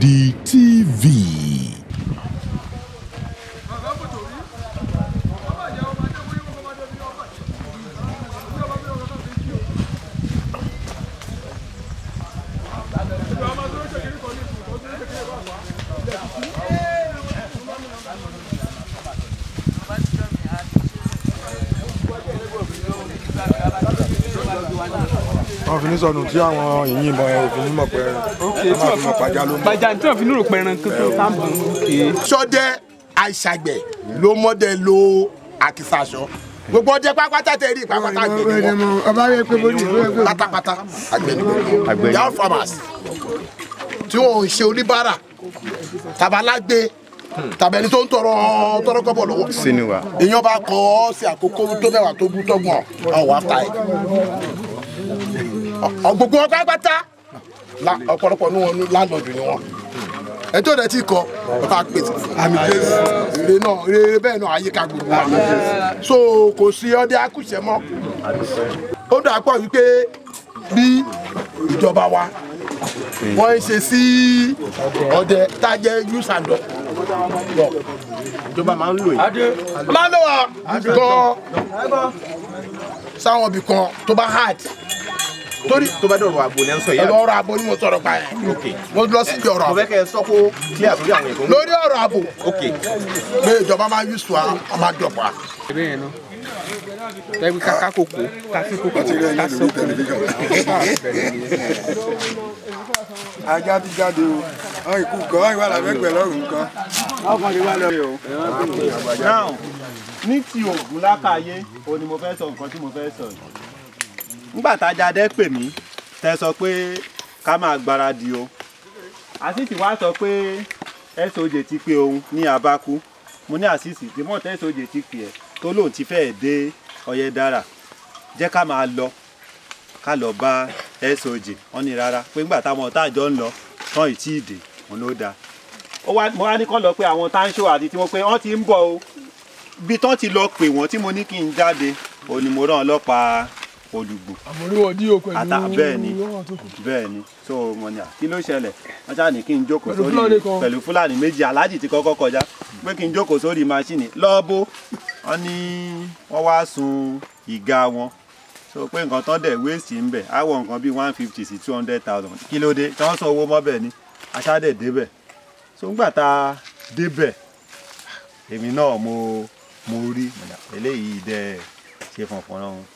DDT. mi sọnù tí àwọn ìyìnbọn òfin mímọ pẹ ọmọ àfihàn pàjá ló mọ. pàjá tí wọn fi lóòrò pẹran kankan táàbù. sọdẹ àìsàgbẹ ló mọdẹ lo àkìsàṣọ gbogbo ọjẹ pápátá tẹ rí pápátá àgbẹ̀ ni wọn pátápátá àgbẹ̀ ni wọn yàrá farmers tí wọn ò ṣe oníbàárà tabalágbé tàbí ẹni tó ń tọrọ tọrọ kọ́bọ̀ lọ́wọ́ èèyàn bá kọ ọ sí àkókò tó mẹ́wàá tó bú tọgbọn ọwọ́ àfta ẹ gbogbo wọn pátápátá ọ̀pọ̀lọpọ̀ ní wọn láńdọ̀dù ni wọn ẹjọ́ rẹ̀ ti kọ ọba pèsè àmì pèsè rere náà rere bẹ́ẹ̀ náà àyíká gbogbo wa so kò sí ọdẹ akúṣẹ̀ mọ́ ó dà pọ̀ wípé bí ìjọba wa wọ́n ń ṣe sí ọdẹ tá a jẹ́ yúsàndọ̀ lọ ìjọba máa ń lò yìí máa ń lò wá gan sáwọn ibì tó bá hard torí tó bá dọ̀rọ̀ àbò lẹ́ ń sọ yìí. ọ̀rọ̀ àbò ni mo sọ̀rọ̀ pa ẹ̀. mo lọ sí ibi ọ̀rọ̀ àbò. mo fẹ́ kẹ́ ẹ sọ kó clear àtúndì àwọn èèyàn. lórí ọ̀rọ̀ àbò. ok. pé ìjọba máa ń yùsùn àmà dọ̀pà. ìbí yẹn náà tẹ́gbẹ́ kaka koko kasi koko kasi koko. ajá ti jáde o ọ ikú kan ìwà làbẹ́gbẹ̀ lọ́rùn kan ọkàn ti wá lọ́rùn o. now ní ti ògùn lákàyé òní mo fẹ́ sọ nǹkan tí mo fẹ́ sọ yìí nígbà tájà dẹ́ pè mí tẹ sọ pé ká máa gbáradì o àṣìṣì wá sọ pé soj ti pe òun ní abakú mo ní àṣìṣì tí mọ̀ tẹ́ soj ti pè ẹ́ tó lóun ti fẹ́ẹ̀ dé ọyẹ́dára jẹ́ ká máa lọ ká lọ bá soj wọn ní rárá pé nígbà táwọn ọ̀tá àjọ ń lọ tán ì tí ì dé òun ló dáa mo wá ní kọ́ lọ pé àwọn táńṣó àti tí wọ́n pé wọ́n ti ń bọ̀ o bí tán ti lọ pè wọ́n tí mo ní kí n jáde òun mo rán ọlọ́pàá olùgbò ata bẹ́ẹ̀ ni bẹ́ẹ̀ ni so mo ní à kí ló ṣẹlẹ̀ wọ́n ṣáà ní kí n jókòó sórí pẹ̀lú fúlàní méjì aláàjì ti kọ́kọ́ kọjá pé kí n jókòó sórí máṣíìnì lọ́ọ́bó wọ́n ní wọ́n wá sun ìga wọn so pé nǹkan tán dẹ̀ wéèsì ń bẹ̀ á wọ nǹkan bíi one fifty sí two hundred thousand kí ló dé tí wọ́n san owó mọ́bẹ̀ ni aṣáàdẹ̀ débẹ̀ so ńgbà tá a débẹ̀ èmi náà mo mo rí eléyìí dẹ́ ṣe fọ̀nfọ̀n náà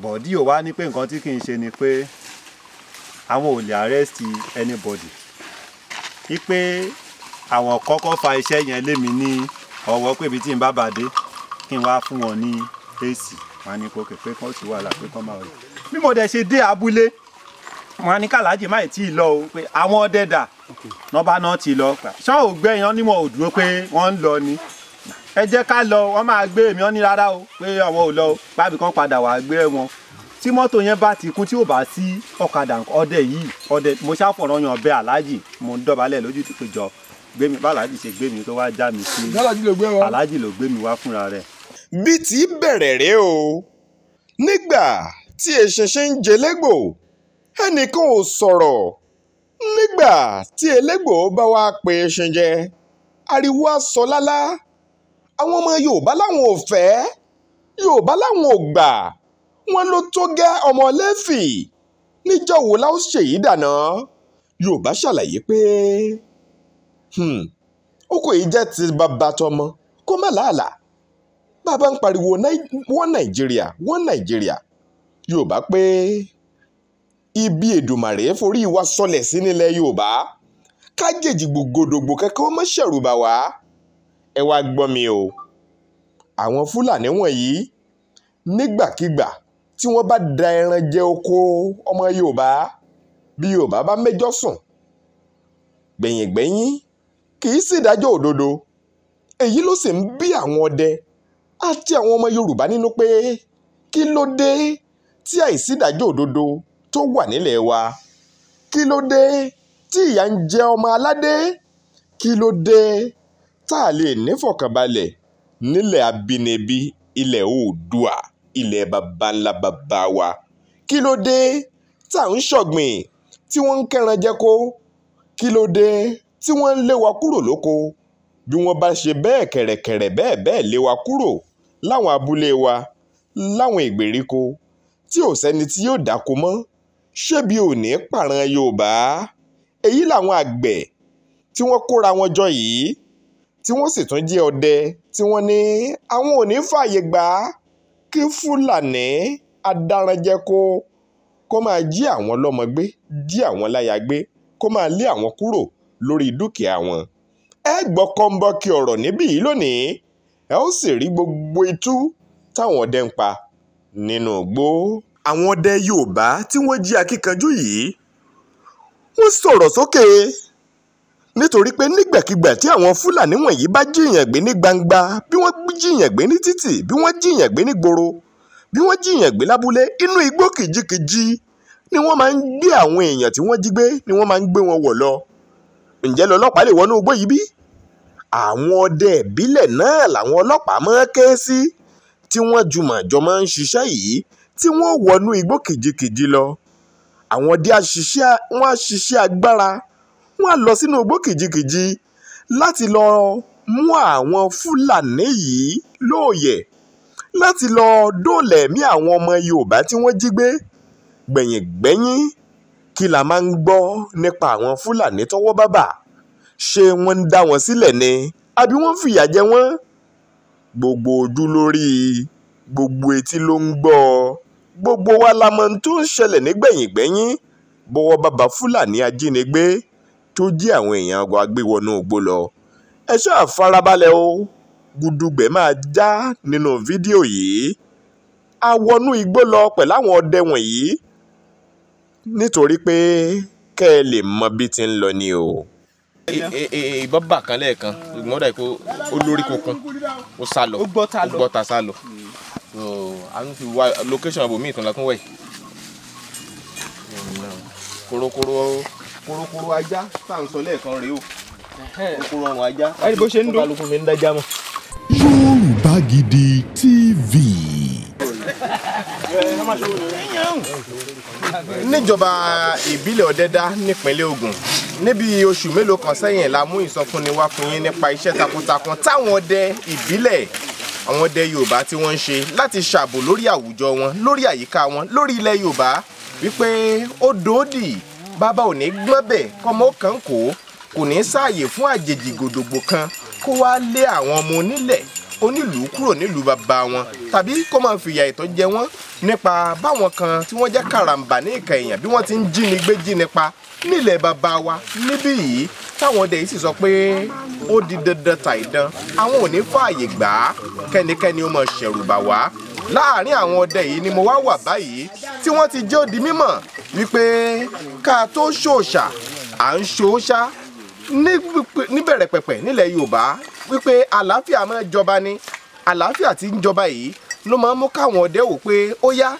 bọ̀dí ò wá ní pé nǹkan tí kì í ṣe ni pé àwọn ò lè arrest anybody wípé àwọn kọ́kọ́ fa iṣẹ́ yẹn lémi ní ọwọ́ pé ibi tí n bá bàdé kí n wá fún wọn ní èsì wọn ní kókè pé kán sì wàhálà pé kán máa wọlé bí mo dẹ̀ ṣe dé abúlé wọn ní kàlájì má tí ì lọ o pé àwọn ọdẹ dà nọ́bánà ti lọ ṣọ́n ò gbẹ́yàn níwọ̀n ò dúró pé wọ́n ń lọ ni ẹ jẹ́ ká lọ wọ́n máa gbé èmi ọ́n ní rárá o pé àwọn ò lọ o bábí kan padà wàá gbé wọn tí mọ́tò yẹn bá ti kún tí ò bá sí ọ̀kadà ọdẹ yìí ọdẹ mo ṣàfọ̀rọ̀ yan bẹ́ẹ̀ aláàjì mo ń dọ̀bálẹ̀ lójú tó péjọ gbé mi bàlájì ṣe gbé mi tó wá já mi sí aláàjì ló gbé mi wá fúnra rẹ̀. bí ti bẹ̀rẹ̀ rèé o nígbà tí eṣinṣin ń jelégbò ẹnìkan ò sọ̀rọ̀ nígbà tí elégbò bá wá pe eṣin ariwo á sọ lálá àwọn ọmọ yorùbá láwọn ò fẹ́ yorùbá láwọn ò gbà wọ́n ló tó gẹ́ ọmọ lẹ́fì níjọ́ wo la ó ṣèyí dànà yorùbá ṣàlàyé pé ó kò yí jẹ́ ti bàbá tọmọ kó má làálà bàbá ń pariwo wọ́n nàìjíríà wọ́n nàìjíríà yorùbá pé ibi èdùmàrè forí wa sọlẹ̀ sí nílẹ̀ yorùbá kájèjì gbogbogbò kẹ́kẹ́ wọ́n mọ̀ ṣẹ̀rù bà ẹ wá gbọ́ mi o àwọn fúlàní wọ̀nyí nígbàkigbà tí wọ́n bá da ẹran jẹ oko ọmọ yorùbá bí yorùbá bá mẹ́jọ sùn gbẹ̀yìngbẹ̀yìn kì í sì dájọ́ òdodo èyí ló sì ń bí àwọn ọdẹ àti àwọn ọmọ yorùbá nínú pé kí ló dé tí àìsídájọ́ òdodo tó wà nílẹ̀ wa kí ló dé tí ìyà ń jẹ ọmọ aládé kí ló dé tá a lè nífọ̀kànbalẹ̀ nílẹ̀ àbínibí ilẹ̀ oòdùà ilẹ̀ baba ńlá baba wa kí ló dé tá à ń ṣọ̀gbìn tí wọ́n ń kẹ́ran jẹko kí ló dé tí wọ́n ń lé wa kúrò lóko bí wọ́n bá ṣe bẹ́ẹ̀ kẹ̀rẹ̀kẹ̀rẹ̀ bẹ́ẹ̀ bẹ́ẹ̀ lé wa kúrò láwọn abúlé wa láwọn ìgbèríko tí ò sẹ́ni tí yóò dáko mọ́ ṣébi ò pààrọ̀ Yorùbá èyí làwọn àgbẹ̀ tí wọ́n kóra wọn jọ yìí tí wọ́n sì tún jẹ́ ọdẹ tí wọ́n ní àwọn ò ní fààyè gbà kí fúlàní adaranjẹko kó máa jí àwọn lọ́mọ gbé jí àwọn láya gbé kó máa lé àwọn kúrò lórí dúkìá wọn. ẹ gbọ́ kọ́ńbọ́ọ̀kì ọ̀rọ̀ níbí yìí lónìí ẹ ó sì rí gbogbo itú táwọn ọdẹ ń pa nínú igbó. àwọn ọdẹ Yorùbá tí wọ́n jí akíkanjú yìí wọ́n sọ̀rọ̀ sókè. Okay nítorí pé nígbàkigbà tí àwọn fúlàní wọ̀nyí bá jiyàn gbé ní gbangba bí wọ́n jiyàn gbé ní títì bí wọ́n jiyàn gbé ní gboro bí wọ́n jiyàn gbé lábúlé inú igbó kìjikìji ni wọ́n máa ń gbé àwọn èèyàn tí wọ́n jí gbé ni wọ́n máa ń gbé wọn wọ̀ lọ ǹjẹ́ lọ́lọ́pàá lè wọnú igbó yìí bí? àwọn ọdẹ ìbílẹ̀ náà làwọn ọlọ́pàá máa ké sí tí wọ́n jùmọ̀jọ máa ń ṣiṣẹ́ yìí tí wọ́n wọnú igbó kìjikìji lọ àwọn ọdẹ àṣìṣe wọn àṣìṣe agbára wọ́n á lọ sínú igbó kìjikìji láti lọ́ọ́ mú àwọn fúlàní yìí lóòyẹ̀ láti lọ́ọ́ dóòlà ẹ̀mí àwọn ọmọ yorùbá tí wọ́n jí gbé gbẹ̀yìngbẹ́yín kí la máa ń gbọ́ nípa àwọn fúlàní tọ́wọ́ bá bà ṣé wọ́n ń dá wọn sílẹ̀ ni àbí wọ́n fìyà jẹ wọ́n gbogbo ojú lórí gbogbo etí ló ń gbọ́ gbogbo wa la mọ̀ tó ń ṣẹlẹ̀ nígbẹ̀yìngbẹ́yín bọ́wọ́ bàbá fúlàní ajínigbé tó jí àwọn èèyàn wa gbé wọnú igbó lọ ẹ ṣáà farabalẹ̀ o gudugbẹ̀ máa já nínú fídíò yìí a wọnú igbó lọ pẹ̀lú àwọn ọdẹ wọ̀nyí nítorí pé kẹ́ ẹ lè mọ bí ti ń lọ ni o. ìbọn bà kan lẹ́ẹ̀kan ìgbọ́n dà kó olórí kokun ó sá lọ ó gbọ́ ta sá lọ a ń fi wá location àbòmí ìtàn lákúnwẹ̀ kórókóró korokoro ajá tá à ń sọ lẹ́ẹ̀kan rèé o korokoro ọrùn ajá àti bó ṣe ń dún kálukú fi ń dájá mọ́. Yorùbá Gidi TV. níjọba ìbílẹ̀ ọ̀dẹ́dá nípínlẹ̀ Ògùn níbi oṣù mélòó kan sẹ́yìn la mú ìsọfúnni wá fún yín nípa iṣẹ́ takuntakun táwọn ọdẹ ìbílẹ̀ àwọn ọdẹ yorùbá tí wọ́n ń ṣe láti ṣààbò lórí àwùjọ wọn lórí àyíká wọn lórí ilẹ̀ yorùbá wípé ó dòódì bàbá ò ní gbọ́n bẹ̀ kọ́mọ kan kò kò ní sáàyè fún àjèjì gòdògbò kan kó wá lé àwọn ọmọ onílẹ̀ onílùú kúrò nílùú bàbá wọn tàbí kó máa fìyà ìtọ́ jẹ wọ́n nípa báwọn kan tí wọ́n jẹ́ karambà ní ìka èèyàn bí wọ́n ti ń jí ni gbé jí ni pa nílẹ̀ bàbá wa níbí yìí táwọn ọdẹ yìí sì sọ pé ó di dandan tàìdán àwọn ò ní fààyè gbà á kẹ́nikẹ́ni ó máa ṣẹ̀rù bà wá láàárín àwọn ọdẹ yìí ni mo wá wà báyìí tí wọ́n ti jẹ́ ó di mímọ̀ wípé ká tó ṣòòṣà à ń ṣòòṣà níbẹ̀rẹ̀ pẹ̀pẹ̀ nílẹ̀ Yorùbá wípé àlàáfíà máa jọba ni àlàáfíà tí ń jọba yìí ló máa ń mú káwọn ọdẹ wò pé ó yá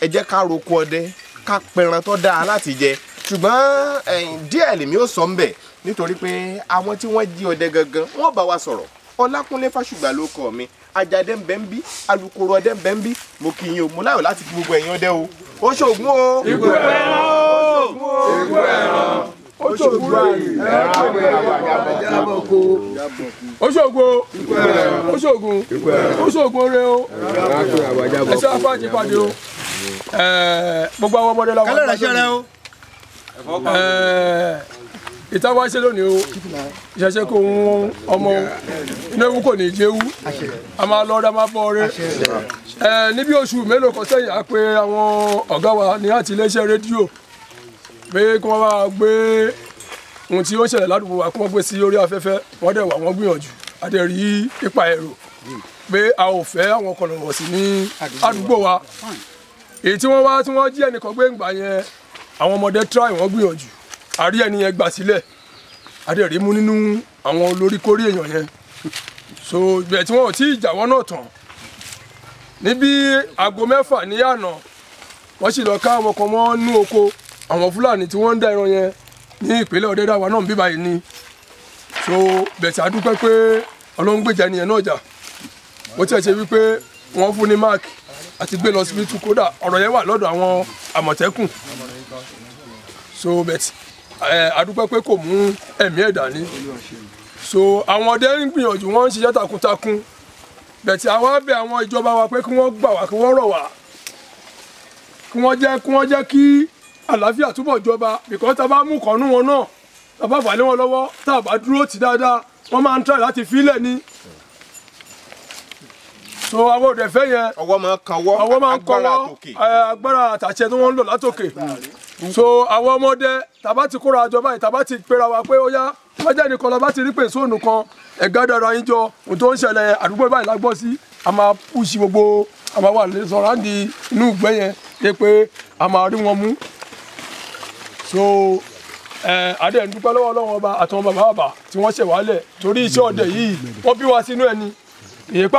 ẹ jẹ́ ká roko ọdẹ ká pẹran tó dáa láti jẹ ṣùgbọ́n díẹ̀ lèmi ò sọ ń bẹ̀ nítorí pé àwọn tí wọ́n jí ọdẹ gangan wọ́n bá wa sọ̀rọ̀ Ọlákúnlé Fásùgbà ló kọ́ mi Àjàdé ń bẹ ń bí alukoro ọdẹ ń bẹ mo kì í yín o mo láyọ̀ láti fi gbogbo ẹ̀yin ọdẹ o ó ṣògùn o. ìgò ẹran o ìgò ẹran ó ṣògùn o ẹran pé àjàbọ̀ ó ṣògùn o ìgò ẹran ó ṣògùn ó ṣògùn rẹ o ẹ afáàjì pàdé o gbogbo àwọn ọmọdé làwọn. kálọ̀ rẹ̀ rẹ o ìta wá ṣe lónìí o ìṣẹ̀ṣẹ̀ kò ń ọmọ inéwu kò ní léwu a máa lọ́ọ́ dá máa bọ́ ọrẹ́ níbi oṣù mélòó kan sẹ́yìn a pe àwọn ọ̀gá wa ní àti iléeṣẹ́ rédíò pé kí wọ́n máa gbé ohun tí ó ń ṣẹlẹ̀ ládùúgbò wa kí wọ́n gbé sí orí afẹ́fẹ́ wọ́n dẹ̀ wà wọ́n gbìyànjú a dẹ̀ rí ipa ẹ̀rọ pé a ò fẹ́ àwọn kọ̀lọ̀wọ̀ sí ní àdúgbò wa èyí tí wọ́n wá tí wọ́n jí ẹnìkan gbé ìgbà yẹn àwọn ọmọdé try wọ́n gbìyànjú àrí ẹni yẹn gbà sílẹ̀ adẹ̀rí mú nínú àwọn olórí kórí èèyàn yẹn so ibẹ̀ tí wọn ò tí ì jàwọ́ náà tán níbi aago mẹ́fà ní àná wọ́n sì lọ ká àwọn kan mọ́ nú oko àwọn fúlàní tí wọ́n ń dá ẹran yẹn ní ìpínlẹ̀ ọ̀dẹ́dá wa náà ń bí báyìí ni so bẹ̀tì adúpẹ́ pé ọlọ́run gbèjà ènìyàn náà jà bó tiẹ̀ ṣe wípé wọ́n fún ní mark àti gbé lọ síbi tú kódà ọ̀rọ̀ yẹn wà lọ́dọ̀ àwọn àmọ̀tẹ́kùn so bẹ̀tì adúpẹ́ pé kò mú ẹ̀mí ẹ̀ dání so àwọn ọdẹ ń gbìyànjú wọ́n ń ṣiṣẹ́ takuntakun bẹ̀tì àwọn abẹ àwọn ìjọba wa pé kí wọ́n gbà wá kí wọ́n rọ̀ wá kí wọ́n jẹ́ kí wọ́n jẹ́ kí àlàáfíà túbọ̀ jọba because tá bá mú kànú wọn náà tá bá fà lé wọn lọ́wọ́ tá a bá dúró tì dáadáa wọ́n máa ń try láti fílẹ̀ ni so àwọn òde fẹ́ yẹn ọwọ́ máa ń kanwọ́ ọwọ́ máa ń kanwọ́ agbára àtàṣẹ tí wọ́n ń lò látòkè so àwọn ọmọdé tàbá ti kóra àjọ báyìí tàbá ti pera wa pé ó yá wájà nìkan la bá ti rí pèsè ònù kan ẹ̀gá dára yín jọ ohun tó ń ṣẹlẹ̀ àdúgbò báyìí la gbọ́ sí a máa pùsì gbogbo a máa wà sọ̀rọ̀ àǹdí inú ìgbẹ́ yẹn dé pé a máa rí wọn mú so adé ń dúpẹ́ lọ́wọ́ ọlọ́wọ́n ọba àtàwọn bàbá bàbá tí wọ́n ṣẹ̀wálẹ̀ torí iṣẹ́ ọdẹ yìí wọ́n bí wa sínú ẹni èyí pé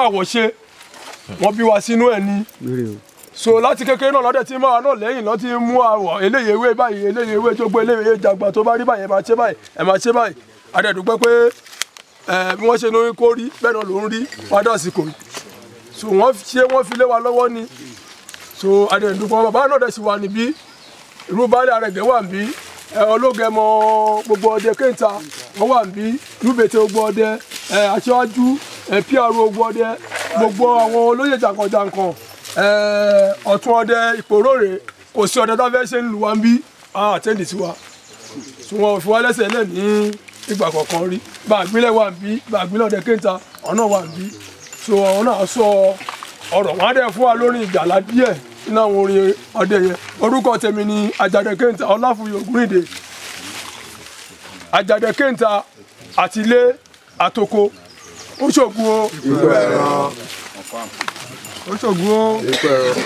wọ́n bí wa sínú ẹ̀ ni so láti kékeré náà lọ́dẹ̀ tí máa náà lẹ́yìn lọ́ti mú àwọ̀ eléyìí ewé báyìí eléyìí ewé tó gbé eléyìí ewé jàgbà tó bá rí báyìí ẹ̀ máa ṣe báyìí ẹ̀ máa ṣe báyìí adẹ́dùgbẹ́ pé ẹ̀ bí wọ́n ṣe lóyún kó rí bẹ́ẹ̀ náà ló ń rí padà àsìkò so wọ́n ṣe wọ́n fi lé wa lọ́wọ́ ni so adẹ́dùgbẹ́ bàbá náà dẹ̀ sì wà níbí irú baálé Arẹ̀gẹ́ wà níbí ológẹmọ gbogbo ọdẹ kéńtà wọ́n wà níbí irúbètè gbogbo ọdẹ àṣewájú pr ogun ọdẹ gbogbo àwọn olóyè jàǹkànjàǹkàn ọ̀tún ọdẹ ìpòròrè kò sí ọdẹ tá fẹ́ ṣe ń lu wa ń bí àtẹ́ǹdì tiwa tí wọ́n fi wá lẹ́sẹ̀ lẹ̀ ní ìgbà kọ̀ọ̀kan rí gbàgbílẹ̀ wà ń bí gbàgbílẹ̀ ọdẹ kéńtà ọ̀nà wà ń bí so ọ̀hún náà sọ ọ̀rọ̀ wọn á dẹ̀ fún wa lórí ìgbàlá díẹ̀ nínú àwọn orin ọdẹ yẹn orúkọ tèmi ni Àjàdẹ Kéńtà Ọláfúyè Ògúnrìndé Àjàdẹ Kéńtà àtilé àtoko ó ṣògùn o. ikú ẹran. ó ṣògùn o. ikú ẹran.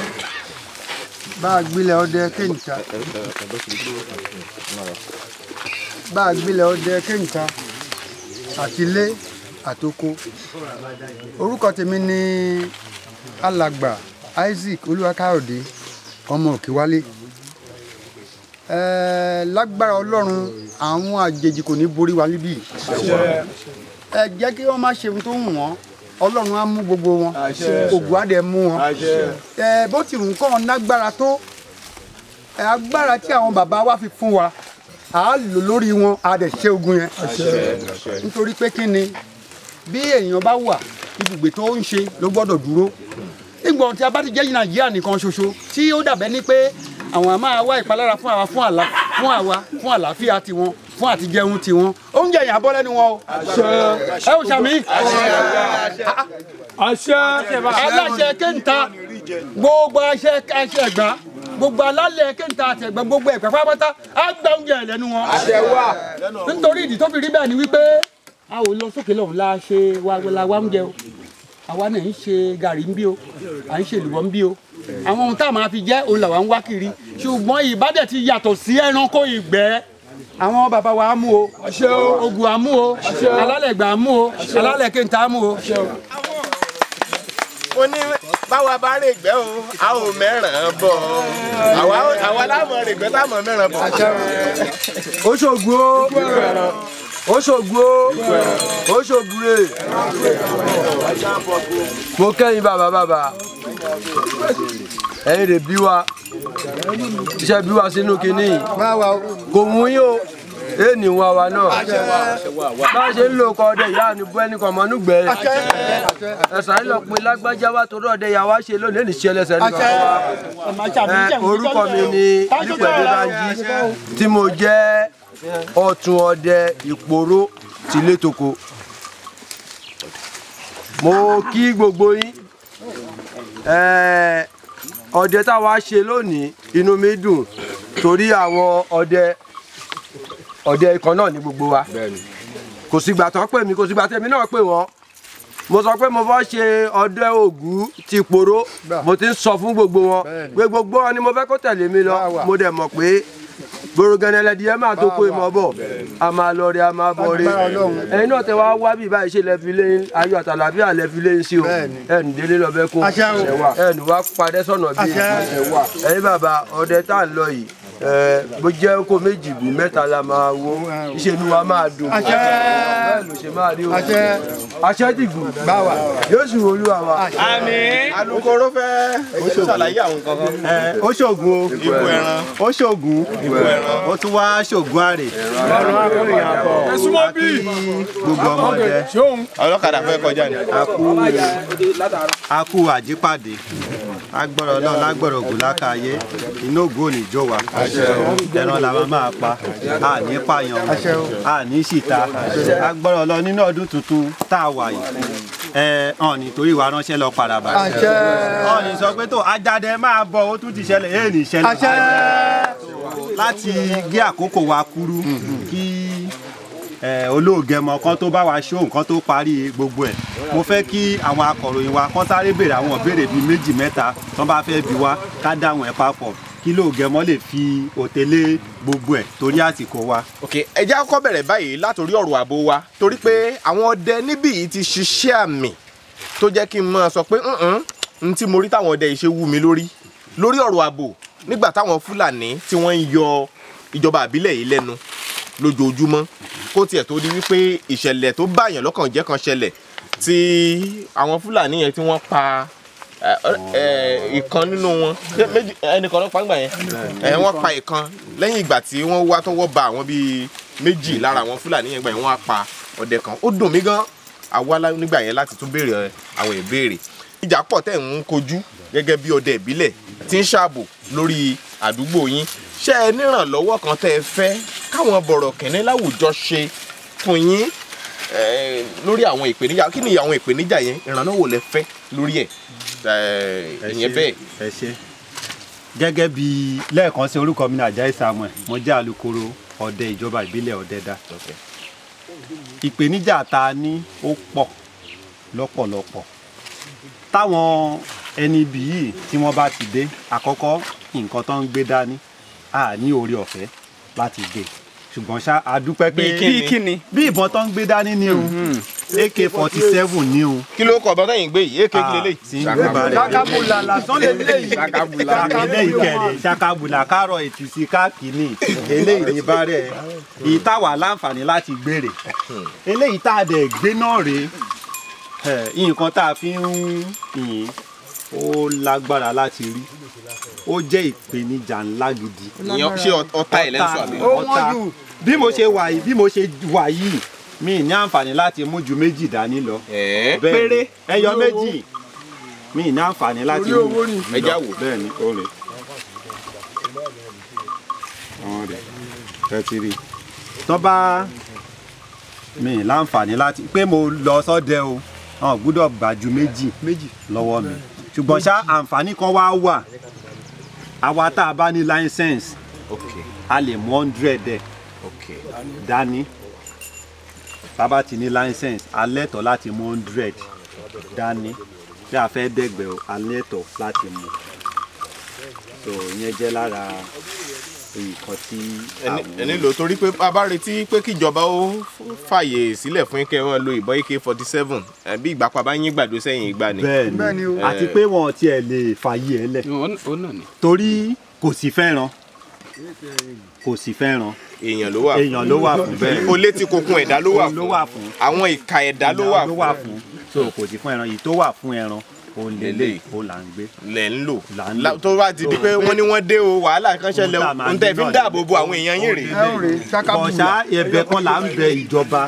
bá a gbilẹ̀ ọdẹ kéńtà. bá a gbilẹ̀ ọdẹ kéńtà àtilé àtoko orúkọ tèmi ni alàgbà Isaac Olúwakáyọ̀dé ọmọ Òkèwálé lágbára Ọlọ́run àwọn àjèjì kò ní borí wa níbí ẹ jẹ́ kí wọ́n má ṣe ohun tó wù wọ́n ọlọ́run á mú gbogbo wọn ògùn á dẹ̀ mú wọn ẹ bó ti rùn kọ́ wọn lágbára tó agbára tí àwọn bàbá wa fi fún wa à á lò lórí wọn á dẹ̀ ṣe ogun yẹn nítorí pé kí ni bí èèyàn bá wà ibùgbé tó ń ṣe ló gbọ́dọ̀ dúró ìgbọ̀n tí a bá ti jẹ́ nàìjíríà nìkan ṣoṣo tí ó dàbẹ́ ni pé àwọn á máa wá ìpalára fún àwa fún àlàáfíà tiwọn fún àti jẹun tiwọn oúnjẹ yẹn abọ́ lẹ́nu wọn o. ẹ ò sàmì. àṣẹ aláṣẹ kéńtà gbogbo àṣẹ ẹgbà gbogbo alálẹ̀ kéńtà àti ẹgbà gbogbo ẹgbà pápátá á gba oúnjẹ lẹ́nu wọn. nítorí ìdí tó fi rí bẹ́ẹ̀ ni wípé a ò lọ sókè lọ́hùn la ṣe la wá oúnjẹ o àwa náà ń ṣe gàrí ń bí o à ń ṣe ìlúbọ̀ ń bí o àwọn ohun tá a máa fi jẹ òun làwa ń wá kiri ṣùgbọ́n ìbádẹ́ ti yàtọ̀ sí ẹranko ìgbẹ́ àwọn baba wa mú o ogun a mú o alálẹ̀gbà mú o alálẹ̀kẹta mú o. ó ní báwa bá rè gbẹ́ o a ò mẹ́ràn bọ̀ àwa láwọn rè gbẹ́ táwọn mẹ́ràn bọ̀. ó o ó o ó ṣògùn mo kẹ́yìn bàbá bàbá ẹ̀yin de bí wa iṣẹ́ bí wa sínú kínní kò mú yín o èyí ni wá wa náà bá a ṣe ń lo ọkọ ọdẹ ìyá ni bú ẹnì kan mọ nígbẹ ẹsẹ àìlọ pin lágbájá wa torí ọdẹ ìyá wa ṣe lónìí ní ṣẹlẹ̀ ẹsẹ nìkan wa orúkọ mi ni nípẹ̀lú Bánjí tí mo jẹ́ ọ̀tún ọdẹ ìpòró tìlétoko mo kí gbogbo yín ọdẹ táwa ṣe lónìí inú mi dùn torí àwọn ọdẹ ọdẹ ikọ̀ náà ní gbogbo wa kò sígbà tó pè mí kò sígbà tèmi náà pè wọ́n mo sọ pé mo fẹ́ ṣe ọdẹ ògú ti poro mo ti ń sọ fún gbogbo wọn pé gbogbo wọn ni mo fẹ́ kó tẹ̀lé mi lọ mo dẹ̀ mọ̀ pé gbòrògànẹlẹdì ẹ máa tó kó ìmọ̀ bọ̀ a máa lọ rí a máa bọ̀ rí ẹ̀yin náà tẹ wá wá bí báyìí ṣe lẹ́fi lé ayọ̀ àtàlàbíà lẹ́fi lé sí o ẹ̀ẹ́n délé lọ kó ẹ̀ẹ́n wá padẹ́ sọ̀nà bíi ẹ̀yin bàbá ọdẹ tá à ń lọ yìí bó jẹ́ kó méjì bí mẹ́ta la máa wo iṣẹ́ inú wa máa dùn àṣẹ bẹ́ẹ̀ máa rí o àṣẹ àṣẹ dìgbò bá wa yóò sì wọlú àwa. àmín alukoro fẹ́ ṣàlàyé àwọn kankan. ó ṣògùn o ìbò ẹran ó ṣògùn ìbò ẹran ó tún wá ṣògùn àrè. ọ̀rọ̀ àkọlù yàtọ̀ ẹ̀sùn bí. gbogbo ọmọdé ọlọ́kadà fẹ́ kọjá ni. a àjípàdé agbọ́rọ̀ náà lágbọ̀rọ̀ ògùn lákàáyé inú ògùn ò wa ẹran làwa máa pa a ní pààyàn a ní ṣìta agbọ́rọ̀ lọ nínú ọdún tuntun tá a wà yìí ẹ hàn ní torí wa ránṣẹ́ lọ paraba hàn ní sọ pé tó ajáde máa bọ̀ ó tún ti ṣẹlẹ̀ èè ní ṣẹlẹ̀ láti gé àkókò wa kúrú kí olóògẹmọ kan tó bá wa ṣó nǹkan tó parí gbogbo ẹ mo fẹ́ kí àwọn akọ̀ròyìn wa kán sáré béèrè àwọn ìbéèrè bíi méjì mẹ́ta tán bá fẹ́ bi wá ká dáhùn ẹ papọ̀ kí lóògẹmọ lè fi òtélé gbogbo ẹ̀ torí àsìkò wa. ok ẹ jẹ́ kọ́kọ́ bẹ̀rẹ̀ báyìí látòrí ọ̀rọ̀ ààbò wa torí pé àwọn ọdẹ níbí yìí ti ṣiṣẹ́ àmì tó jẹ́ kí n máa sọ pé n tí mo rí táwọn ọdẹ yìí ṣe wú mi lórí lórí ọ̀rọ̀ ààbò nígbà táwọn fúlàní tí wọ́n ń yọ ìjọba àbílẹ̀ yìí lẹ́nu lójoojúmọ́ kó tiẹ̀ tó di wípé ìṣẹ̀lẹ̀ tó báyàn lọ́kàn jẹ́ kan ṣẹlẹ̀ tí àwọn fúlàní yẹn tí wọ́n pa ìkan nínú wọn ẹnìkan ló pa ńgbà yẹn. ẹ wọ́n pa ìkan lẹ́yìn ìgbà tí wọ́n wá tọwọ́ ba àwọn bíi méjì lára àwọn fúlàní yẹn gbà yẹn wọ́n á pa ọdẹ kan ó dùn mí gan àwa nígbà yẹn láti tún béèrè àwọn ìbéèrè ìjà pọ̀ tẹ̀ ń kojú gẹ́gẹ́ bí ọdẹ ìbílẹ̀ tí ń ṣààbò lórí àdúgbò yín ṣé ẹ nírànlọ́wọ́ kan tẹ́ ẹ fẹ́ káwọn bọ̀rọ̀ kẹ́ni láwùjọ ṣe fún yín lórí àwọn ìpèníjà kí ni àwọn ìpèníjà yẹn ìrànlọ́wọ́ lẹ fẹ́ lórí ẹ̀ ìyẹn bẹ́ẹ̀. ẹ ṣe gẹ́gẹ́ bí lẹ́ẹ̀kan sí orúkọ mi ní Àjàyí Samuel mo jẹ́ alukoro ọdẹ ìjọba ìbílẹ̀ Ọdẹdá ìpèníjà ta ni ó pọ̀ lọ́pọ̀lọpọ̀ táwọn ẹni ibì yìí tí wọ́n bá ti dé àkọ́kọ́ nǹkan tó ń gbé dání a ní oore ọ̀fẹ́ láti gbé ṣùgbọ́n ṣá a dúpẹ́ pé bíi kíni bí ìbọn tó ń gbé dání ni o mm-hmm. ak forty seven ni o. kí ló kọ bọ́tà yìí gbé yìí ak kí ah, lélẹ̀. tí ń gbé ba rẹ̀ ṣakabula lásán lè lé yìí. ṣakabula eléyìí kẹrin ṣakabula kárọ̀ ètùsí káàkiri eléyìí ní bá rẹ̀ èyí tá wà láǹfààní láti gbére eléyìí tá a dẹ̀ gbé náà rèé nǹkan tá a fi ń yìn ó lágbára láti rí ó jẹ́ ìpèníjà ńlá gidi. ṣé ọ̀tá ẹ̀ lẹ́nu sọ àbí. ó bí mo ṣe wà yìí bí mo ṣe wà yìí mi ní àǹfààní láti mú ju méjì dání lọ. péré ẹyọ méjì mi ní àǹfààní láti mú ẹjá wò bẹ́ẹ̀ ni ó rè wọ́n rè ẹ ti rí tó bá mi láǹfààní láti pé mo lọ sọ́dẹ o wọn gbúdọ̀ gbà ju méjì lọ́wọ́ mi ṣùgbọ́n ṣá àǹfààní kan wá wà àwa tá a bá ní license a lè mú hundred ẹ̀ okay dání bàbá ti ní license alẹ́tọ̀ láti mú hundred dání tí a fẹ́ dẹ̀gbẹ̀ o alẹ́tọ̀ láti mú so ìyẹn jẹ́ lára nǹkan tí àwọn. ẹni lò torí pé a bá retí pé kíjọba ó fàyè sílẹ̀ fún kẹ́ wọ́n lo ìbọn ak forty seven bí ìgbà pa bá yín gbàdo sẹ́yìn ìgbà ni. bẹ́ẹ̀ni àti pé wọn tiẹ̀ lè fàyè ẹ lẹ torí kò sí fẹ́ràn kò sí fẹ́ràn èèyàn ló wà fún èèyàn ló wà fún bẹ́ẹ̀ olè tí kò kun ló wà fún àwọn ìka ẹ̀dá ló wà fún so kò sí fún ẹran yìí tó wà fún ẹran òun lélẹ̀ òun là ń gbé. lẹ̀ ń lò tó bá ti di pé wọ́n ní wọ́n dé o wàhálà kan ṣẹlẹ̀ o n tẹ́ fi ń dáàbò bo àwọn èèyàn yín rèé. ọ̀sà ẹ̀bẹ̀ kan là ń bẹ ìjọba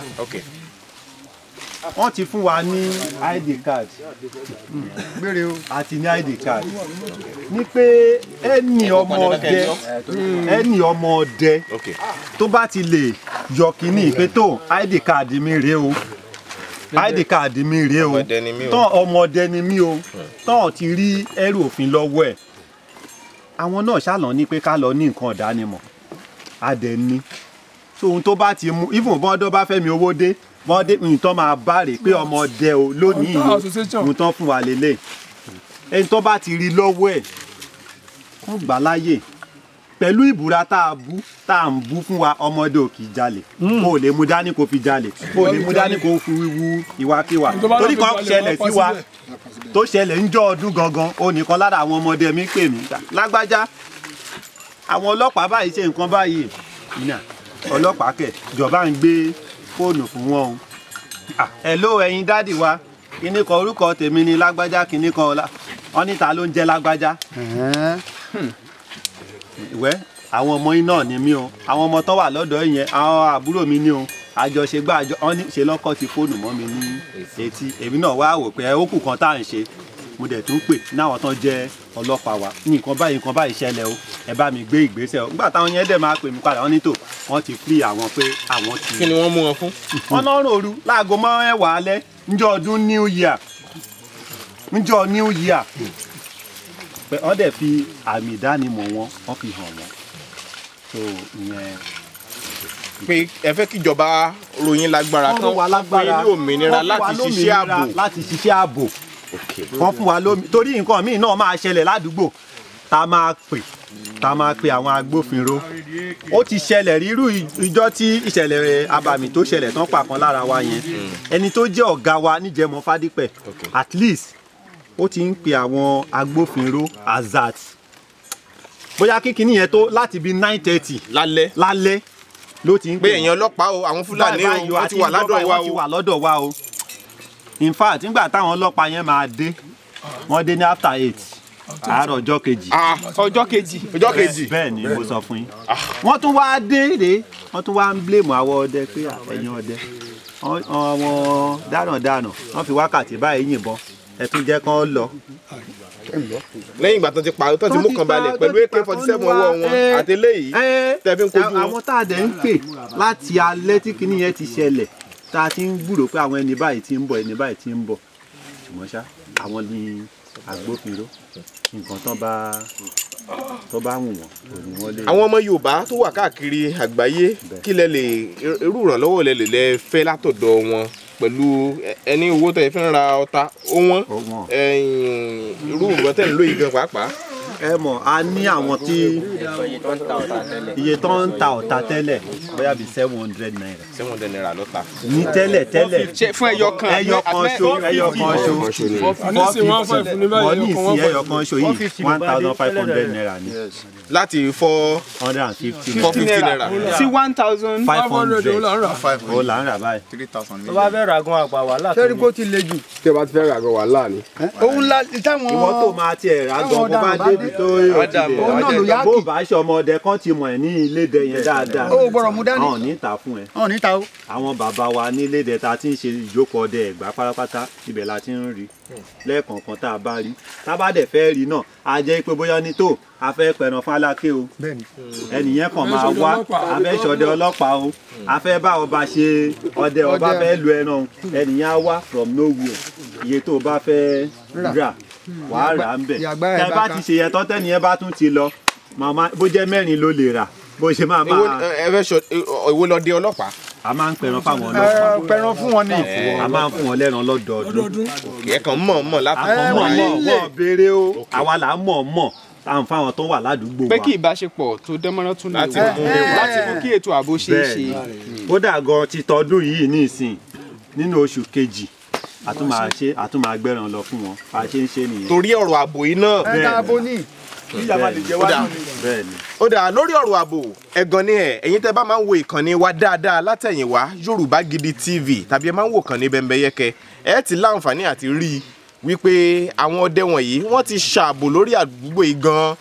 wọ́n ti fún wa ní id card àti ní id card Ni pé ẹni ọmọ ọdẹ ẹni ọmọ ọdẹ tó bá ti lè yọ kínní pé tó id card mi rèé o id card mi rèé o tán ọmọ ọdẹ ni mí o tán ti rí ẹrù òfin lọ́wọ́ ẹ̀ àwọn náà ṣàlọ́ ní pé ká lọ ní nǹkan ọ̀dánimọ̀ adẹ̀ ni so ohun tó bá ti mú even bọ́dọ̀ bá fẹ́ mi owó dé wọ́n dé nǹkan máa bá rè pé ọmọdé o lónìí nǹkan fún wa lélẹ̀ ẹni tó bá ti rí lọ́wọ́ ẹ̀ wọ́n gbà láyè pẹ̀lú ìbúra tá a bú tá a ń bú fún wa ọmọdé ò kì í jalè hmm. kò lè mú dání kò fi jalè kò lè mú dání kò fi wíwú ìwàkiwà torí kan ṣẹlẹ̀ sí wa tó ṣẹlẹ̀ ń jọ ọdún gangan ó nìkan lára àwọn ọmọdé mi pè mí lágbájá àwọn ọlọ́pàá báyìí ṣe nǹkan báyìí ọlọ́pàá kẹ̀ jọba ń gbé fóònù fún wọn o hello ẹ̀yin dádì wa kíní kan orúkọ tèmi ni lágbájá kíní kan ọlá wọn níta ló ń jẹ lágbájá hmm. ìwẹ́ àwọn ọmọ yín náà ni mí o àwọn ọmọ tó wà lọ́dọ̀ yẹn àwọn àbúrò mi ni o àjọṣegbà àjọ wọn ní ṣe lọ́kọ̀ ti fóònù mọ́ mi ní etí èmi náà wá wò pé ó kù kan tá à ń ṣe mo dẹ̀ tún pè náwọn tán jẹ́ ọlọ́pàá wa nǹkan báyìí nǹkan báyìí ṣẹlẹ̀ o ẹ bá mi gbé ìgbésẹ̀ o nígbà táwọn yẹn dẹ̀ máa pè mí padà wọ́n ní tò wọ́n ti fírí àwọn pé àwọn ti. kí ni wọ́n mú wọn fún. wọ́n náà rò ooru láago mẹ́wàá alẹ́ níjọ́ ọdún new year níjọ́ new year pé wọ́n dẹ̀ fi àmì ìdánimọ̀ wọn wọ́n fi hàn wọ́n so ìyẹn pé ẹ fẹ́ kíjọba ròyìn lágbára kan fún yín ní òmìnira láti ṣiṣẹ́ ààbò wọ́n fún wa lómi torí nǹkan míì náà máa ṣẹlẹ̀ ládùúgbò tá máa pè tá máa pè àwọn agbófinró ó ti ṣẹlẹ̀ rírú ìjọ tí ìṣẹ̀lẹ̀ abàmì tó ṣẹlẹ̀ tán pa kan lára wa yẹn hmm. ẹni tó jẹ́ ọ̀gá wa níjẹ̀mọ́ fádípẹ̀ at least ó ti ń pè àwọn agbófinró azat bóyá kíkiní yẹn tó láti bíi nine thirty lálẹ́ lálẹ́ ló ti ń pè. pé èèyàn ọlọ́pàá o àwọn fúlàní o ti wà lọ́dọ̀ wa o in fact nígbà táwọn ọlọ́pàá yẹn máa dé wọ́n dé ní after eight àárọ̀ ọjọ́ kejì. Ah, ọjọ́ kejì. ọjọ́ kejì. bẹ́ẹ̀ ni mo sọ fún yín. wọ́n tún wá dé rèé wọ́n tún wá ń blame àwọ̀ ọdẹ pé ẹ̀yin ọdẹ àwọn dáràndáràn wọ́n fi wákàtí báyìí yìnbọn ẹ tún jẹ́ kán lọ. lẹ́yìn ìgbà tó ti pààrọ̀ tó ti mú kan balẹ̀ pẹ̀lú ak forty seven ọwọ́ wọn àtẹlẹ́yìí tẹ̀ fi ń kojú wọn. àwọn tá a dẹ̀ ń pè láti alẹ́ tí kinní yẹn ti ṣẹlẹ̀ tá a ti ń gbúrò pé àwọn ẹni báyìí ti ń bọ̀ ẹni báyìí ti ń bọ̀ ṣùgbọ́n ṣá àwọn ni agbófinró nǹkan tán bá tó bá wù wọ́n kò ní wọ́n lè. àwọn ọmọ Yorùbá tó wà káàkiri àgbáyé kí lẹ lè irú ìrànlọ́wọ́ lẹ lè lẹ fẹ́ látọ̀dọ̀ wọn pẹ̀lú ẹni owó tẹ̀ fẹ́ ra ọta ó wọ́n irú ìrọ̀tẹ̀ ń lóye gan pàápàá ẹ mọ̀ a ní àwọn tí iye tó ń ta ọ̀tá tẹ́lẹ̀ bóyá bíi seven hundred naira. seven hundred naira ló ta. ní tẹ́lẹ̀ tẹ́lẹ̀ fún ẹyọ kan ẹyọ kan ṣo ẹyọ kan ṣo wọ́n yìí one thousand five hundred naira ni. láti four hundred and fifty four fifty naira sí one thousand five hundred ó là ń rà báyìí. three thousand tó bá fẹ́ ràgùn àgbà wàhálà tó sẹ́ríkó ti le jù. tí o bá ti fẹ́ ràgùn wàhálà ni. òun la táwọn ìwọ tó máa tiẹ̀ ràgùn bó bá débi tó yóò ti dẹ̀ ọ̀jẹ̀ bó bá aṣọ ọmọdé kan ti mọ̀ ẹ́ ní ilédè yẹn dáadáa. o gbọ́dọ̀ mú dání. ọ̀n ní ta fún ẹ. ọ̀n ní ta o. àwọn bàbá wa ní ilédè ta ti ń ṣe ìjókòó ọdẹ ẹ̀gbá pátápátá ibẹ̀ la ti ń rí lẹ́ẹ̀kọ̀ọ̀kan tá a bá rí tá a bá dẹ̀ fẹ́ rí náà a jẹ́ pé bóyá ní tó a fẹ́ pẹ̀ràn fún aláké o ẹnìyẹn kan máa wá a fẹ́ ṣọdẹ ọlọ́pàá o a fẹ́ bá ọba ṣe ọdẹ ọba fẹ́ lu ẹran ẹnìyẹn á wá from nowhere iye tó o bá fẹ́ rà Hmm. wà á rà á ń bẹ̀ tẹ bá ti ṣe yẹn tọ́tẹ́ nìyẹn bá tún ti lọ màmá bó jẹ́ mẹ́rin ló lè rà bó ṣe máa máa. ẹ fẹ́ sọ ìwo lọ dé ọlọ́pàá. a máa ń pẹran fáwọn ọlọ́pàá. pẹran fún wọn ni. a máa ń fún wọn lẹ́ran lọ́dọọdún. ẹ kàn mọ̀ mọ̀ látọ̀ mọ̀ o àwa là ń mọ̀ mọ̀ à ń fáwọn tó wà ládùúgbò wa. pé kí ìbáṣepọ̀ tó dánmọ́rán tún lè wà láti mú kí ètò ààbò ṣeé ṣe. kódà gan ti tọdún yìí ní nínú oṣù kejì a tún máa ṣe a tún máa gbẹ́ràn lọ fún wọn a ṣe ń ṣe nìyẹn. torí ọ̀rọ̀ ààbò yìí náà. ẹ ta abo ní ó dà lórí ọ̀rọ̀ ààbò ẹ̀gàn ni ẹ̀ ẹ̀yin tẹ́ bá máa ń wo ìkànnì wa dáadáa látẹ̀yìnwá Yorùbá Gidi TV tàbí ẹ máa ń wo ìkànnì Bembeyeke ẹ ti láǹfààní àti rí i wípé àwọn ọdẹ wọ̀nyí wọ́n ti ṣààbò lórí àdúgbò yìí gan-an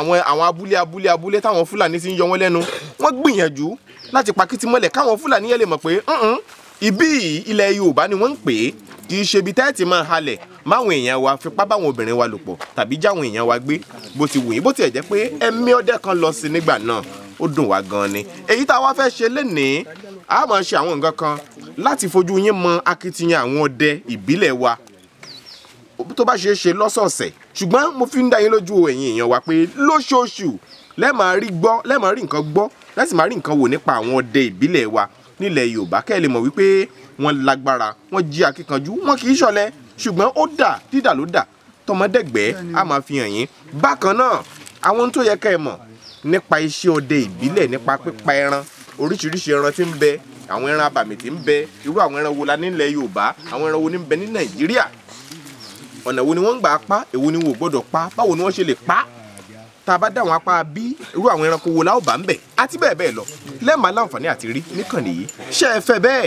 àwọn àwọn abúlé abúlé abúlé táwọn Fúlàní ti ń yọ wọ́n lẹ́nu wọ́n gbìyànjú láti pa kìtìmọ́lẹ̀ káwọn Fúlàní yẹn lè mọ̀ pé ibi ilẹ̀ Yorùbá ni wọ́n ń pè é kì í ṣe ibi tẹ́ẹ̀tì máa halẹ̀ máwọn èèyàn wa fipá báwọn obìnrin wa lò pọ̀ tàbí jáwọn èèyàn wa gbé bó ti wù yín bó tiẹ̀ jẹ́ pé ẹ̀mí ọdẹ kan lọ sí nígbà náà ó dùn wá gan ni èyí tá a wá fẹ́ ṣe lénìí a máa ṣe àwọn nǹkan kan láti fojú yín mọ akitiyan àwọn ọdẹ ìbílẹ̀ wa tó bá ṣeé ṣe lọ́sọ̀ọ̀sẹ̀ ṣùgbọ́n mo fi ń dá yín lójú ẹ̀yin èèyàn wa pé lóṣooṣù lẹ́ẹ̀ máa rí gbọ́ lẹ́ẹ̀ máa rí nǹkan gbọ́ lẹ́ẹ̀ sì máa rí wọ́n lagbara wọ́n jí akíkanjú wọn kì í ṣọ̀lẹ ṣùgbọ́n ó dà dídà ló dà tọmọdẹ́gbẹ́ a máa fi hàn yín bákan náà àwọn tó yẹ ká ẹ mọ̀ nípa iṣẹ́ ọdẹ ìbílẹ̀ nípa pípa ẹran oríṣiríṣi ẹran tí ń bẹ àwọn ẹran abàmì tí ń bẹ irú àwọn ẹran wo la nílẹ̀ Yorùbá àwọn ẹran wo ní ń bẹ ní Nàìjíríà ọ̀nà wo ni wọ́n ń gbà pa èwo ni wọ́n gbọ́dọ̀ pa báwo ni wọ́n ṣe lè pa tá a bá dáwọn apá bí irú àwọn ẹranko wo la ó bá ń bẹ̀ àti bẹ́ẹ̀ bẹ́ẹ̀ lọ lẹ́ẹ̀ma láǹfààní àti rí níkànnì yìí ṣé ẹ fẹ́ bẹ́ẹ̀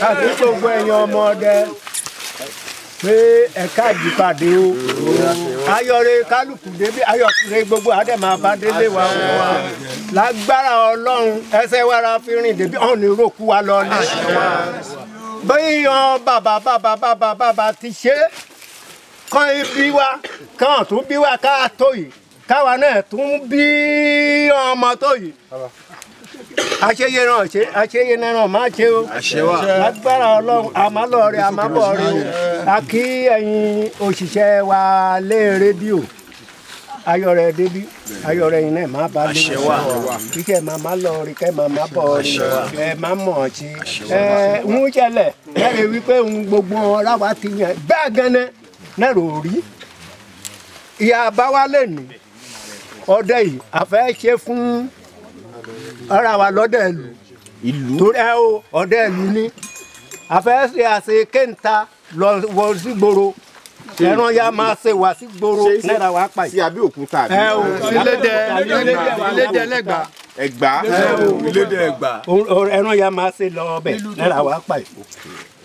káàkiri gbogbo ẹ̀yin ọmọ ọdẹ pé ẹ̀ka ìjìpàdé o ayọ̀rẹ́ kálukú débi ayọ̀rẹ́ gbogbo àdèmà bá délé wa wá lágbára ọlọ́run ẹsẹ̀ wàrà fi rìn débi ọ̀hún ní ròkú wa lọ ní. bẹ́ẹ̀yàn bàbá bàbá bàbá bàbá ti ṣe kàn bí wa kàn tún bí wa ká tó yìí káwa náà tún bí ọmọ tó yìí. àṣeyẹ náà ṣe àṣeyẹ náà má ṣe o agbára ọlọ́run àmàlọ́ọ̀rẹ́ àmàbọ̀ọ̀rẹ́ o a kí ẹ̀yin wa lé rédíò ayọ̀rẹ́ débi ayọ̀rẹ́ yìí náà má bá lé wa kíkẹ́ máa má ẹ má mọ̀ ọ́ ẹ ń wípé gbogbo wa ti yàn náà rò rí ìyá àbáwálé ọdẹ yìí ṣe fún ọ̀rọ̀ àwa lọ́dẹ̀ ìlú torí ẹ o ọ̀dẹ̀ ìlú ní àfẹ́sẹ̀ àṣẹ kéńtà lọ wọ sí gbòòrò ẹran ya máa ṣe wá sí gbòòrò náírà wàá pa yìí. sí Abẹ́òkúta àbí. ẹ o ilédè ilédè ẹlẹgbà. ẹgbà ilédè ẹgbà. ẹran ya máa ṣe lọ ọbẹ̀ náírà wàá pa yìí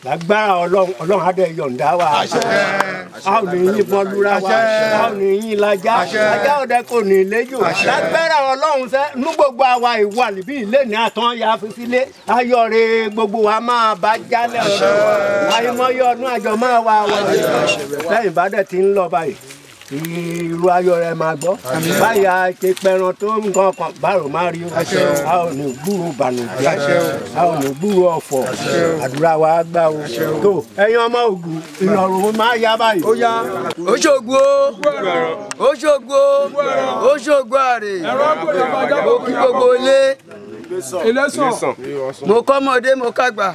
lágbára ọlọ́run ọlọ́run adé yọ̀ǹda wa a ò ní yín bọ́lúra wa a ò ní yín lajá lajá ọ̀dẹ kò ní léjò lágbára ọlọ́run sẹ́ nú gbogbo àwa ìwà níbí ilé ní àtàn ya fífílé ayọ̀rẹ́ gbogbo wa máa bá jálẹ̀ ọ̀rọ̀ wa àyèmọ́ yọ ọdún àjọ máa wà wà lẹ́yìn bá ti ń lọ báyìí irú ayọ̀ rẹ máa gbọ́ báyà ṣe pẹran tó ń gan ọkàn bárò má rí o a ò ní gbúrò bànújẹ́ a ò ní gbúrò ọ̀fọ̀ àdúrà wa gbà o tó ẹ̀yin ọmọ Ògùn ìrọ̀rùn máa yá báyìí. ó yá Òṣogbo Òṣogbo Òṣogbo àrè mo kí gbogbo ilé mo kọ́mọdé mo kàgbà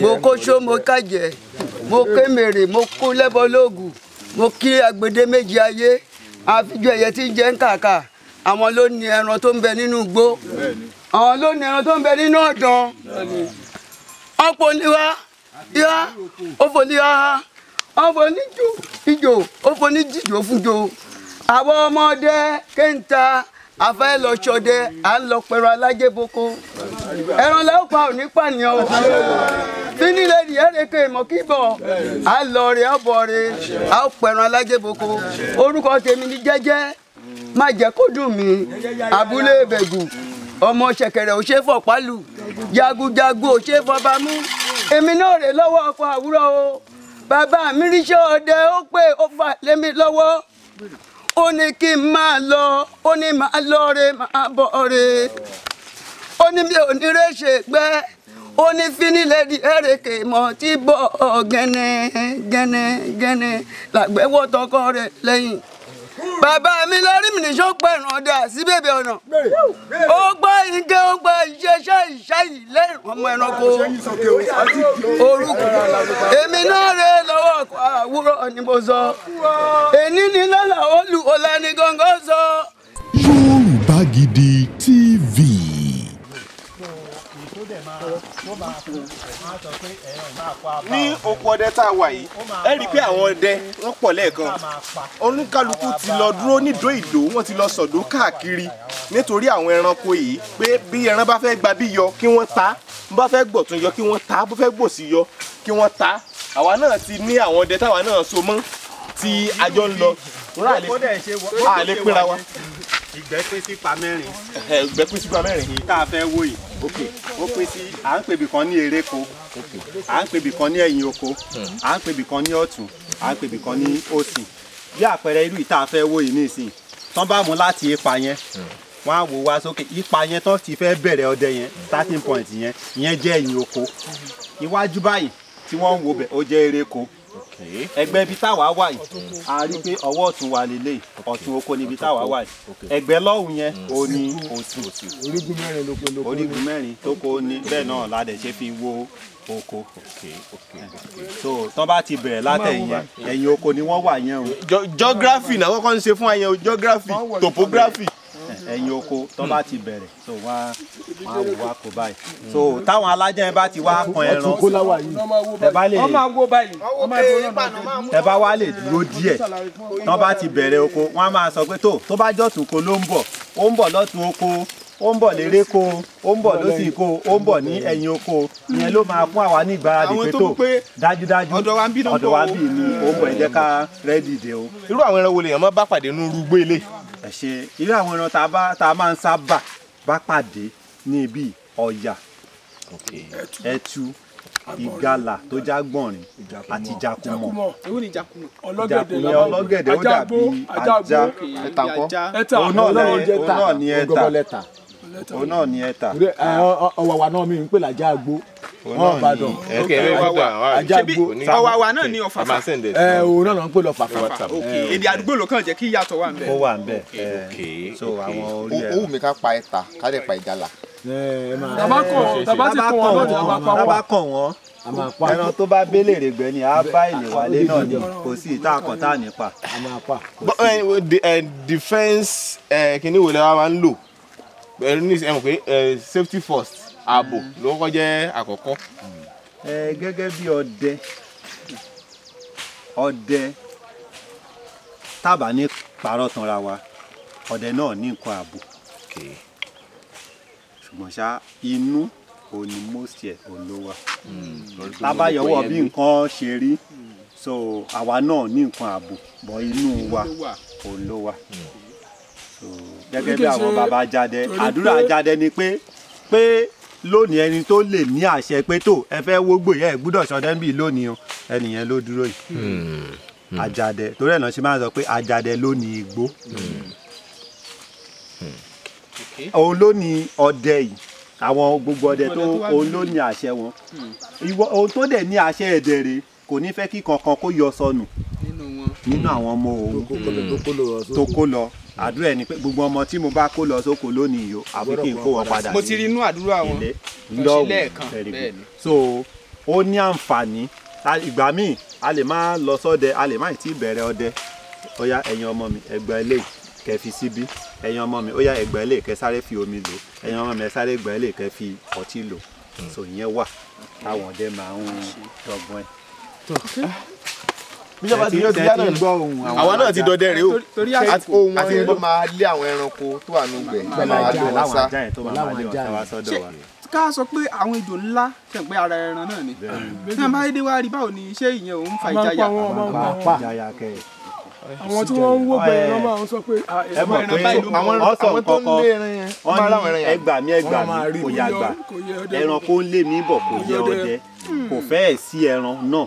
mo kóṣó mo kàjẹ́ mo kémèrè mo kú lẹ́bọ̀ lóògùn. mo kí agbede méjì ayé àfijọ́ ẹ̀yẹ tí ń jẹ ń kàkà àwọn ló ní ẹran tó ń bẹ nínú igbó àwọn ló ní ẹran tó ń bẹ nínú ọ̀dàn ọ̀pọ̀ níwá yá òfò ní aha òfò ìjò fúnjò àwọn ọmọdé kéńtà àfẹ́ lọ sínílẹ̀ rí ẹ̀rẹ́kẹ́ ìmọ̀ kí bọ̀ á lọ rè á bọ̀ rè á pẹ̀rọ alájẹboko orúkọ tèmi má kó dùn mí abúlé ọmọ ṣẹ̀kẹ̀rẹ̀ ò ṣe fọ̀ pálù jagunjagun ò ṣe fọ̀ bámú èmi náà rè lọ́wọ́ o bàbá mi ọdẹ ó pè ó fà lọwọ lọ ó ní máa lọ máa bọ ó ní mi ò ní onífinilẹ́dì ẹ̀rẹ̀kẹ̀ mọ̀ tí bọ̀ gẹ́nẹ́ gẹ́nẹ́ gẹ́nẹ́ làgbẹ́wọ́ tọkọ rẹ̀ lẹ́yìn. bàbá mi lórí mi nìṣó pẹ̀rùn ọdẹ àti bèbè ọ̀nà ó gbọ́ ike ó gbọ́ ìṣeṣẹ́ ìṣáyìí lẹ́rùn ọmọ ẹranko orúkọ èmi náà rẹ lọ́wọ́ ọkọ̀ àwúrọ̀ ni mo sọ èní ni lọ́là olùkọ́lá ni gángan sọ. Yorùbá Gidi TV ní oko ọdẹ tá a wà yìí ẹ rí i pé àwọn ọdẹ wọn pọ̀ lẹ́ẹ̀kan oníkálukú ti lọ dúró nídó ìdó wọn ti lọ sọ̀dọ̀ káàkiri nítorí àwọn ẹranko yìí pé bí ẹran bá fẹ́ gba bí yọ kí wọ́n ta bá fẹ́ gbọ̀tún yọ kí wọ́n ta bó fẹ́ gbòsì yọ kí wọ́n ta àwa náà ti ní àwọn ọdẹ táwa náà so mọ́ tí àjọ ń lọ rà lè pínra wa ìgbẹ́ pín sí pa mẹ́rin. ìgbẹ́ pín sí pa mẹ́rin. èyí tá a fẹ́ wò yìí ó pín sí à ń pèbì kan ní ereko à ń pèbì kan ní ẹ̀yìn oko hmm. à ń pèbì kan ní ọ̀tún à ń pèbì kan ní òsì bí àpẹẹrẹ irú yìí a fẹ́ wò yìí nísìnyí tán bá mú láti ipa yẹn hmm. wọ́n á wò wá sókè ipa yẹn tán ti fẹ́ bẹ̀rẹ̀ ọdẹ yẹn starting point yẹn ìyẹn jẹ́ ẹ̀yìn oko hmm. iwájú báyìí tí wọ́n ń wo bẹ̀ ó jẹ́ eréko ẹgbẹ́ ibi táwa wà yìí a rí pé ọwọ́ ọ̀tún wa lélẹ̀ ọ̀tún oko níbi táwa wà yìí ẹgbẹ́ lọ́hùn yẹn o mm. ní òtún orígun mẹ́rin ló pe lóko orígun mẹ́rin tó ko ní bẹ́ẹ̀ náà la dẹ̀ ṣe fi wo oko so tán bá ti bẹ̀rẹ̀ látẹ̀yìn yẹn ẹ̀yìn oko ni wọ́n wà yẹn o. geography náà wọ́n kàn ń ṣe fún wa yẹn o geography topography ẹ̀yìn oko tó bá ti bẹ̀rẹ̀ so wọ́n á wò wá kó báyìí hmm. so táwọn alájà yẹn bá ti wá kan ẹran tẹ bá lè tẹ bá wá lè dúró díẹ̀ tó bá ti bẹ̀rẹ̀ oko wọ́n á máa sọ pé tó tó bá jọ̀tún ko ló ń bọ̀ ó ń bọ̀ lọ́tún oko ó ń bọ̀ léré ko ó ń bọ̀ lọ́sì ko ó ń bọ̀ ní ẹ̀yìn oko ìyẹn ló máa fún àwa ní ìgbáradì pé tó dájúdájú ọ̀dọ̀ wa ń bí ni ó ń bọ̀ ẹ ká rẹ́dì o. irú àwọn ẹran wo lèèyàn máa bá pàdé nínú irú gbélé ẹ ṣe irú àwọn ẹran tá a máa ń sábà bá pàdé ní ibi ọ̀yà ẹtu ìgalà tó já gbọ̀nrín àti ìjàkùmọ̀ ìjàkùmọ̀ ọlọ́gẹ̀dẹ̀ ó dàbí ajá ẹ̀ta òun náà ni ẹ̀ta òun náà ni ẹ̀ta. ọ̀wàwà náà mi ń pè lájà àgbo wọn ìbàdàn ok ajagbo ọwà wa náà ni ọ̀fàfà ẹ òun náà ń pè lọ fàfà ok èdè àdúgbò ló kàn kí ìyàtọ̀ wà nbẹ. ó wà nbẹ so àwọn orí ẹ. owó mi ká pa ẹ̀ta ká lè pa ìjàlá. tabakọ tabakọ wọn tabakọ wọn ẹran tó bá béèrè gbẹ ni a bá èlé wálé náà ni kò sí ìta àkàn tá à ní pa. kìnìún wo lè wá máa ń lò ẹ mọ̀ pé safety first ààbò ló kọ́kọ́ jẹ́ àkọ́kọ́. gẹ́gẹ́ bí ọdẹ ọdẹ tábà ní parọ́ tanra wa ọdẹ náà ní nǹkan ààbò ṣùgbọ́n ṣá inú òní most yẹ olówó hmm, tábàyọwọ bí nǹkan ṣe rí so àwa náà ní nǹkan ààbò bọ inú wa olówó hmm. gẹ́gẹ́ bí àwọn baba jáde àdúrà jáde ni pé pé lónìí ẹni tó lè ní àṣẹ pé tó ẹ fẹ́ wógbò yẹ ẹ gbúdọ̀ sọdẹ́ ń bì lónìí o ẹnìyẹn ló dúró yìí hmm. àjàdẹ torí ẹ̀ náà ṣe máa ń sọ pé àjàdẹ ló ní igbó hmm. Hmm. òun ló ní ọdẹ yìí àwọn gbogbo ọdẹ tó òun ló ní àṣẹ wọn òun tó dẹ̀ ní àṣẹ ẹ̀dẹ̀ rèé kò ní fẹ́ kí kankan kó yọ sọnù nínú àwọn ọmọ òun tó kó lọ àdúrà ẹni pé gbogbo ọmọ tí mo bá kó lọ sóko lónìí yìí àfi kí n kó wọn padà mo ti rí inú àdúrà so ó ní àǹfààní ìgbà míì a lè má lọ sọ́dẹ a lè má ti bẹ̀rẹ̀ ọdẹ ọ̀ya ẹ̀yin ọmọ mi ẹgbẹ́ eléyìí kẹfì síbí ẹ̀yin ọmọ mi ọ̀ya ẹgbẹ́ eléyìí kẹ fi omi lò ẹ̀yin ọmọ mi ẹ sáré ẹgbẹ́ eléyìí ọtí lò so ìyẹn wà táwọn ọdẹ máa ń dọ́gbọ́n ẹ̀ bí sábà ti yóò ti yára gbọ́ ohun àwọn àwa náà ti dọdẹ rèé o ohun àti ohun máa lé àwọn ẹranko tó wà nù gbẹ máa lé wọn sá ká sọ pé àwọn ejò ńlá tẹ̀ pé ara ẹran náà ni bí wọn bá dé wá rí báwo ni ṣé ìyẹn òun fa ìjayà àwọn tí wọ́n ń wó bẹ̀rẹ̀ lọ máa ń sọ pé ah, ẹ̀fọ́ pé àwọn tó ń lé ẹran yẹn wọ́n ní ẹgbà mi ẹgbà mi kò yàgbà ẹran kó ń lé mi bọ̀ kò yẹ ọdẹ kò fẹ́ẹ̀ sí ẹran náà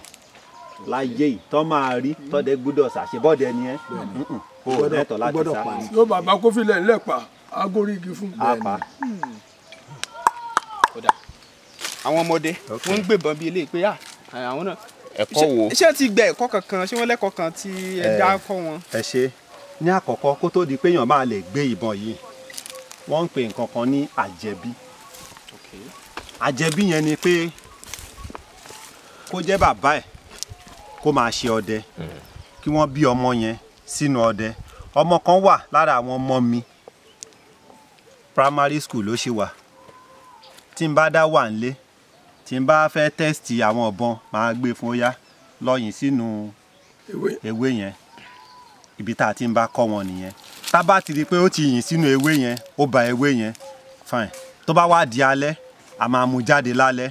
láyé yìí tọ́ máa rí tọ́dẹ gbúdọ̀ ṣàṣebọ́dẹ ni ẹ́ o ò lẹ́tọ̀ láti sá. ló bàbá kófìlẹ̀ ńlẹ̀ pa agórí igi fún. apá. kódà àwọn ọmọdé wọn ń gbébọn bíi eléyìí pé ah, àwọn náà ẹ̀kọ́ wo ṣé ti gba ẹ̀kọ́ kankan ṣé wọ́n lẹ́kọ̀ọ́ kan tí ẹja kọ́ wọn. ẹ ṣe ní àkọ́kọ́ kó tó di pé èèyàn máa lè gbé ìbọn yìí wọ́n ń pè nǹkan kan ní àjẹbí àjẹbí yẹn ni pé kó jẹ́ bàbá ẹ̀ kó máa ṣe ọdẹ kí wọ́n bí ọmọ yẹn sínú ọdẹ ọmọ kan wà lára àwọn ọmọ mi primary school ló ṣe wà tí n bá dá wà nílé tí n bá fẹ́ tẹ́sítì àwọn ọ̀bọ̀n máa gbé fún ya lọ́yìn sínú ewé yẹn ibi tá a ti ń bá kọ́ wọn nìyẹn tá bá ti rí i pé ó ti yìn sínú ewé yẹn ó ba ewé yẹn fine tó bá wá di alẹ́ a máa mú jáde lálẹ́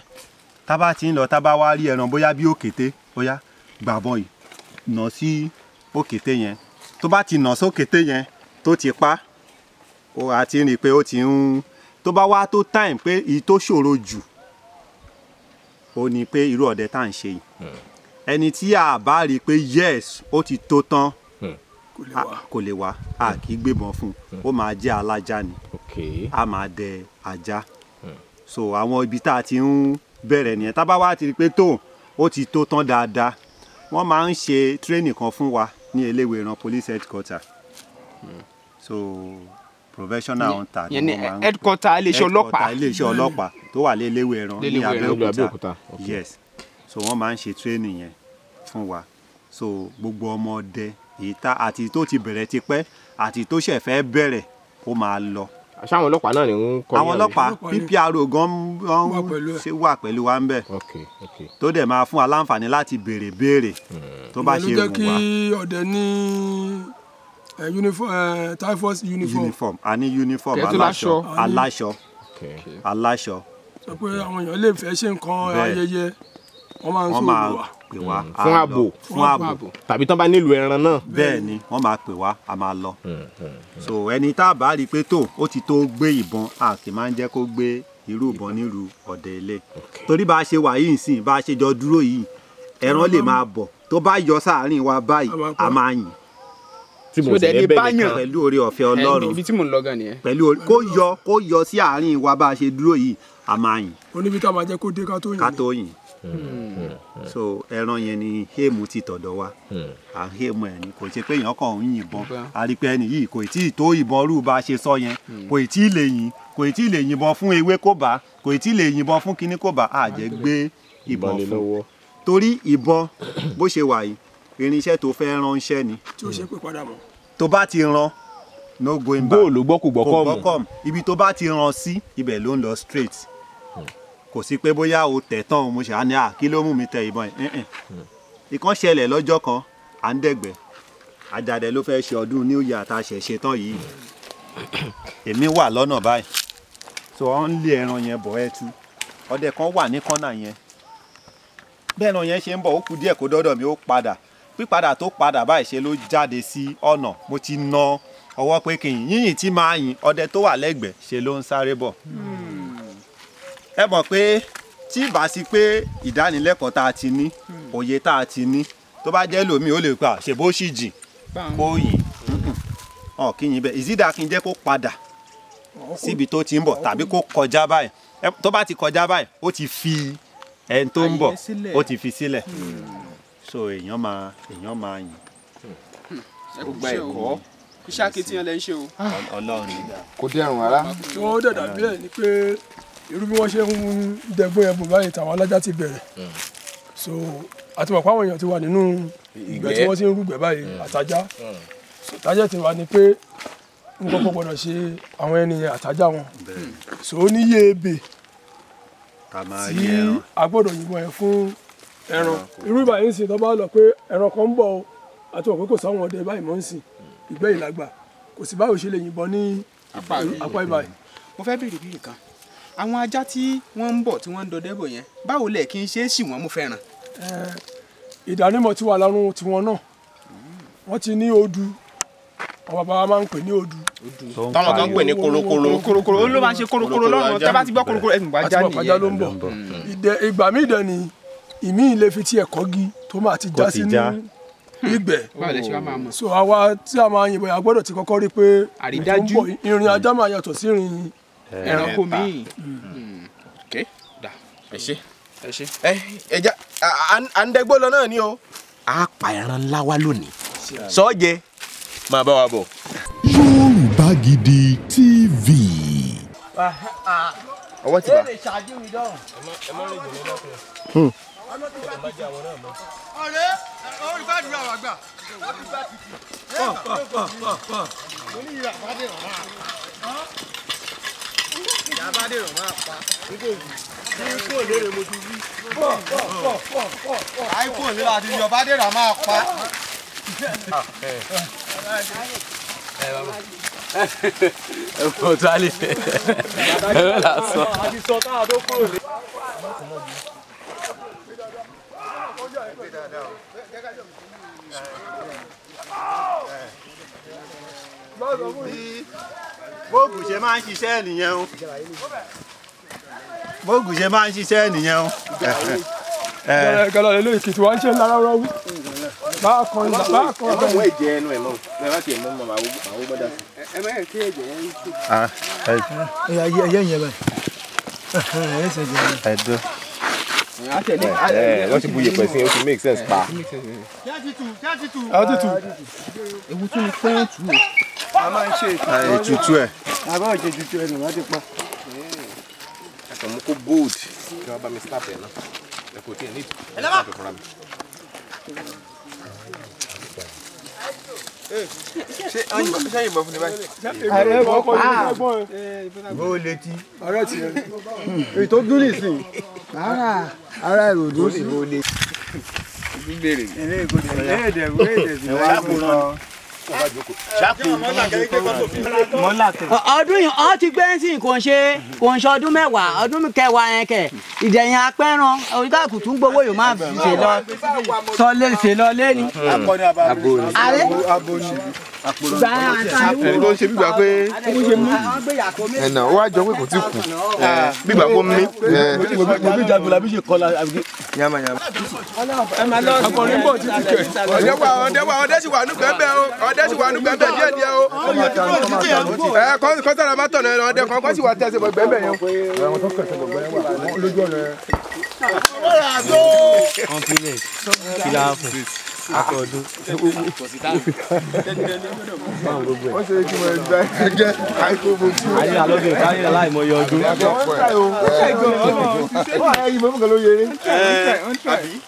tá bá ti ń lọ tá bá wá rí ẹran bóyá bí òkété bóyá gbàbọ̀ yìí nà sí òkété yẹn tó bá ti nà sókété yẹn tó ti pa ó àti rí i pé ó ti ń tó bá wá tó time pé èyí tó ṣòro jù ó ní pé irú ọdẹ tá à ń ṣe yìí hmm. ẹni tí a bá rí i pé yes ó ti tó tán hmm. kò lè wá a hmm. kì í gbébọn fún un ó máa jẹ́ alájà ni a máa dẹ ajá so àwọn ibi tá a ti ń bẹ̀rẹ̀ nìyẹn tá a bá wá ti rí i pé tó ó ti tó tán dáadáa wọ́n máa ń ṣe tírénì kan fún wa ní eléwéran police headquarter hmm. so professional hunter ni wọ́n máa ń headquarter iléeṣẹ́ ọlọ́pàá iléeṣẹ́ ọlọ́pàá tó wà léléwéran ní Abẹ́òkúta yes so wọ́n máa ń ṣe tírénì yẹn fún wa so gbogbo ọmọ ọdẹ èyí àti tó ti bẹ̀rẹ̀ tipẹ́ àti tó ṣẹ̀ fẹ́ bẹ̀rẹ̀ ó máa lọ sáwọn ọlọ́pàá náà ni ń kọ àwọn ọlọ́pàá PPRO gan ṣe wà pẹ̀lú wa ń bẹ̀ tó dẹ̀ máa fún wa láǹfààní láti béèrè béèrè hmm. tó bá ṣe wù wá. ìyẹn ló jẹ́ eh, eh, typhus uniform a ní uniform aláṣọ aláṣọ aláṣọ. sọ pé àwọn èèyàn lè fẹ́ ṣe nǹkan ayẹyẹ wọ́n máa ń sọ òwò wa pè wá. Mm. fún ààbò fún ààbò tàbí tán bá nílò ẹran náà. bẹ́ẹ̀ ni wọ́n máa pè wá a máa lọ. Mm, mm, so ẹni tá a bá rí i pé tó ó ti tó gbé ìbọn a sì máa ń jẹ́ kó gbé irú ìbọn nílùú ọ̀dẹ̀ ilé. torí bá a ṣe wà yìí nsìn bá a ṣe jọ dúró yìí ẹran lè máa bọ̀ tó bá yọ sáàárín wa báyìí a máa yìn tí mo sì bẹ́ẹ̀ nìkan pẹ̀lú oore ọ̀fẹ́ ọlọ́run ibi tí mò ń lọ gan nìyẹn. pẹ̀lú kó yọ kó yọ sí àárín wa bá a ṣe dúró yìí a máa yìn. oníbi tá a máa jẹ́ kó dé ká tó yìn. ká tó yìn Hmm. so ẹran yẹn ni héèmù ti tọ̀dọ̀ wa hmm. à ń héèmù ẹ̀ ni kò ṣe pé èèyàn kàn ń yìnbọn àrípẹ́ ẹni yìí kò tí ì tó ìbọn rú bá a ṣe sọ yẹn hmm. kò tí ì lè yìn kò tí ì lè yìnbọn fún ewé kó bá kò tí ì lè yìnbọn fún kinní kó bá a jẹ́ gbé ìbọn fún torí ìbọn bó ṣe wà yìí irinṣẹ́ tó fẹ́ ránṣẹ́ ni tí ó tó bá ti ran no going back góòlù gbọ́kùgbọ́kọ̀mù ibi tó bá ti ran sí ibẹ̀ ló ń lọ straight kò sí pé bóyá o tẹ̀ tán o mo ṣe á ní à kí ló mú mi tẹ ìbọn yìí ìkan ṣẹlẹ̀ lọ́jọ́ kan à ń dẹ̀gbẹ́ àjàdẹ ló fẹ́ẹ́ ṣe ọdún new year tá a ṣẹ̀ ṣe tán yìí èmi wà lọ́nà báyìí so ọ ń lé ẹran yẹn bọ̀ ẹ́ tú ọdẹ kan wà ní kọ́nà yẹn bẹ́ẹ̀ náà yẹn ṣe ń bọ̀ ó kù díẹ̀ kó dọ́dọ̀ mi ó padà pípadà tó padà báyìí ṣe ló jáde sí ọ̀nà mo ti na ọwọ́ pé kí n yíyìn tí máa yìn ọdẹ tó wà lẹ́gbẹ̀ẹ́ ṣe ló ń sáré bọ̀. Hmm ẹ mọ̀ pé tí ì bá sí pé ìdánilẹ́kọ̀ọ́ tá a ti ní hmm. òye tá a ti ní tó bá jẹ́ lómi ó lè pa ṣèbó sì jìn kó yìn hàn kí yín bẹ́ẹ̀ ìzídà kí n jẹ́ kó padà síbi tó ti ń bọ̀ tàbí kó kọjá báyìí tó bá ti kọjá báyìí ó ti fi ẹni tó ń bọ̀ ó ti fi sílẹ̀ hmm. so èèyàn máa èèyàn máa yìn. Hmm. ẹ kò gba ẹ̀kọ́ iṣẹ́ akitiyan lẹ ń ṣe o. Ọlọ́run kò dẹrùn rárá. kí wọ́n dàdà bí ni pé irú bí wọ́n ṣe ń dẹgbó ẹbùn báyìí tàwọn alájà ti bẹ̀rẹ̀ hmm. so àti mọ̀ páwọn èèyàn ti wà nínú ìgbẹ́ tí wọ́n ti ń rúgbẹ́ báyìí hmm. àtajá hmm. so tájẹ́ ti wà ní pé n kọ́kọ́ gbọ́dọ̀ ṣe àwọn ẹni àtajá wọn so ó ní yé ebè tí a gbọ́dọ̀ yìnbọn ẹ̀ fún ẹran irú ìbàyí ń sìn tó bá lọ pé ẹran kan ń bọ̀ o àti mọ̀ pé kò sáwọn ọdẹ báyìí mọ́ ń sìn ìgbẹ́ ìlàgbà kò sí báwo ṣe lè yìnbọn ní apá ìbàyí. mo fẹ́ béèrè bí nǹkan àwọn ajá tí wọ́n ń bọ̀ tí wọ́n ń dọdẹ bọ̀ yẹn báwo lẹ̀ kí n ṣe é sì wọ́n mú fẹ́ràn. ìdánimọ̀ ti wà lọ́rùn tiwọn náà wọ́n ti ní odu ọba bàbá máa ń pè ní odu. táwọn kan ń pè ní korokoro korokoro ó ló máa ń ṣe korokoro lọ́rùn tẹ́ bá ti gbọ́ korokoro ẹ̀sìn bá já nìyẹn ló ń bọ̀ hmm. ìgbà míì dẹ̀ ni ìmí ilé fi ti ẹ̀kọ́ gi tó máa ti já sínú ìgbẹ́ hmm. so àwa tí a máa yìnbọn a gbọ́dọ̀ ti kọ́kọ́ rí pé ìrìn ajá máa yàtọ̀ sí ìrìn Eh, ẹranko míì. Mm. ok da ẹ ṣe ẹ ṣe. ẹ ẹja à náà ni o. a pa ẹran ńlá wa lónìí sọ́ọ̀jẹ máa bá wa bọ̀. Yorùbá Gidi TV. ọwọ́ ti bá. Hmm. ọ̀rẹ́ orí bá dùn àwọn àgbà. pọ̀ pọ̀ pọ̀ pọ̀ àbádé rà ìyá bá láti yọ bá dèrò máa pa. Ọ̀tá lè fẹ́. Ẹ̀rọ lásán. sọ táà tó kúrò bóògù máa ń ṣiṣẹ́ nìyẹn o bóògù máa ń ṣiṣẹ́ nìyẹn o. gẹlẹ lè kìtì wá ń ṣe lára rọwú báà kan ìgbà báà kan ọgbà yìí. ẹ má jẹ ẹnu ẹ mọ ẹ má kì mọ àwọn àwọn gbọdọ ẹ má kí ah, ẹ jẹ ẹ ẹyẹ yẹn báyìí ẹ ẹ ṣe ẹ. dún wọ́n ti bu yèpẹ̀ sí o ti make sense pa. jẹ́ ti tù jẹ́ ti tù. ewu tún ni fẹ́ẹ́ tù o a máa ń ṣe ètùtù ẹ̀. àbá òjò ètùtù ẹ̀ nìwọ́n ti pa. ẹ̀sán mú kó bold kí wọ́n bá mi snap ẹ̀ náà ẹ̀ kò tí ì ní ìtàkùn fúnra mi. ṣé ìbọn fún ni báyìí. ààrẹ ìbọn kọ́ ní ìgbàgbọ́ ah. ẹ̀. bó o létí. ọ̀rẹ́ ti rẹ̀ ètò o létí. ìbéèrè. ilé ọdún yìí ọ ti gbé sí kò ń ṣe kò ń ṣe ọdún mẹ́wàá ọdún kẹwàá yẹn kẹ ìdẹ̀yìn apẹ́ran oníkàkù tún gbowó yóò máa ṣe lọ sọlé ṣe lọ lẹ́ni. ààrẹ gba àtàwọn ẹni tó ń ṣe bíbá pé ẹnà ó wá jọ pé kò tí kù bíbá kó mí. mo bí jagun la bí ṣe kọla. yamayama. ọkùnrin bò títí kẹ. ọ̀dẹ́wà ọ̀dẹ́wà ọ̀dẹ́ sì wà nùgbẹ́ bẹ́ẹ̀ o ọdẹ sì wà nù bẹ́ẹ̀ díẹ̀ díẹ̀ o ẹ kọ́ńtàrà má tọ̀nà ẹran ọdẹ kan kọ́ sì wà tẹ̀sí bọ̀ bẹ́ẹ̀ bẹ́ẹ̀ wà lójú ọ̀nà ẹ. kọ́ńpilẹ̀ kìlá gba ẹgbẹ́ àìkú gbogbo. ayé alóde káyé aláìmọye ọdún. ó ṣàìgbọ̀n ọ̀nà ó ṣàìgbọ̀n ọ̀nà ó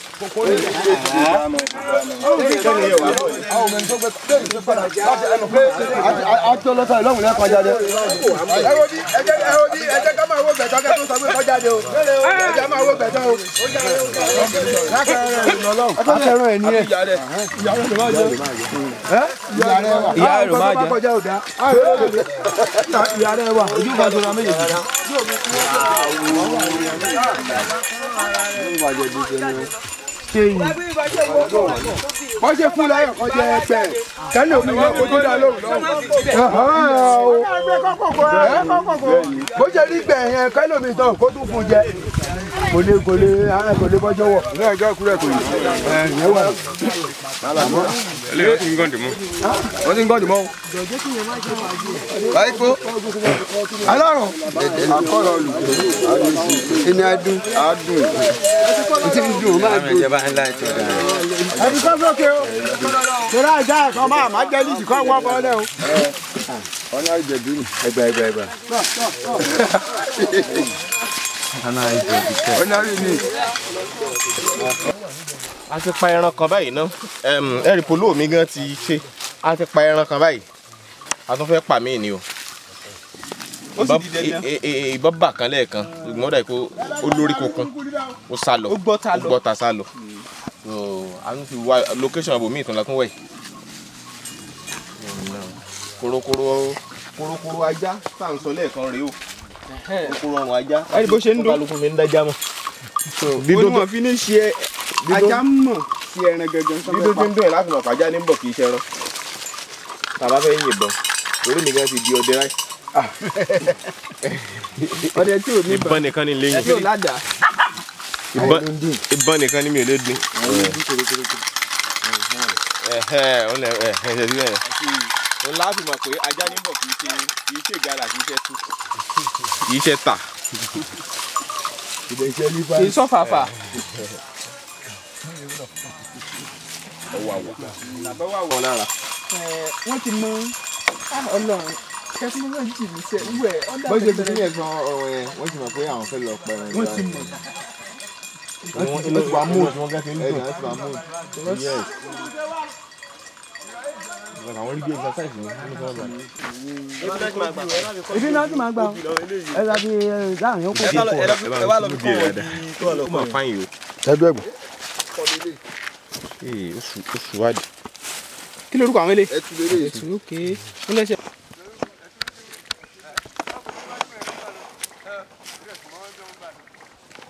àjọ lọ́sàn ìlú ọ̀hún lẹ́kọ̀ọ́ jáde. ẹ̀rọ bí ẹ̀jẹ̀ ẹ̀rọ bí ẹ̀jẹ̀ ká máa wọ bẹ̀tọ̀ kẹ́ tó sọ pé kọ́ jáde o ẹ̀jẹ̀ máa wọ bẹ̀tọ̀ o. akẹ́rọ ẹ̀ ní ẹ̀. ìyá rẹ̀ máa jẹ́. ìyá rẹ̀ wà ojú bá jọra méjèèjì. Não vai de ṣe yìí. wọ́n ṣe fún láyọ̀ kan jẹ ẹgbẹ́ kẹ́lẹ́ òfin náà kó dá lóhùn lọ́wọ́. bó ṣe rí gbẹ̀yẹn kẹ́lẹ́ òfin náà kó tún fún jẹ kò lè kò lè ara kò lè bọ́jọ́ wọ̀. ní ẹjọ́ kúrẹ́ kò yìí. ẹ ẹ wà. eléyìí ó ti ń gọ́ǹdì mọ́. ó ti ń gọ́ǹdì mọ́. báyìí kó. alárùn. akọ́rọ̀ lù. ẹni adùn. adùn. o ti ń dùn o máa dùn. ẹbí kọ́ sókè o. torí ajá ẹ̀kọ́ máa má jẹ́ líjì kọ́ wọ́ bọ́lẹ̀ o. ọ̀nà ìjẹ̀bí ni. ẹgbẹ́ ẹgbẹ́ ẹgbẹ́. a ti pa ẹran kan báyìí ná ẹ̀rì polo mi gan ti ṣe a ti pa ẹran kan báyìí a tún fẹ́ pa mí ni o ìbọn bà kan lẹ́ẹ̀kan ìgbọ́n dà kó olórí kokun ó sá lọ ó gbọ́ sá lọ a tún fi wá location ibòmíì tún lakún wẹ̀ korokoro korokoro ajá tá à ń sọ lẹ́ẹ̀kan rèé o kókó rọrùn ajá ẹni bó ṣe ń dún kókó mi ń dájá mọ. onímọ̀ fi ní ṣe ajá mọ̀ sí ẹran gangan sọ́dọ̀ pa dídó tí ń dún ẹ̀ láti mọ̀ pàjá ní bọ̀ kì í ṣe ẹran tàbá fẹ́ yìnbọn orí mi gan ti di ọdẹ láì. Ah. ọdẹ tí ò ní ìbọn nìkan ni lẹ́yìn tí ò ládàá. ìbọn nìkan ni mi ò lè dín. ọ̀hún ẹ̀ ẹ̀ ẹ̀ ẹ̀ ẹ̀ ẹ̀ òun láàfin mọ̀ pé ajá níbọ̀ kì í ṣe kì í ṣe ìgara kì í ṣe tú kì í ṣe tà. kì í sọ́fàfà. ọwọ́ àwọ̀ làbẹ́wọ̀ àwọ̀ lára. wọ́n ti mú ọlọ́run kẹfún náà jì mí sẹ wúwẹ ọdà tẹtẹrẹ. bọ́sẹ̀ tuntun yẹn gan ọ̀rọ̀ yẹn wọ́n ti mọ̀ pé àwọn fẹ́ lọ pẹ̀rẹ̀ wọ́n ti mọ̀ wọ́n ti wà àwọn orí bí náà ti máa gbà ẹ lọ bí láàrin ó kó bí kọ ẹ wá lọ bí kọ ọdí tó lọ kọ ee oṣù oṣù wádìí. kí lorúkọ àwọn eléyìí. ẹtù lélẹ̀ ẹtù lókè ó lẹ́sẹ̀.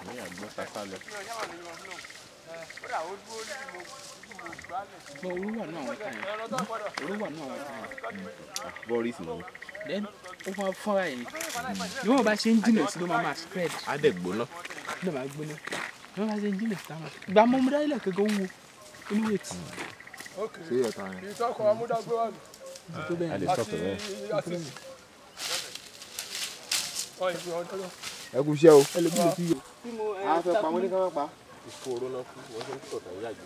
ní àgbọ̀n bọ olú wà nù àwọn ẹ̀ka yẹn olú wà nù àwọn ẹ̀ka yẹn. boris ni. then ó máa fọ́nra yẹn ni wọ́n bá ṣe ń spread. á dẹ̀ gbóná. ló máa gbóná bí wọ́n bá ṣe ń jìnà sí táwọn. gba mọ́ múdá ilẹ̀ kẹ́kẹ́ ń wo inú etí. ṣé ọ̀tá yẹn. ìtọ́kọ̀ amúdá gbé wà lù. a lè sọ̀tọ̀ bẹ́ẹ̀. ẹ kú o. a fẹ́ pa wọ́n ní ká má pa. ìfowóró náà kú wọ́n ṣe ń sọ̀tọ̀ yàgbé.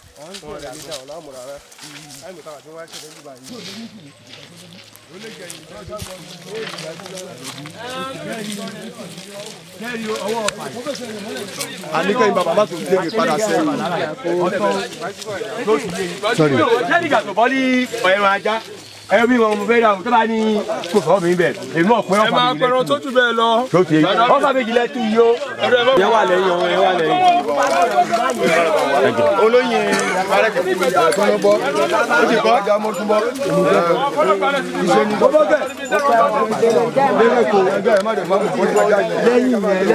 ọ̀hún rẹ̀ mi dáhùn láàmú rárá láì mi káwà tí wọ́n á ṣẹlẹ̀ nígbà yìí. ó lè jẹ ìyìn tó dábọ̀ ní ìlú ìdájú lẹ́yìn ọwọ́ ọ̀fà. àníkẹ́yìn bàbá má tún léèrè padà sẹ́yìn. ọ̀tọ̀ lóṣù yìí. sọ́ọ̀rì ẹ̀rọ bí wọn mo fẹ́ ra o tó bá ní kò sọ mi bẹ̀ èmi náà pẹ́ ọ̀fà mi lẹ́tù. ẹ máa pẹ̀rọ tó jù bẹ́ẹ̀ lọ. tó ti yé yìí o ẹ wà lẹ́yìn ọ̀hún ẹ wà lẹ́yìn. olóyin arẹ́kẹ̀kẹ̀ tó ń bọ́ ó ti bọ́ ẹja mo tún bọ́ ìṣe ni. bọ́bọ́ bẹ́ẹ̀ lẹ́yìn kò ẹgbẹ́ ẹ̀ má dẹ̀ má mú kó tó jáde. lẹ́yìn yẹn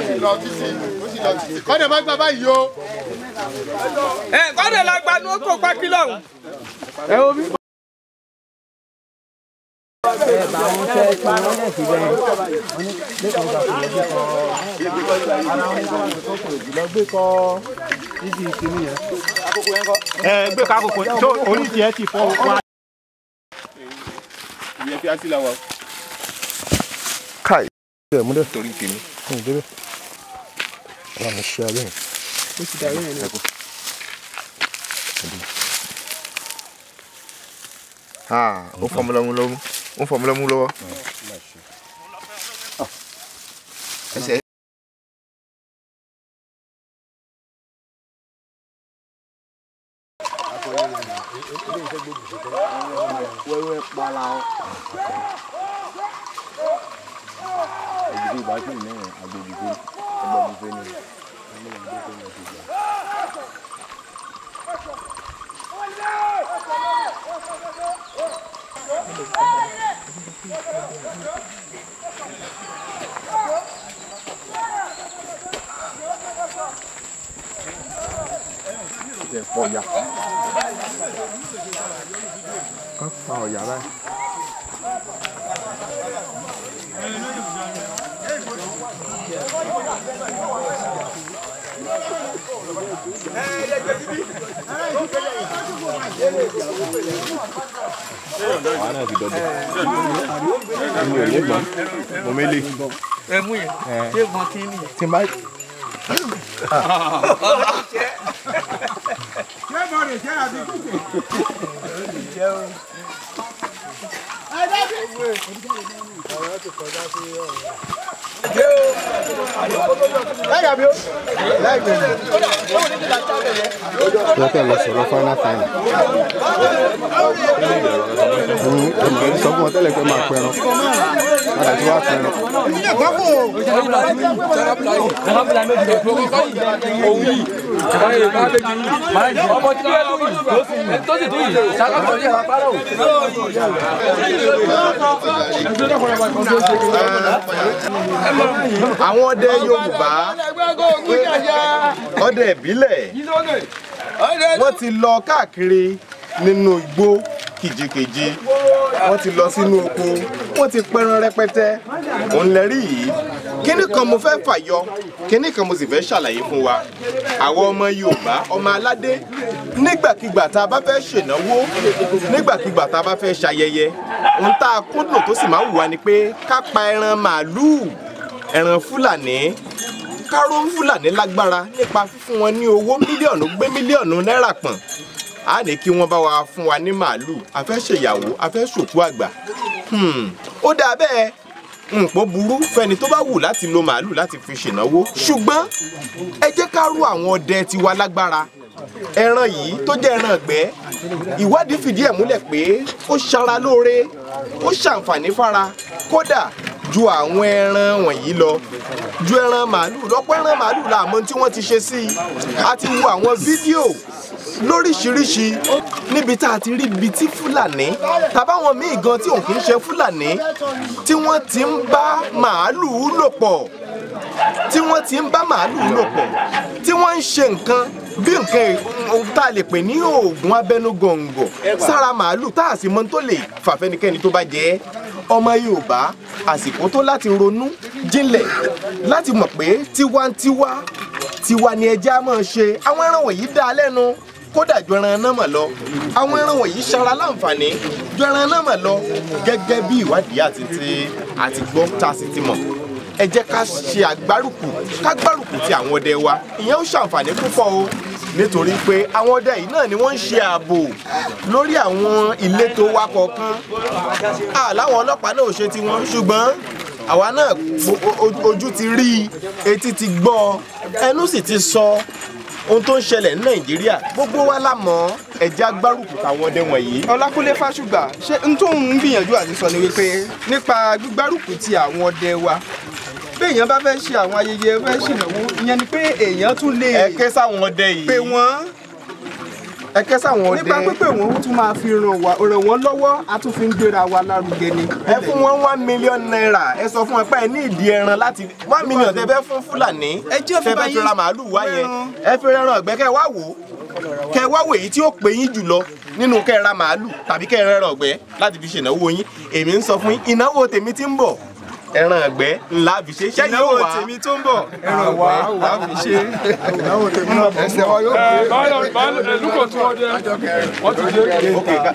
lẹ́yìn yẹn kọ́dẹ̀ má gba báyìí o. ẹ kọ́dẹ̀ la gba ní oko pákí lọ́hùn. ẹ wo bí. ẹ bá wọn fẹ́ tí wọ́n lẹ̀ sí bẹ́ẹ̀ wọ́n ní lẹ́kọ̀ọ́ gbà kò lọ gbé kọ́ ara wọn gbà kò lọ gbé kọ́ níbi ìsinmi yẹn. ẹ gbé kọ́ àkókò tó onídìí ẹ ti fọ́ wa. ìyẹn fi á sí la wa. káì. torí tèmi ọlọ́run ṣe abẹ́ yẹn. ó ti dàrú yẹn náà. ah ó fọmọ lọ́mú lọ́mú ó fọmọ lọ́mú lọ́wọ́. ẹsẹ̀. wẹ́wẹ́ pala ọ́. ìdílé ìbájú mi náà agbègbè. Eba mveni. Mimi Các phao giả đây. àwọn náà ti dọdọ ẹmu ò lè gbọn mo mélé. ẹmu yẹn ṣé gbọn kí ni. tí n bá. ṣé mo lè jẹ́ àbí kúkẹ́. ẹ dábìí. ọ̀rọ̀ ti kọjá sí ọ̀rọ̀ lọ́kẹ́ lọ sọ̀rọ̀ final final ẹ̀mí sọ fún ọ tẹ́lẹ̀ pé máa pẹran padà tí wàá pẹran. òun yìí ọmọ tí wọ́n lóyún lóṣù tó sì tó yìí ṣàkóso yìí wà pàrọ̀ àwọn ọdẹ Yorùbá ọdẹ ìbílẹ̀ wọ́n ti lọ káàkiri nínú igbó kìjikìji wọ́n ti lọ sínú oko wọ́n ti pẹran rẹpẹtẹ òun lẹ rí yìí kíní kan mo fẹ́ fàyọ kíní kan mo sì fẹ́ ṣàlàyé fún wa àwọn ọmọ Yorùbá ọmọ aládé nígbàkigbà tá a bá fẹ́ ṣènáwó nígbàkigbà tá a bá fẹ́ ṣayẹyẹ ohun tá a kúndùn tó sì máa wù wá ni pé ká pa ẹran màálùú ẹran Fúlàní ká ró Fúlàní lágbára nípa fífún wọn ní owó mílíọ̀nù gbé mílíọ̀nù náírà pọ̀n a ní kí wọ́n bá wa fún wa ní màálùú a fẹ́ ṣèyàwó a fẹ́ ṣòkú àgbà hmm, ó dáa bẹ́ẹ̀ nǹkan burú fẹ́ni tó bá wù láti lo màálùú láti fi ṣènáwó ṣùgbọ́n ẹ jẹ́ ká rú àwọn ọdẹ tiwa lágbára ẹran yìí tó jẹ́ ẹran ìgbẹ́ ìwádìí fìdí ẹ̀ múlẹ̀ pé ó ṣara lóore ó ṣàǹfààní fara kódà ju àwọn ẹran wọ̀nyí lọ ju ẹran màálù lọ́pọ̀ ẹran màálù la àmọ́ tí wọ́n ti ṣe sí i a ti wo àwọn fídíò lóríṣiríṣi níbi tá a ti rí ibi tí fúlàní tàbáwọn míì gan tí òun kì í ṣe fúlàní tí wọ́n ti ń bá màálù lò pọ̀ tí wọ́n ti ń bá màálù lò pọ̀ tí wọ́n ń ṣe nǹkan bí nǹkan tá a lè pè ní oògùn abẹnugọ̀ngọ̀ sára màálù tá a sì mọ tó lè fàfẹ́nikẹ́ni tó bá jẹ́ ọmọ Yorùbá àsìkò tó láti ronú jinlẹ̀ láti mọ̀ pé tiwantiwa tiwa ni ẹja máa ṣe àwọn ẹran wọ̀nyí dá a lẹ́nu kódà ju ẹran náà mọ̀ lọ àwọn ẹran wọ̀nyí ṣara láǹfààní ju ẹran náà mọ̀ lọ gẹ́gẹ́ bí ìwádìí àti ti àti gbọ́ tá a sì ti mọ̀ ẹ jẹ́ ká ṣe àgbárùkù ká gbárùkù ti àwọn ọdẹ wa ìyẹn ó ṣàǹfààní púpọ̀ o nítorí pé àwọn ọdẹ yìí náà ni wọ́n ń ṣe ààbò lórí àwọn ìletò wa kọ̀ọ̀kan àláwọn ọlọ́pàá náà ò ṣe tiwọn ṣùgbọ́n àwa náà ojú ti rí etí ti gbọ́ ẹnu sì ti sọ ohun tó ń ṣẹlẹ̀ ní nàìjíríà gbogbo wa la mọ̀ ẹ̀jẹ̀ agbárùkù táwọn ọdẹ wọ̀nyí. ọlákúnlé fásùgbà ṣé n tó ń gbìyànjú àti sọ ni wípé nípa gbígbárùkù ti àwọn ọdẹ wa béèyàn bá fẹ́ ṣe àwọn ayẹyẹ fẹ́ ṣènáwó ìyẹn ni pé èèyàn tún lè ẹkẹ sáwọn ọdẹ yìí pé wọ́n ẹkẹ sáwọn ọdẹ nípa pípé wọn tún máa fi ràn wọ́n lọ́wọ́ a tún fi ń gbéra wa lárugẹ ni. ẹ fún wọn one million naira ẹ sọ fún ẹ pé ẹ ní ìdí ẹran láti one million tẹ fẹ́ fún fúlàní tẹ fẹ́ fi ra màálù wá yẹn ẹ fi rẹran ọ̀gbẹ́ kẹ wá wò ó kẹ wá wò èyí tí ó pè yín jùlọ nínú kẹ ra màálù tàbí kẹ rẹran ọ̀gbẹ́ láti fi ṣènáwó yín èmi ń sọ fún yín ìnáwó tèmi ti ń bọ̀ ẹran ẹgbẹ ńlá fi ṣe ṣé yóò wá tèmi tó ń bọ ẹran wá wá fi ṣe ìnáwó tèmi náà fi ṣe wọn yóò fi. Eh, báyọ̀ báyọ̀ eh, lukọ̀ tí wọ́n jẹ wọ́n ti jẹ kéta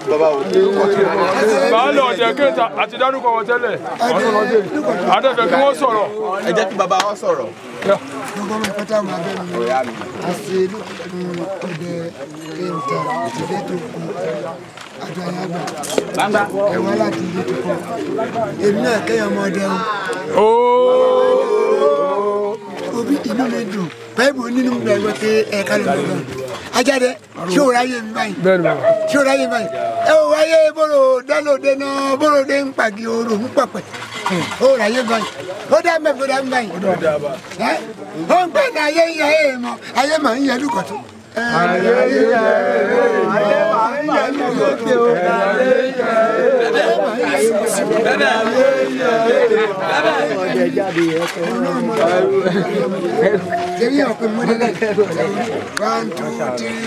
eh, báyọ̀ jẹ kéta àti dárúkọ wọn tẹ́lẹ̀ àdẹ̀fẹ̀ kí wọ́n sọ̀rọ̀. ẹ jẹ́ kí bàbá wọn sọ̀rọ̀. gbogbo mi àjàyàgbà ẹ̀wọ̀n aláti ilé tó kọ́ èmi náà kẹ́yàn mọ́ ọdẹrun. òbí inú mi dùn báyìí mo ayé ń yẹ ẹ̀ mọ́ ayé màá ń yẹ lùkọ̀tún. One two three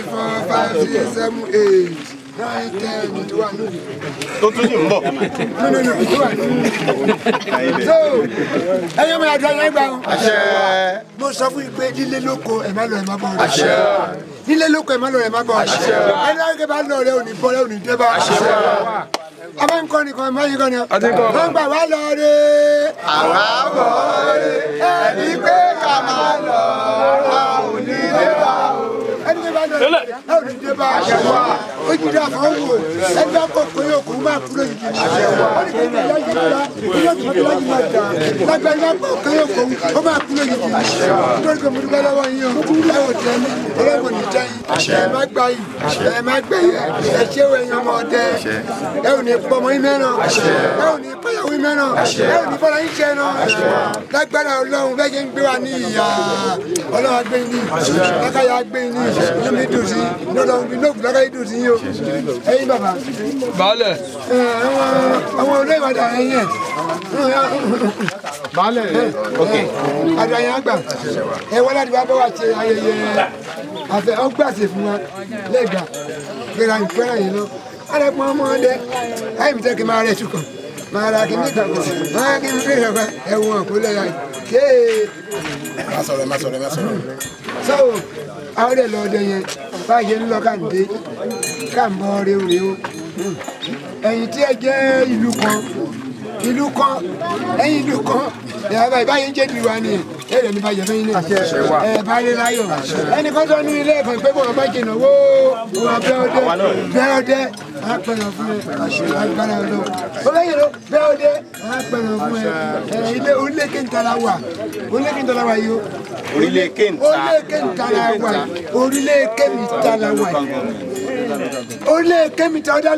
four five six seven eight right Don't do it, Mbo. No, no, no, So, I am a driver now. Àṣẹ. Mo sọ fún pé nílé lóko ẹ má lọ ẹ má bọ̀. Àṣẹ. Nílé lóko ẹ má lọ ẹ má bọ̀. Àṣẹ. Ẹ lọ ke ba lọ rẹ oni bo rẹ oni de ba. Àṣẹ. Aba ẹni bá lọ náà dìde bá àṣẹwà ó jìde àfọwọ́ ẹni bá kọ̀ pé òkú máa kúrò yìí ó ní kéde ìyá yìí gbà ilé ìgbà tó lájú máa dà lágbà ẹni bá kọ̀ pé òkú ó máa kúrò yìí nítorí pé mo dúpẹ́ lọ́wọ́ yín o ẹwọ tẹ ní ọlọ́wọ́ ní jẹ́ yìí ẹ má gbà yìí ẹ má gbẹ yìí ẹ ṣé wo ẹ̀yin ọmọ ọdẹ ẹ ò ní pọmọ yín mẹ́ràn ẹ ò ní pẹ́yàwó yín mẹ́ràn ẹ ò ní bọ́lá yín jẹ́ náà lágbára ọlọ́run bẹ́ẹ̀ ṣe ń gbé wa ní ìyá ọlọ́run agbẹ́yìn ní ìyá lákàyà agbẹ́yìn ní ìyá níbi ìdòsí nọ́ọ̀bù lákà ìdòsí yìí o ẹ̀yin bàbá. baálẹ̀. Eh, àwọn olóyè wàdà ẹ̀yẹ. baálẹ̀ ok. àdàyàn àgbà ẹ wọ́n láti bá bọ́ wa ṣe ayẹyẹ àfẹ ọgbàṣe fún wa lẹ́gbàá gbéra ìfẹ́ràn yìí lọ. alẹ́kùn ọmọ ọdẹ àìbìtẹ́ kí n máa rẹ̀ ṣùkọ̀ máa ra kí n níta máa kí n níta fún ẹ̀wọ̀n kó lẹ́yà kéè. má sọ̀rọ̀ má sọ̀rọ̀ má sọ̀rọ̀ àwọn èlò ọdẹ yẹn bá yẹn ń lọ ká ń dé ká ń bọ rèé o ẹ̀yìn tí ẹ jẹ́ ìlú kan ìlú kan ẹ̀yìn ìlú kan ìyàbá ìbáyé ń jẹ́ ìlú wa nìyẹn èrè ní bàjẹ́ fẹ́yìn náà ẹ̀ parí láyọ̀ ẹnì kan tó ní ilé ẹ̀kọ́ pé bọ̀rọ̀ bá jìnnà wó wà bẹ́ ọdẹ bẹ́ ọdẹ àpẹẹrẹ fún ẹ agbára ọdọ olóyìn ló bẹ́ ọdẹ àpẹẹrẹ fún ẹ ilé orílẹ̀ kéńtara wà orílẹ̀ kéńtara wà yìí o orílẹ̀ kéńtara wà orílẹ̀ kéńtara wà orílẹ̀ kéńtara wà orílẹ̀ kéńtara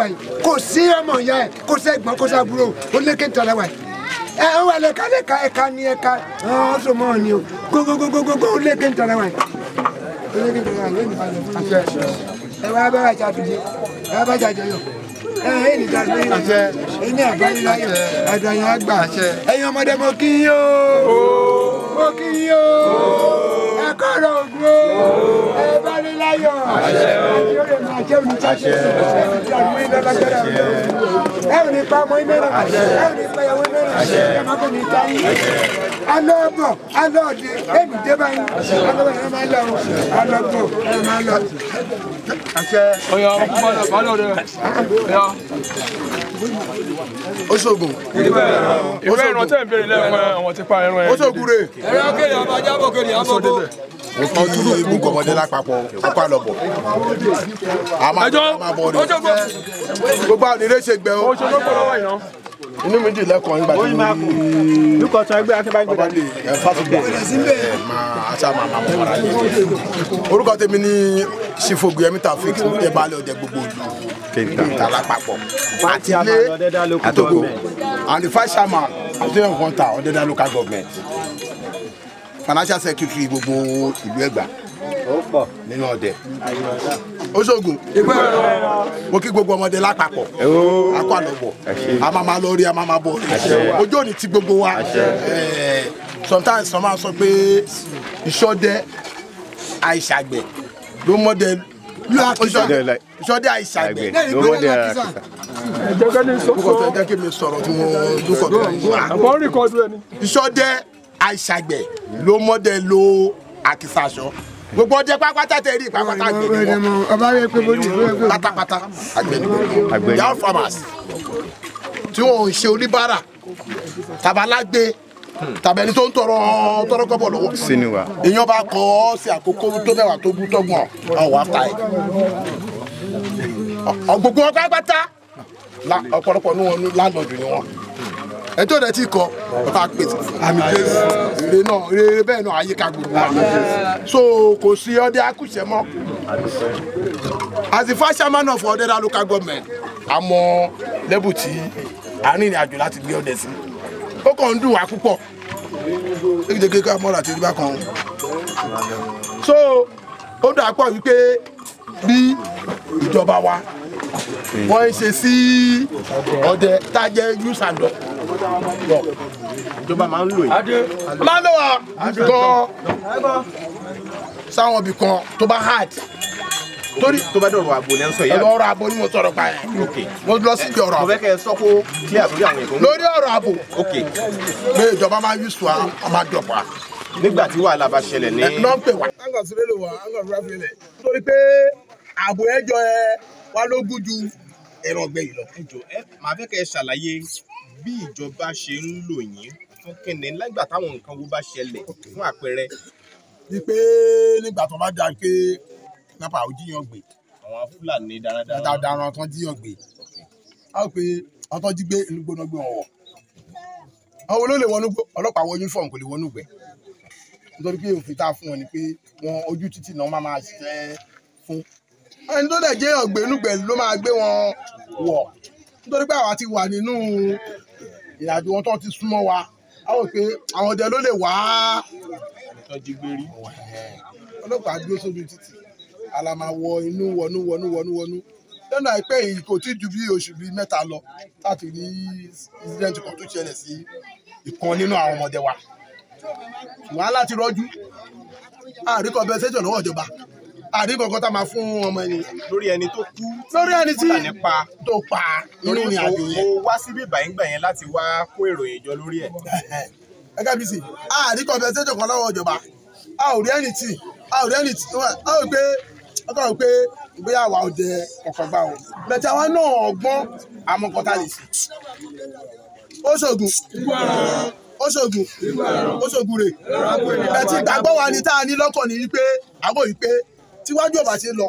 wà kò sí ọmọ ìyá ẹ kò sí ẹ̀gbọ́n kò sí àbúrò orílẹ̀ kéńtara wà yìí ẹ eh, ọ oh, wà lẹka lẹka ẹka ni ẹka ọ oh, sọ mọ ni o gogogogogo ó lékè ntara wa ó lékè ntara wa lónìí balẹ̀ àfẹ ẹ wá bá wàjà fìdí ẹ wá bá jà jẹyọ ẹ ẹ ní ìdá lóyún àfẹ ẹ ní àbáyé láyọ àdàyàn àgbà ẹ̀yin ọmọdé mo kí yín o. Oh mo kí yín o ẹ kọ́rọ̀ ògùn o ẹ bá lè láyọ̀ àjọyọ̀ máa jẹ́ olùtàṣe ẹ ti di àdúgbò yín lọ́gbàgbọ́dọ̀ ẹ ò ní pa ọmọ yín mẹ́rọ ẹ ò ní pa ìyàwó yín mẹ́rọ ẹ má kò ní ta yín alọ́bọ̀ alọ́ọ̀dẹ ẹ̀mí dé ti pa ẹran ẹ̀. Òṣogbo rè ẹ̀rọ kéde ọmọ ajábọ̀ kéde àbọ̀bọ̀ nǹkan ojúlù ìlú gọbọdé lápapọ̀ ọkọ àlọ́bọ̀ a máa bọ̀ ọ́ de gbogbo àwọn ìrẹsì gbẹ o inú mi dùn lẹ́kọ̀ọ́ nígbà tí mi kọ́ tán ẹgbẹ́ akínbáyé gbọ́dọ̀ lè ẹ fásitì máa ṣá máa máa mọ̀ ara yẹn orúkọ tèmi ní sífògù yẹmí tàfíìkì ní balẹ̀ ọ̀dẹ gbogbo ìlú ìta lápapọ̀ àti ilé àtòkò àlùfáà I didn't want her under that local government. Financial secretary gbogbo ìlú Ẹ̀gbá. Nínú ọdẹ. Oṣogun. Mo kí gbogbo ọmọdé lápapọ̀. Akọ àlọ́bọ̀. A máa máa lọ rí a máa máa bọ̀. Ojú òní ti gbogbo wa. Eh, sometimes wọ́n máa sọ pé ìṣọdẹ àìṣàgbẹ̀ ló mọ́dẹ lu akisọ sọdẹ àìsàn gbẹ lọ́wọ́ akisọ. jẹgẹ ni sọkọ kókò tó jẹ kí mi sọ̀rọ̀ tí mo dúkọ tó yẹ. àbọ̀ ń rìkọ́dù ẹni. sọdẹ àìsàn gbẹ ló mọdẹ lo akisọ aṣọ gbogbo ọjẹ pápátá tẹ rí pápátá agbẹnibọ ọba yẹ pé bójú pátápátá agbẹnibọ yàrá farmers tí wọn ò ṣe oníbàárà tabalágbé tàbí ẹni tó ń tọrọ tọrọ kọ́bọ̀ lọ́wọ́ siniwa èèyàn bá kọ ọ sí àkókò tó mẹ́wàá tó bú tọgbọn ọwọ àfà ẹ ọgbogbo ọgbà pátá ọ̀pọ̀lọpọ̀ ní wọn láńdọọdù ni wọn ẹjọ́ rẹ̀ ti kọ ọba pèsè àmì pèsè rere náà rere bẹ́ẹ̀ náà àyíká gbogbo àmì so kò sí ọdẹ akúṣẹ mọ́ as the first chairman of Odera local government àmọ́ lẹ́bù tí àárín ìrìn àjò láti gbé ọdẹ sí ó kàn ń dùn wá púpọ̀ kékeré ká mọ́ra àti ìdíbà kan so ó dà pọ̀ wípé bí ìjọba wa wọ́n ń ṣe sí ọdẹ tájẹ́ yúsàndọ̀ lọ ìjọba máa ń lò yìí máa ń lò wá gan sáwọn ibì kan tó bá hard torí tó bá dọ̀rọ̀ àbò lẹ́ ń sọ yìí. ọ̀rọ̀ àbò ni mo sọ̀rọ̀ pa ẹ̀. mo lọ sí ibi ọ̀rọ̀ àbò. mo fẹ́ kẹ́ ẹ sọ kó clear àtúndì àwọn èkó. lórí ọ̀rọ̀ àbò. ok. pé ìjọba máa yí sùn a máa dọ̀pọ̀ a. nígbà tí wàhálà bá ṣẹlẹ̀ ní. ẹ lọ́n pè wá. angan sílẹ̀ ló wà angan rúra fílẹ̀. torí pé àbò ẹjọ ẹ wá lógún ju ẹ̀rọ ọ̀gbẹ́ yìí lọ. ẹ jọ ẹ màá fẹ́ kẹ́ ẹ ṣàlàyé bí ìjọba ṣe ń lò yín fún kínní nígbà táwọn nǹkan wo bá ṣẹlẹ̀ fún àpẹẹrẹ. wípé nígbà tó bá dáa kidnapper ó jíyàn gbé. àwọn fúlàní darandaran. darandaran tán jíyàn gbé. a ó pe ọtọ́ jí gbé inú gbóná gbé wọn wọ̀. àwọn olólè wọnú gbó ọlọ́pàá wọ uniform kò lè wọnú gbẹ. nítorí pé òfin tá a fún wọn ni pé wọn ojú títì náà máa máa ṣiṣẹ́ fún. ẹni tó dẹ̀ jẹ́ ọ̀gbẹ́ inú gbẹ̀ ló máa gbé wọn wọ̀. nítorí pé àwa ti wà nínú ìrìnàjò wọn tó ti súnmọ́ wa a wò pé àwọn ọdẹ ló lè wá. ọlọ́pàá dúró sójú títì ala máa wọ inú wọnú wọnú wọnú wọnú lọ́nà àìpẹ́ yìí kò tí ju bí oṣù bíi mẹ́ta lọ láti ní incident kan tó ṣẹlẹ̀ sí ìkan nínú àwọn ọmọdé wa wàá láti rọ́jú àrí compensation lọ́wọ́ ìjọba àrí kankan tá máa fún ọmọ ẹni. lórí ẹni tó kú lórí ẹni tí tó pa nínú ìrìn àjò yẹn. mo wá síbí ìbàyìngbà yẹn láti wá kó ìròyìn jọ lórí ẹ. ẹgbẹ́ mi sì àrí compensation kan lọ́wọ́ ìjọba wọ́n kàn pé bóyá àwa ò jẹ ọ̀kan gbà wọ́n bẹ̀tẹ̀ àwọn náà ọgbọ́n àmọ́ kọ́tà lè sí. ó ṣògùn ó ṣògùn ó ṣògùn rè bẹ̀tí ìgbàgbọ́ wa ni tá a ní lọ́kàn ní wípé àbò wípé tíwájú ọba ṣe lọ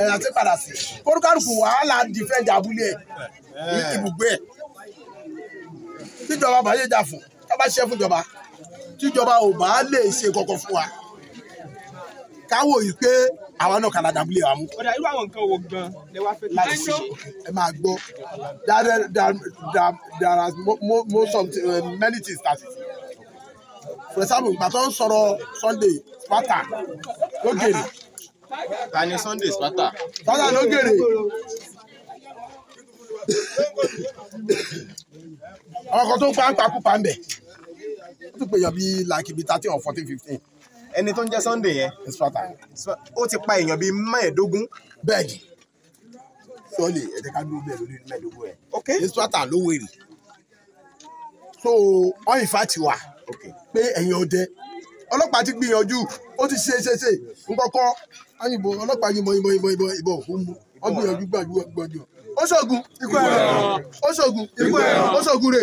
ẹ̀yà ti padà sí kórúkárùkù wàhálà dìfẹ́ǹdì abúlé ẹ̀ ibùgbé ẹ̀ tíjọba bàyẹ̀ jà fún tábà ṣiṣẹ́ fún ìjọba tíjọba ò bá lè ṣe kọ̀ọ̀kan fún wa káwò yìí pé àwa náà kàlà dàbílẹ̀ wa mú. ọ̀dà irú àwọn nǹkan wo gan lè wá fẹ́ láti ẹ máa gbọ́ there are most of eh, many things that for example ìgbà tó ń sọ̀rọ̀ Sunday Sparta lógèrè. ta ni Sunday Sparta. Sparta lógèrè ọkọ̀ tó ń pa ń pa kúpa ń bẹ̀ ó tún pè yàn bíi like ibi thirteen or fourteen fifteen ẹni tó ń jẹ́ Sunday yẹn ó ti pa èèyàn bíi mẹ́ẹ̀ẹ́dógún. bẹ́ẹ̀ni sọlẹ ẹjẹ ká dúró bẹ́ẹ̀ lórí mẹ́ẹ̀ẹ́dógún ẹ instrata ló wèrè so wọn ìfà ti wà pé ẹ̀yin ọdẹ ọlọ́pàá ti gbìyànjú ó ti ṣe ṣe ṣe nkọkọ ayìnbó ọlọ́pàá yìnbọn yìnbọn yìnbọn yìnbọn ìbọn òfin mu wọn gbìyànjú gbàdúrà gbàdúrà ó ṣògùn ikú ẹ̀rọ ó ṣògùn ikú ẹ̀rọ ó ṣògùn rè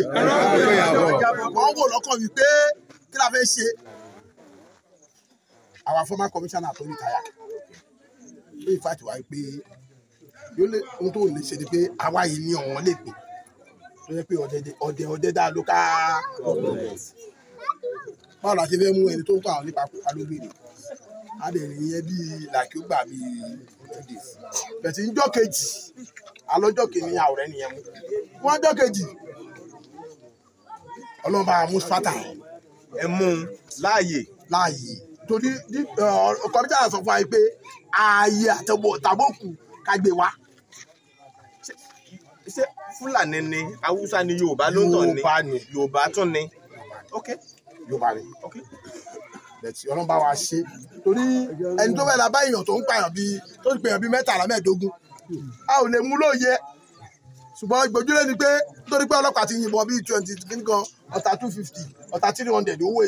wọn wò lọ́kàn wípé kí la fẹ́ ṣe our former commissioner tó retire pé ìfàtí wa pé yóò lè ohun tó lè ṣe ni pé àwa yìí ní ọ̀wọ́n lè pè tó yẹ pé ọ̀dẹ̀ ọ̀dẹ̀ dá lóka báwo la ṣe fẹ́ mú ẹni tó ń kọ́ àwọn nípa alógbèrè adẹ̀rìn yẹn bíi làkì ó gbà mí two days bẹ̀tì njọ́ kejì alọ́jọ́ kìíní àwòrán nìyẹn mú wọ́n jọ́ kejì ọlọ́ba musfata ẹ̀ mú un láàyè láàyè torí kọmíṣánná sọ fún wa pé ààyè àtẹ̀wọ̀ tàbókù ká gbé wá. ṣé fúlàní ni haúsá ni yorùbá ló ń tàn ní yorùbá tún ni yorùbá ni bẹ̀tì ọlọ́run bá wa ṣe torí ẹni tó fẹ́ la bá èèyàn tó ń pààyàn bíi tó ń pèèyàn bíi mẹ́tàlá mẹ́ẹ̀ẹ́dógún a ò lè mú lóye ṣùgbọ́n ìgbójúlé ni pé nítorí pé ọlọ́pàá ti yìnbọn bíi twenty kìnnìkan ọ̀tà two fifty ọ̀tà three hundred owó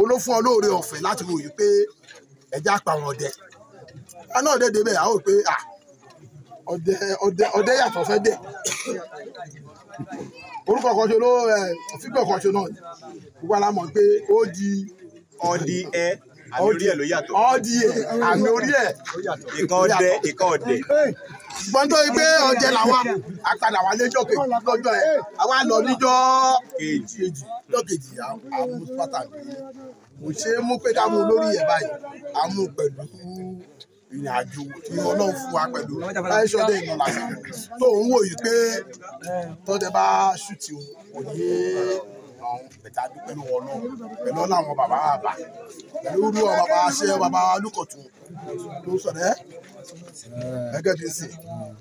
olófún olóore ọ̀fẹ́ láti ròyìn pé ẹja pa àwọn ọdẹ aná ọdẹ débẹ̀ àwọn pé ọdẹ ọdẹ ọdẹ yàtọ̀ fẹ́ dẹ̀ orúkọ kan ṣe ló ẹ fígbọ kan ṣe náà gbogbo ara mọ̀ pé ó di ọdí ẹ àmì orí ẹ ló yàtọ̀ ọdí ẹ àmì orí ẹ ìkan ọdẹ ìkan ọdẹ ṣùgbọ́n tó gbé ọjẹ́ làwa àpàdà wà lẹ́jọ́ kejì lọ́jọ́ ẹ̀ àwa lọ níjọ́ kejì lọ́jọ́ kejì àwọn pàtàkì kò ṣe é mú pé ká mú lórí ẹ̀ báyìí a mú pẹ̀lú ìrìn àjò tí ọlọ́run fún wa pẹ̀lú láìsọ̀dẹ̀ ìnàlá tó ń wò yìí pé tọ́jẹ́ bá ṣùtì òun kò ní bẹ̀tà dúpẹ́ lọ́wọ́ náà pẹ̀lú ọ̀nà àwọn bàbá bàbá pẹ̀lú olú ọ bàbá ṣe bàbá olùkọ̀tún tó sọ̀rọ̀ ẹ́ ẹgẹ ti sìn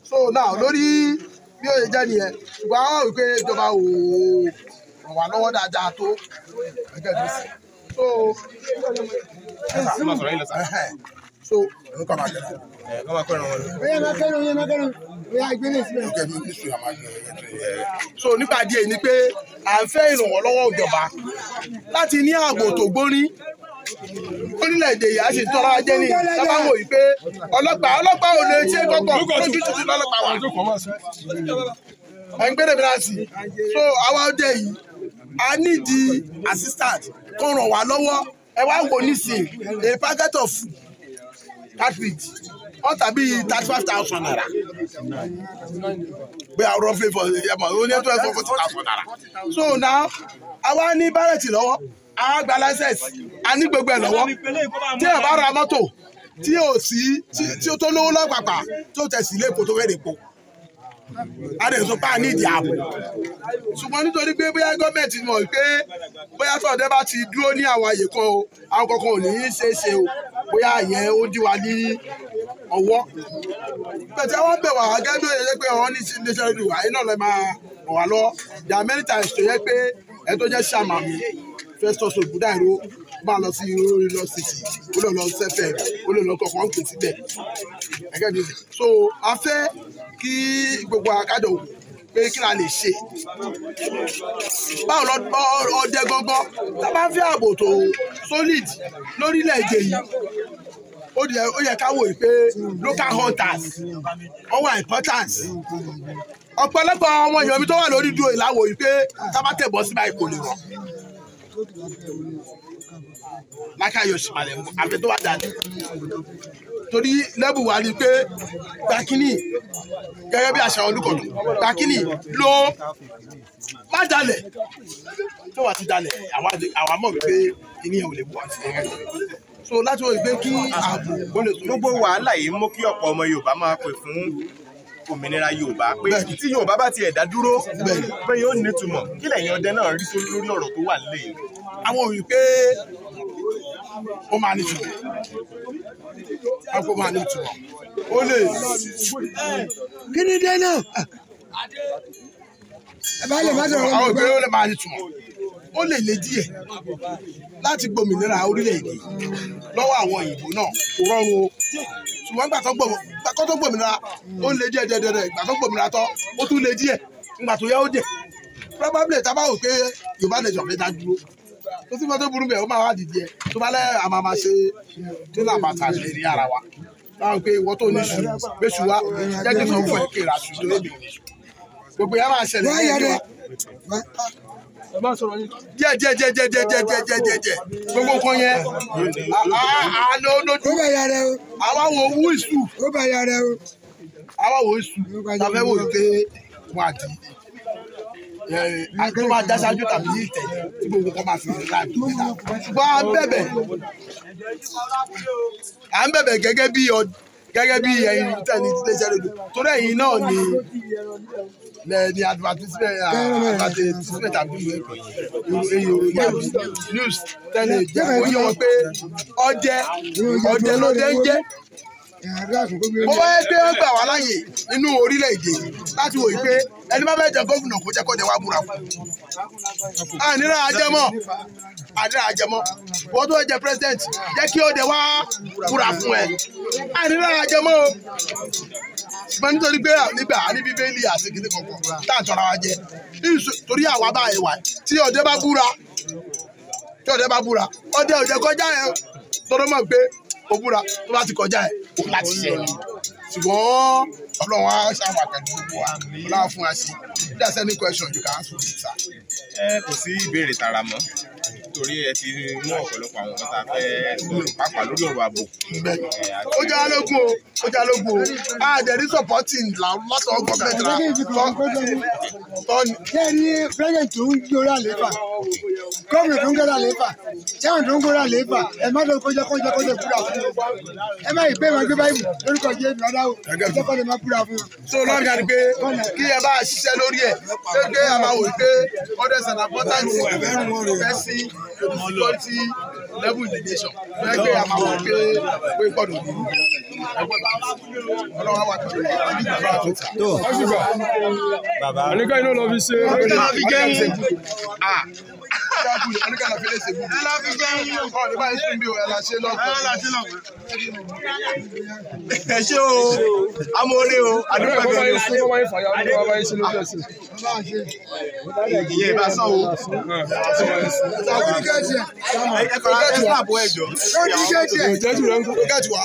so now lórí bí ó ṣe jẹ́ nìyẹn ṣùgbọ́n àwọn wípé ìjọba ò ràn wá lọ́wọ́ dáadáa tó ẹgẹ ti sìn so so ẹ̀rọ kan máa jẹ náà. ẹ̀rọ máa kọ́ ẹ̀rọ wọn lọ. bóyá máa kẹ́rù yẹn máa sílẹ̀. ok mi ní sùúrù àmàlẹ́ ẹ̀ so nípa díẹ̀ ni pé à ń fẹ́ ìrànwọ́ lọ́wọ́ ìjọba láti ní ààbò tó gbórí orílẹ̀-èdè yìí a tọ́ra ajé ní sábà yìí pé ọlọ́pàá ọlọ́pàá ò lè ṣe kọ́kọ́ lójú títí lọ́lọ́pàá wa. ẹgbẹ́rẹ́ mi láti so àwa ọdẹ yìí a nídìí assistant kó ràn wá lọ́wọ́ ẹ wá wò nísìnyí a packet of cartridge wọ́n tàbí thirty five thousand naira bí a roughly for ẹ mọ̀ ó ní twelve thousand naira so now àwa ní bárẹ̀tì lọ́wọ́ a gba license a ní gbogbo ẹ lọ́wọ́ tí ẹ bá ra mọ́tò tí o sí tí o tó lówó lọ́pàpà tí o tẹ̀sí ilé epo tó fẹ́ rèpo a lè sọ pé a ní ìdí ààbò ṣùgbọ́n nítorí pé bóyá gọ́ọ̀mẹ̀ntì mọ̀ pé bóyá tọ̀dẹ́ bá ti dúró ní àwọn àyè kan o àwọn kankan ò ní í ṣe é ṣe o bóyá ìyẹn ó dí wa ní ọwọ́ pẹ̀tẹ́ wọ́n bẹ̀ wá gẹ́gẹ́ bí ó yẹ pé ọ̀hún ní iléeṣẹ́ rẹ̀ wà iná lọ́ọ́ máa wà lọ there are many times tó yẹ pé ẹ tó jẹ́ ṣàmàmì Festus Ogbudairo bá lọ sí orí lọ sèṣì ó lọ sẹfẹ ó lọ lọ kọkàn kò síbẹ̀ mi so a fẹ́ kí gbogbo àkájọ pé kí la lè ṣe báwo lọ ọdẹ gangan tá a bá fẹ́ ààbò tó solid lórílẹ̀‐èdè yìí ó yẹ ká wòye pé local hunters wọ́n wà important ọ̀pọ̀lọpọ̀ ọmọ èèyàn mi tó wà lórí dúró ìlàwọ̀ yìí pé tá a bá tẹ̀ bọ́ sí lákàyọ̀ sìmàlẹ̀ mọ́ àfi tó wà dáadé torí lẹ́bù wa rí pé gbàkínì gẹ́gẹ́ bí àṣà olùkọ́dún gbàkínì ló má dalẹ̀ tó wà ti dalẹ̀ àwa mọ̀ wípé ìníyàn ò lè wọ̀ àti ẹ̀rẹ́ so láti wọ́n rí i pé kí ààbò gbọ́dọ̀ tó. gbogbo wàhálà yìí mú kí ọ̀pọ̀ ọmọ Yorùbá máa pè fún òmìnira yorùbá pé tí yorùbá bá tiẹ̀ dá dúró pé yóò nítumọ̀ kí lẹ́yìn ọdẹ náà rí sórí lórí ọ̀rọ̀ tó wà nílẹ̀ yìí. àwọn òyìn pé ó máa nítumọ̀ ó máa nítumọ̀ ó lè. kí ni dé náà ah. ẹ bá lè má sọ̀rọ̀. àwọn òbí ó lè máa nítumọ̀ ó lè le díẹ̀ láti gbòmìnira orílẹ̀-èdè lọ́wọ́ àwọn òyìnbó náà kò rọrùn o ṣùgbọ́n gbà tó gbòmìnira ó ń le díẹ̀ díẹ̀ díẹ̀ gbà tó gbòmìnira tán ó tún le díẹ̀ ngbà tó yẹ ó dẹ̀ probably tábà wò pé Yorùbá nation lè dá dúró tó sì fọ́ tó burú bẹ́ẹ̀ ó máa wá dìde ẹ̀ tó bá lẹ́ àmà máa ṣe tó náà máa tàṣe rí ara wa báwo pé ìwọ tó ní sùn pé sùn wa jẹ́ kí n sọ fún ẹ̀ kéèrà sùn tó lè díẹ̀ díẹ̀ díẹ̀ díẹ̀ díẹ̀ díẹ̀ díẹ̀ díẹ̀ díẹ̀ díẹ̀ gbogbo nǹkan yẹn àná lójú àwa wo owó ìṣù àwa wo ìṣù tàbí wo ìpè wọn àti àti wọn adásájú tàbí ìtẹ tí gbogbo nǹkan máa fi ìlà tó níta ṣùgbọ́n à ń bẹ̀bẹ̀ à ń bẹ̀bẹ̀ gẹ́gẹ́ bí gẹ́gẹ́ bí ẹ̀yin tẹ̀lé iléeṣẹ́ lódò torí ẹ̀yin náà ni ni advertisement advertisement àbí yorùbá news tẹ́lẹ̀ jẹ́ ó yẹ wọn pé ọdẹ ọdẹ ló dé ń jẹ́ mo wáyé pé ó gbà wá láàyè nínú orílẹ̀-èdè láti wòye pé ẹni bá bẹ́ẹ̀ jẹ gómìnà kó jẹ́ kó dẹ̀ wá búra fún un. àníra àjẹmọ́ àníra àjẹmọ́ wọ́n tó jẹ president jẹ́ kí ó dẹ̀ wá búra fún ẹ. àníra àjẹmọ́ ṣùgbọ́n nítorí pé nígbà ní bíbélì àṣekìtì kọ̀ọ̀kan tá à tọ́ra wa jẹ torí àwa bá ẹ wà tí ọdẹ bá búra tí ọdẹ bá búra ọdẹ ọdẹ kọjá ẹ tọ́dọ́ mọ̀ pé ó búra tó bá ti kọjá ẹ kò láti ṣe ẹni ṣùgbọ́n ọlọ́run á ṣàwọn àpẹẹrẹ gbogbo wa ọlọ́run fún wa sí if there's any question you can ask me ẹ kò sí ìbéèrè tààrà mọ́ torí ẹ ti mú ọ̀pọ̀lọpọ̀ àwọn ọ̀tá fẹ́ pàápàá lórí ọ̀rọ̀ ààbò. ó já lógún o ó já lógún o a dẹ̀ ní supporting látọ̀ gọ́ọ̀mẹ̀ntì rà tọ́ni. bẹ́ẹ̀ ni president tó ń yọra lẹ́fà gómìnà tó ń gbẹ́ra lẹ́fà jẹ́wọ̀n tó ń gbẹ́ra lẹ́fà ẹ má lọ kọjá kọjá kọjá kúrà fún wọn ẹ má yìí pé wọn gbé báyìí lórúkọ jẹ́ ìdúrádá ìjọba lè má kúrà fún wọn. so lọ́ọ̀rì àti pé kí ẹ bá ṣiṣẹ́ lórí ẹ̀ ṣé pé àmàwò pé ọ̀dẹ̀sán àpọ́tà ti fẹ́ sí security level in the nation bẹ́ẹ̀ pé a máa wọ pé pé gbọ́dọ̀ ní ọlọ́wọ́ wa kàwé àdìgbà tó ta. tó bàbá àníkà iná lọ fi ṣe. ọ̀ṣùgbà fi kẹ́hìn káàkù ní ọdún kàlàfi lè ṣe gbogbo. o. ọ̀dẹ̀ o ẹ̀là ṣe lọ́kọ̀. ẹ̀là ìyẹn bá sọ ẹ kọ́ra ẹ fún àbọ̀ ẹ̀jọ̀. ó ń kú kẹ́ẹ̀tì wa.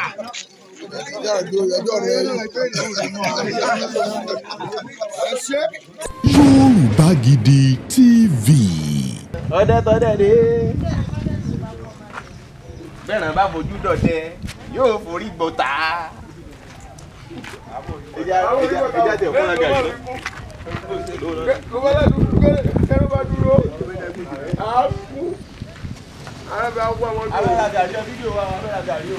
Ah, no. Yorùbá Gidi TV. ọ̀dẹ tọ́dẹ dé bẹ́ẹ̀rẹ̀ bá fojú dọ̀dẹ yóò forí gbọ́ta. ẹja ẹja ẹja tẹ fún ọgá yìí. kọ́mọ́lá dúró kẹ́rù bá dúró àá kú. alábẹ́ àwọn ọmọdé. alábẹ́ àjọ fídíò wa alábẹ́ àjọ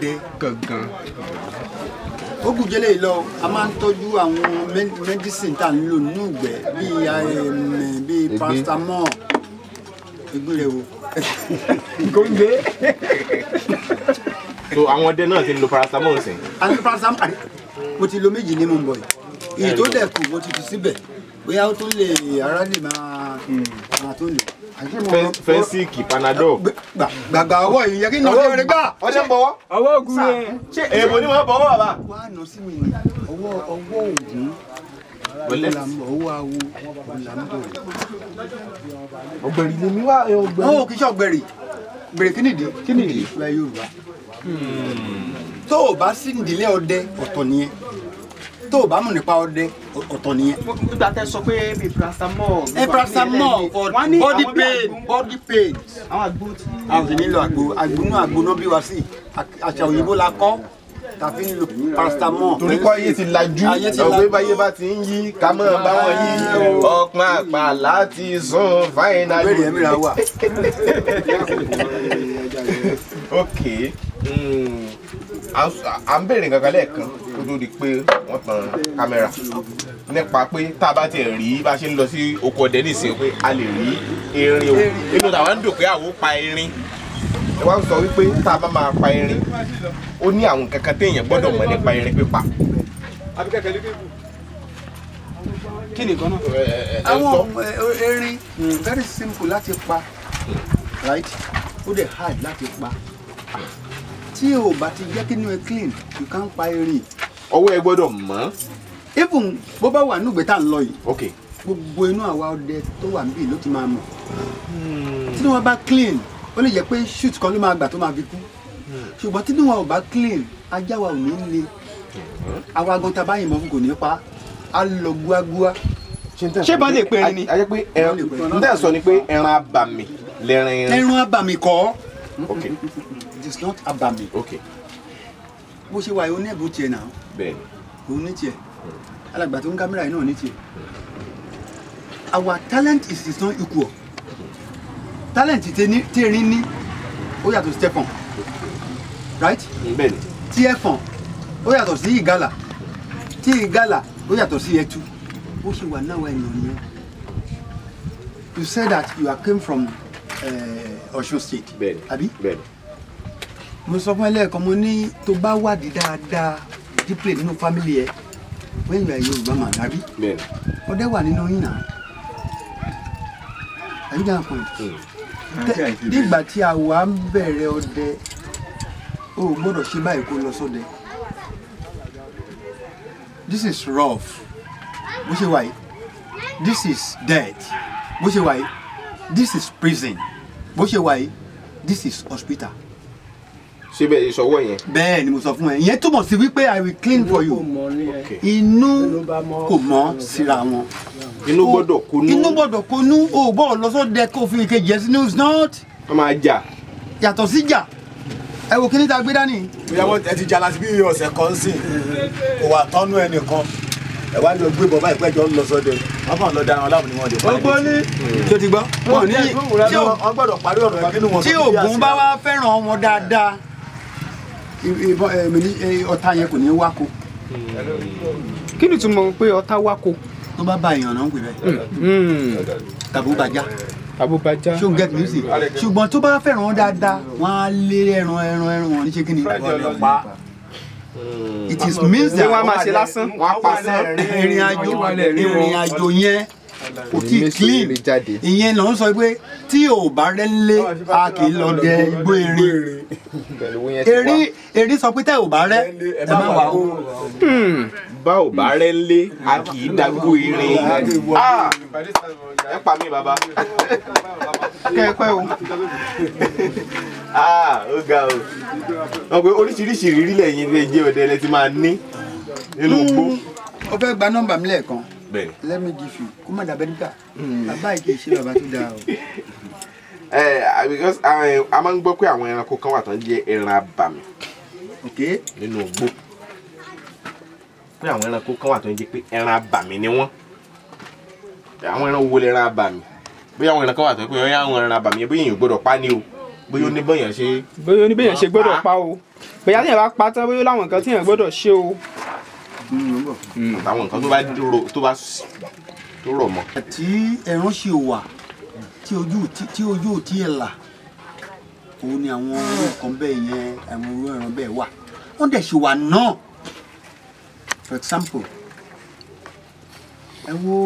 dé gangan ogùnjẹlẹ yìí lọ a máa ń tọ́jú àwọn mẹdísìn tá à ń lò nínú ìgbẹ́ bíi bíi paracetamol egun rẹ wo. gombe. so àwọn ọdẹ náà ti lo paracetamol sìn. a ní paracetamol mo ti lo méjì ní mo ń bọ̀ yìí èyí tó dẹ̀ kù mo ti fi síbẹ̀ bóyá ó tún lè ara lè máa hmm. máa tó lè. fẹ́ńsìkì panadol. gbàgbà ọwọ́ yìí yẹ kí n ọwọ́ rẹ̀ gbà. ọjọ́ ń bọ̀wọ́. ọwọ́ ògùn rẹ̀. ṣé èèbò ni wọ́n bọ̀wọ́ bàbá. wà á nà sí mi ní ọwọ́ ọwọ́ ògùn owó awo ọ̀làǹdọ̀ ọ̀gbẹ̀rì lèmi wá eh, ọ̀gbẹ̀rì. ó kì í ṣe ọ̀gbẹ̀rì gbèrè kí nìdí kí nìdí ìfẹ́ Yorùbá. tó o bá sí ìdílé ọdẹ ọ̀tọ̀ nìyẹn tó o bá mọ̀ nípa ọdẹ ọ̀tọ̀ nìyẹn. nígbà tẹ sọ pé bíi paracetamol. ẹ for body pain body pain. àwọn àgbo tí. a ò nílò àgbo àgbo náà àgbo náà bí wá sí àṣà òyìnbó la kọ́ tàbí ń lo torí kọ́ ayé ti lajú ọ̀gbẹ́ báyé bá ti ń yí ká mọ̀ bá wọn yí ọ̀pọ̀ àpà láti sùn fáìnà. ìbéèrè ẹ̀mí ra wà. ok. Mm à ń bèrè nǹkan kan lẹ́ẹ̀kan kó tó di pé wọ́n tan kámẹ́rà nípa pé tá a bá ti rí bá a ṣe ń lọ sí oko ọdẹ nísìnyí pé a lè rí erin o inú tàwa ń dùn pé àwo pa erin ẹ wá ń sọ wípé tá a bá máa pa erin ó ní àwọn nǹkan téèyàn gbọ́dọ̀ mọ̀ nípa erin pípa. kí ni gan náà. àwọn erin hmm, very simple láti pa right ó dẹ̀ hard láti pa tí o bá ti jẹ́ kínú ẹ clean you can pa erin. ọwọ́ ẹ gbọ́dọ̀ mọ́. even bó bá wà nùgbẹ́ tá à ń lọ yìí. ok gbogbo inú àwa ọdẹ tó wà níbí ló ti máa mọ̀. Hmm. tí wọ́n bá clean ó lè jẹ́ pé shoot kan ló máa gbà tó máa fi kú. Hmm. ṣùgbọ́n tí wọ́n bá clean ajá wa ò ní le. Hmm. àwa agan tá a bá yìnbọn fún kò ní pa á lọ guagua. ṣé bá lè pe ẹni ni. ayé pé ẹran n tẹ́ sọ ni pé ẹran abàmì lẹ́ran ẹran. ẹran abàmì kọ́ is not about me. ok. bó ṣe wà yìí ó ní ẹ̀bùn tiẹ̀ náà. bẹ́ẹ̀ni. òun ní tiẹ̀ hmm. alàgbà tó ń kámẹ́rà yìí náà ní tiẹ̀. our talent is is not equal. talent tí erin ní ó yàtọ̀ sí Stephen right. bẹ́ẹ̀ni. tí ẹ̀fọ̀n ó yàtọ̀ sí ìgalà tí ìgalà ó yàtọ̀ sí ẹtu bó ṣe wà náà wà ẹ̀yàn nìyẹn. you said that you came from uh, eh, Osun State. bẹ́ẹ̀ni Abi. bẹ́ẹ̀ni mo sọ fún ẹ lẹ́ẹ̀kan mo ní tó bá wádìí dáadáa dípè nínú fámìlì ẹ wẹ́yìn ẹ̀ yorùbá mà dábí ọdẹ wà nínú yín náà ẹ̀yìn náà kàn nígbà tí a wà ń bẹ̀rẹ̀ ọdẹ o ò gbọ́dọ̀ ṣe báyìí kó lọ sọdẹ this is rough bó ṣe wà this is dead. bó ṣe wà this is prison bó ṣe wà this is hospital ṣé bẹ́ẹ̀ ìṣọwọ́ yẹn. bẹ́ẹ̀ ni mo sọ fún ẹ ìyẹn túmọ̀ sí wípé i will clean for you inú kò mọ́ síra wọn. inú gbọ́dọ̀ kónú. inú gbọ́dọ̀ kónú o gbọ́dọ̀ lọ́sọ̀dẹ kó fi kejì ẹ̀ sínú it's not. wọ́n máa jà. yàtọ̀ sí jà ẹ wò kíní tá a gbé dání. ìyàwó ẹ ti jà láti bí ọ̀sẹ̀ kan sí kò wà tọ́nú ẹnìkan ẹ wá ní o gbé bọ̀bá ìpẹ́jọ́ ń lọ sọ́dẹ wọ́n kàn lọ da àwọn aláwọ̀ ni wọ́n lè parí. ọgbọ́n ní tó ti gbọ́. wọ́n ní tí ògùn bá wá fẹ́ràn wọn dáadáa ọ̀tá eh, eh, yẹn kò ní wáko. kí ni túmọ̀ pé ọ̀tá wáko. tó bá ba èèyàn náà ń pè bẹ́ẹ̀ hmm, hmm. tàbó bàjá abubajá ṣó ń get music ṣùgbọ́n tó bá fẹ́ràn dáadáa wọ́n á lé ẹran ẹran ẹran wọn ṣé kí ni ọlọ́pàá it is means that wọ́n á máa ṣe lásán wọ́n á pàṣẹ ìrìn àjò ìrìn àjò yẹn kò tí clean ìyẹn ló ń sọ pé tí ò bá rẹ́lé a kì í lọ dẹ igbó erin erin erin sọ pé tẹ́ ò bá rẹ́ ẹ má wà ó. bá ò bá rẹ́lé a kì í dagbó erin ẹ pa mí bàbá kẹ́ẹ̀pẹ́ o. ó ga o wọn pe oríṣiríṣi ìrírí lẹ́yìn ilé ìjẹ́ ọ̀dẹ́ ẹ máa ní nínú gbó. ó fẹ́ gba nọ́mbà mi lẹ́ẹ̀kan bẹ́ẹ̀ni. let me give you kó má dàbẹ́ nígbà bàbá yìí kì í ṣe bàbá tó dáa o. ẹ ẹ eh, because a máa ń gbọ́ pé àwọn ẹranko kan wà tán jẹ́ ẹran abàmì nínú igbó pé àwọn ẹranko kan wà tó ń jẹ pé ẹran abàmì ni wọn àwọn ẹran wo lè ran abàmì bóyá àwọn ẹran kan wà tó ń pè bóyá àwọn ẹran abàmì yẹn bóyá èèyàn gbọ́dọ̀ pa ni o bóyá oníbẹ̀yàn ṣe. bóyá oníbẹ̀yàn ṣe gbọ́dọ̀ pa o bóyá tí èèyàn bá pa tán bóyá láwọn nǹkan tí èèyàn gbọ́dọ̀ ṣe o àtàwọn nǹkan tó bá dúró tó bá tó rọ̀ mọ́. tí ẹran ṣe wà tí ojú ò tí là òun ni àwọn nǹkan bẹ́ẹ̀ yẹn àwọn orú ẹran bẹ́ẹ̀ wà wọ́n dẹ̀ ṣe wà náà for example ẹ wo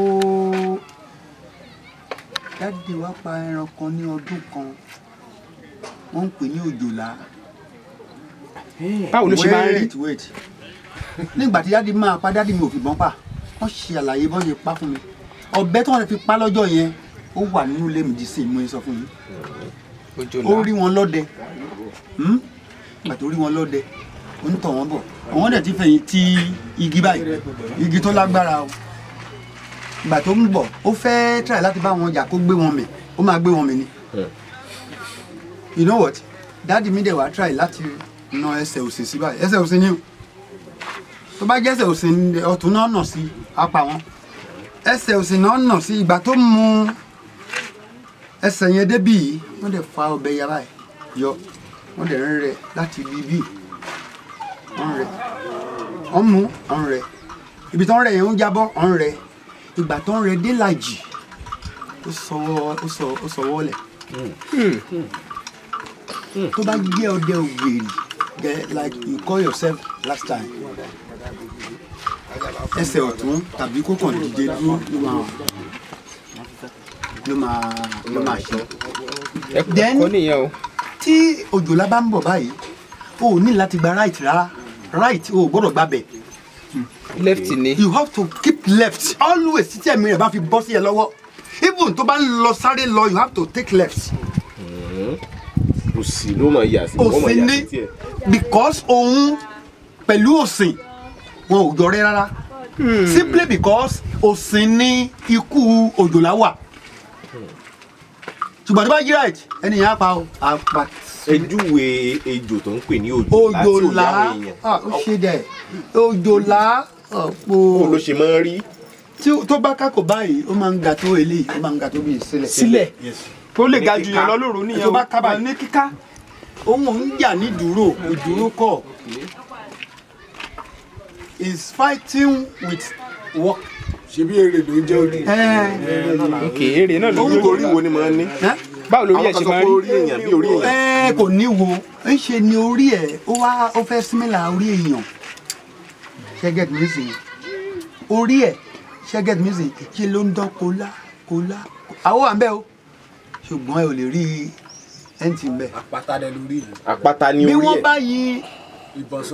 dáàdì wa pa ẹran kan ní ọdún kan wọ́n ń pè ní òjòlá. báwo ló ṣe máa ń rí nígbà tí dáàdi máa pa dáàdi mi ò fìbọn pa wọ́n ṣe àlàyé bọ́n ṣe pa fún mi ọ̀bẹ tí wọ́n fi pa lọ́jọ́ yẹn ó wà nínú ilé mi dìísí ìmú yín sọ fún yín ó rí wọn lọ́dẹ nígbà hmm? tó rí wọn lọ́dẹ ó ń tọ̀ wọ́n bọ̀ àwọn dẹ̀ ti fẹ̀yìn ti igi báyìí igi tó lágbára o ìgbà tó ń bọ̀ ó fẹ́ try láti bá wọn jà kó gbé wọn mì ó máa gbé wọn mì ni you know what dáàdi mi dẹ̀ wá try láti na ẹsẹ̀ òsì sí báyìí ẹsẹ̀ òsì ni o tó bá jẹ́sẹ̀ òsì ọ̀tún náà nà sí apá wọn ẹsẹ̀ òsì náà nà sí ìgbà tó mú ẹsẹ̀ yẹn débì yìí wọ́n dẹ̀ fa ọbẹ̀ yàrá ẹ̀ yọ wọ́n dẹ̀ ń rẹ̀ láti ibi bíi ọ̀n rẹ̀ ọ̀n mú ọ̀n rẹ̀ ibi tó ń rẹ̀ yẹn ń jábọ́ ọ̀n rẹ̀ ìgbà tó ń rẹ̀ dé làjì ó sọwọ́ lẹ̀ hmm. Hmm. Hmm. tó bá jẹ́ ọdẹ ògbèrè get like you call yourself last time ẹsẹ̀ ọ̀tún tàbí kó kàn dìde dúró ló máa ló máa ló máa ṣe. ẹ kọ́ nìyẹn o. tí òjòlá bá ń bọ̀ báyìí o ò ní láti gba right rárá right o ò gbọ́dọ̀ gbàbẹ̀. left ni. you have to keep left always títí ẹ̀mí rẹ̀ bá fi bọ́ sí ẹ lọ́wọ́ even tó bá ń lọ sáré lọ you have to take left. Hmm. òsì ló máa yà sí i. òsì ni because òun pẹ̀lú òsìn wọn ò jọrẹ́ rárá simply because òsín ní ikú òjòlá wà ṣùgbọ́n tó bá jí right ẹni yẹn á pa o àpà. ejúwe ejò tó ń pè ní òjòlá tí ò yá èèyàn. Ah, ó ṣe dẹ òjòlá ọ̀pọ̀. o ló ṣe máa ń rí. tó bá kákò báyìí ó máa ń ga tó eléyìí ó máa ń ga tó bíi sílẹ̀. sílẹ̀ tó lè ga jù yẹn lọ lóru nìyẹn o ní kíká. òun ń jà ní dúró ìdúró kọ is fighting with work. ṣebí èrè ló ń jẹ́ orí. Eh. ok èrè náà ló ń jẹ́ orí. orúkọ orí wo ni màá ní. Eh? báwo lórí ẹ̀ ṣe máa rí. àwọn kan sọ pé orí èèyàn bí orí èèyàn. Eh, kò ní wo ń ṣe ni orí ẹ̀ ó wá ó fẹ́ símílà orí èèyàn ṣẹ́gẹ̀t mísìn orí ẹ̀ ṣẹ́gẹ̀t mísìn ṣe ló ń dán kólá kólá àwọ̀ à o ṣùgbọ́n ẹ ò lè rí ẹ̀ǹtì ń bẹ́. àpáta ni orí ẹ̀. àpáta ni orí ẹ̀. bí wọ́n bá yin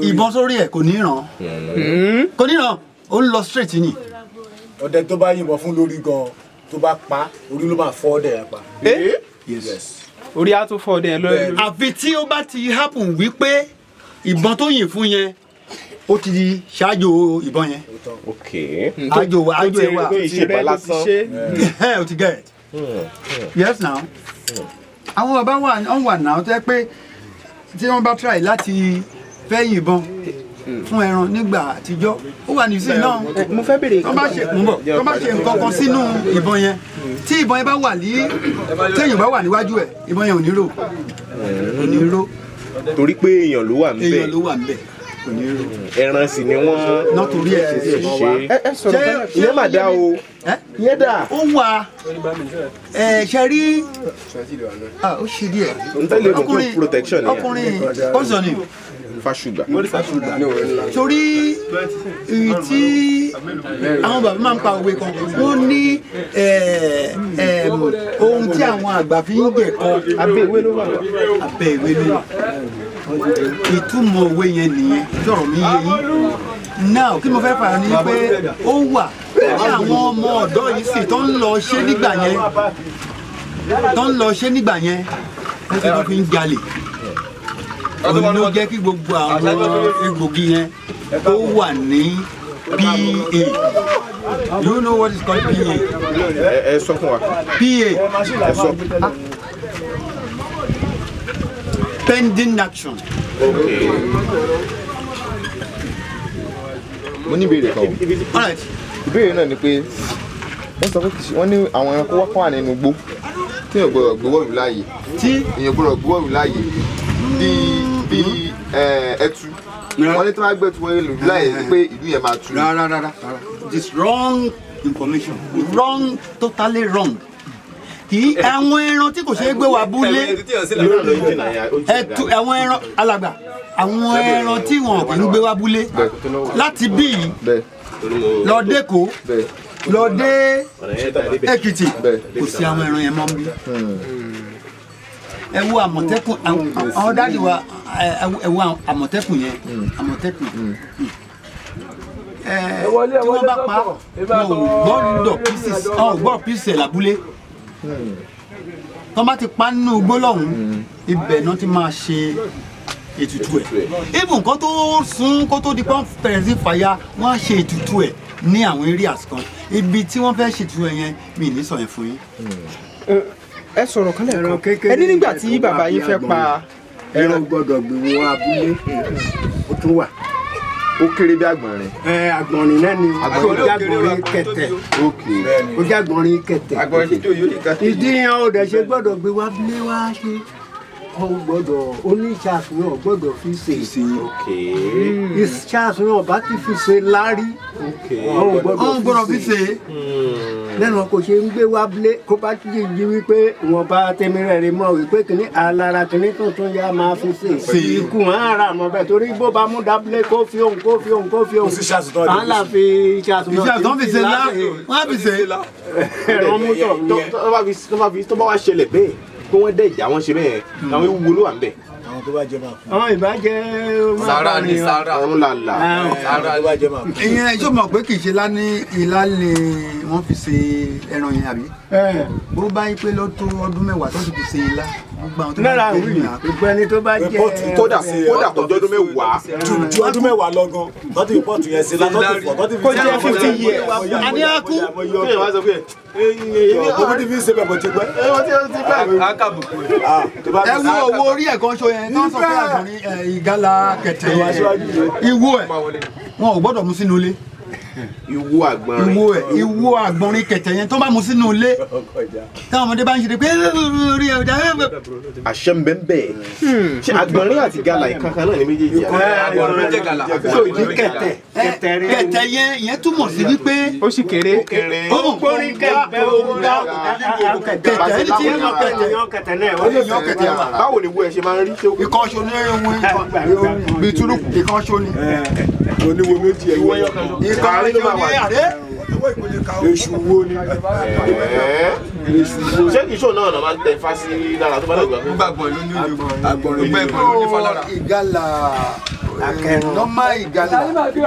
ìbọn sórí ẹ kò ní ràn hmm? kò ní ràn ó ń lọ straight ni. ọdẹ tó bá yìnbọn fún lórí gan tó bá pa orí ló máa fọ ọdẹ yẹn pa. Eh? orí á tún fọ ọdẹ yẹn lórí. àfi tí ó bá ti happen wípé ìbọn tó yìn fún yẹn ó ti di ṣáájú ìbọn yẹn. ok àjò àjò ẹ wà. ó ti rẹ ló ti ṣe. Hmm. ẹ ó ti gẹ ẹ. Hmm, yes now àwọn bàbá wà náà tó yẹ pé tí wọ́n bá try láti fẹ́ yìnbọn fún ẹran nígbà àtijọ́ ó wà ní síi náà mo fẹ́ béèrè tó bá ṣe nbọ̀ tó bá ṣe nǹkan kan sínú ìbọn yẹn tí ìbọn yẹn bá wà ní téèyàn bá wà níwájú ẹ̀ ìbọn yẹn ò ní rò ò ní rò. torí pé èèyàn ló wà ńbẹ̀ èèyàn ló wà ńbẹ̀ ẹran sì ni wọn nọtòrí ẹ ṣe ṣe ìyẹn mà dá o ìyẹn dà. ó wà ẹ ṣe rí ah, ó ṣe díẹ̀ ọkùnrin ọkùnrin ó sọ ni fa ṣùgbà. wọ́n rí fa ṣùgbà torí ìrì tí àwọn bàbá máa ń pa òwe kan ó ní eh, eh, ohun tí àwọn àgbà fi ń gbẹ̀kọ́ abẹ́ ìwé ìwé ló wà ìtumọ̀ òwe yẹn nìyẹn sọ̀rọ̀ mi yé yín now kí mo fẹ́ fara ni pé ó wà ní àwọn ọmọ ọ̀dọ́ yìí sì tó ń lọ ṣe nígbà yẹn tó ń lọ ṣe nígbà yẹn wọ́n fi ń jalè òun ló jẹ́ kí gbogbo àwọn egbògi yẹn tó wà ní PA you know what is called PA. ẹ sọ fún wa. PA ẹ sọ. pending action. Okay. mo ní ìbéèrè kan o. ìbéèrè náà ni pé wọ́n sọ pé wọ́n ní àwọn ẹranko wá kọ́ wà nínú igbó tí èèyàn gbọ́dọ̀ gbówó ìlú láàyè. tí èèyàn gbọ́dọ̀ gbówó ìlú láàyè bíi bíi ẹtu wọn ní tí wọn gbé tí wọn yé lò láyé pé ìlú yẹn máa tu. rárá rárá this wrong information wrong totally wrong kì í àwọn ẹran tí kò ṣeé gbé wá búlé àwọn ẹran alàgbà àwọn ẹran tí wọn kì í gbé wá búlé láti bí lọ dẹ́kọ̀ lọ dé Èkìtì kò sí àwọn ẹran yẹn mọ́ bí ẹ wo àmọ̀tẹ́kùn àwọn dáàdì wa ẹ wo àmọ̀tẹ́kùn yẹn mm. àmọ̀tẹ́kùn mm. tí wọ́n bá pa gbọ́dọ̀ pieces ọ̀ gbọ́dọ̀ pieces ẹ̀ lábúlé tọ́ bá ti pa nínú igbó lọ́hùn mm. ibẹ̀ náà ti máa ṣe ètùtù ẹ̀ even kó tó sún kó tó di pọ́n bẹ̀rẹ̀ sí fàyà wọ́n á ṣe ètùtù ẹ̀ ní àwọn areas kan ibi tí wọ́n fẹ́ ṣètùtù ẹ̀ yẹn mi ní sọ yẹn fún yín ẹ sọ̀rọ̀ kan lẹ́ẹ̀kan ẹni nígbà tí bàbá yín fẹ́ pa ẹran gbọ́dọ̀ gbìwò abúlé ó tún wà ó kéré bí àgbọ̀nrín. ẹ àgbọ̀nrín náà ni ojágbọ̀nrín kẹtẹ ojágbọ̀nrín kẹtẹ ìdíyan ò dẹ̀ ṣe gbọ́dọ̀ gbé wá abúlé wá ṣe ọ gbọ́dọ̀ oní ìṣàṣù náà gbọ́dọ̀ fi ṣe ìṣàṣù náà bá ti fi ṣe lárí ọ gbọ́dọ̀ fi ṣe lẹ́nu kò ṣe ń gbé wá blé kó bá ti di wípé wọn bá tẹmírẹ rẹ mọ wípé kìnní alára kìnní tuntun yá máa fi ṣe ikú hàn ara mọ bẹ́ẹ̀ torí bó bá mú dábìlẹ kó fi òun kó fi òun kó fi òun à ń là fi ìṣàṣù náà fi ṣe lá wọn á fi ṣe ẹ̀rọ mú tọ̀ tó bá wá ṣẹlẹ̀ bẹ́ẹ̀ pé wọ́n dẹ̀ ìyá wọn ṣe bẹ́ẹ̀ hmm. àwọn ewu wo ló wà ń bẹ̀. àwọn tó bá jẹ máa fún. àwọn ìbá o sára ni sára ọ̀run làlà sára tó bá jẹ máa fún. ìyẹn ẹjọ́ pé kì í ṣe lá ní ìlà ni wọ́n fi ṣe ẹran yẹn àbí bó bá yí pé ló tó ọdún mẹ́wàá tó ti fi ṣe ilá gbogbo àwọn tó bá jẹ́ tó bá jẹ́ kódà kódà tó mẹ́wàá ju ọdún mẹ́wàá lọ tó ti pọ̀ yẹn sí la tó ti pọ̀ tó ti fi jẹ́ fifty years àní akú kí ti fi ṣe bẹ̀ bọ̀ ti pẹ́. ẹ wo owó orí ẹ̀ ṣo yẹn tó ń sọ pé àgbọ̀nrín ìgalà kẹ̀tẹ̀ ìwo ẹ̀ wọn ò gbọ́dọ̀ mú sínú ilé iwú àgbọ̀nrín iwú àgbọ̀nrín kẹ̀tẹ̀ yẹn tó bá mu sínú ilé táwọn ọmọdé bá ń ṣe pé rí ọjà. àṣẹ ń bẹ ń bẹ hmm. ṣe àgbọ̀nrín àti gala ìkankan náà ní méjèèjì àgbọ̀nrín so ìdí kẹ̀tẹ̀ kẹ̀tẹ̀ yẹn yẹn túmọ̀ sí wípé ó sì kéré ó kórè kẹ̀tẹ̀ òwúrọ̀ kẹ̀tẹ̀ ẹni tí yẹn kẹ̀tẹ̀ náà ó lè yọ kẹ̀tẹ̀ wa. báwo ni wo ẹ ṣe máa ń rí tó. ìkànṣó ní ewu bíi túrúkù ìkànṣó ni. oníwo méjì ẹ̀ wọ́n yọ àárín ló máa wà èṣù wo ni èṣù wo. ṣé kìí ṣòro náà lọ́ọ́ máa ń tẹ ifá sí lára tó bá dàgbà. ó gbàgbọ́ ìlú ní ìlú àgbọ̀rọ̀ ìgbà ìgbà ìlú ní falára. ìgalà nọ́mà ìgalà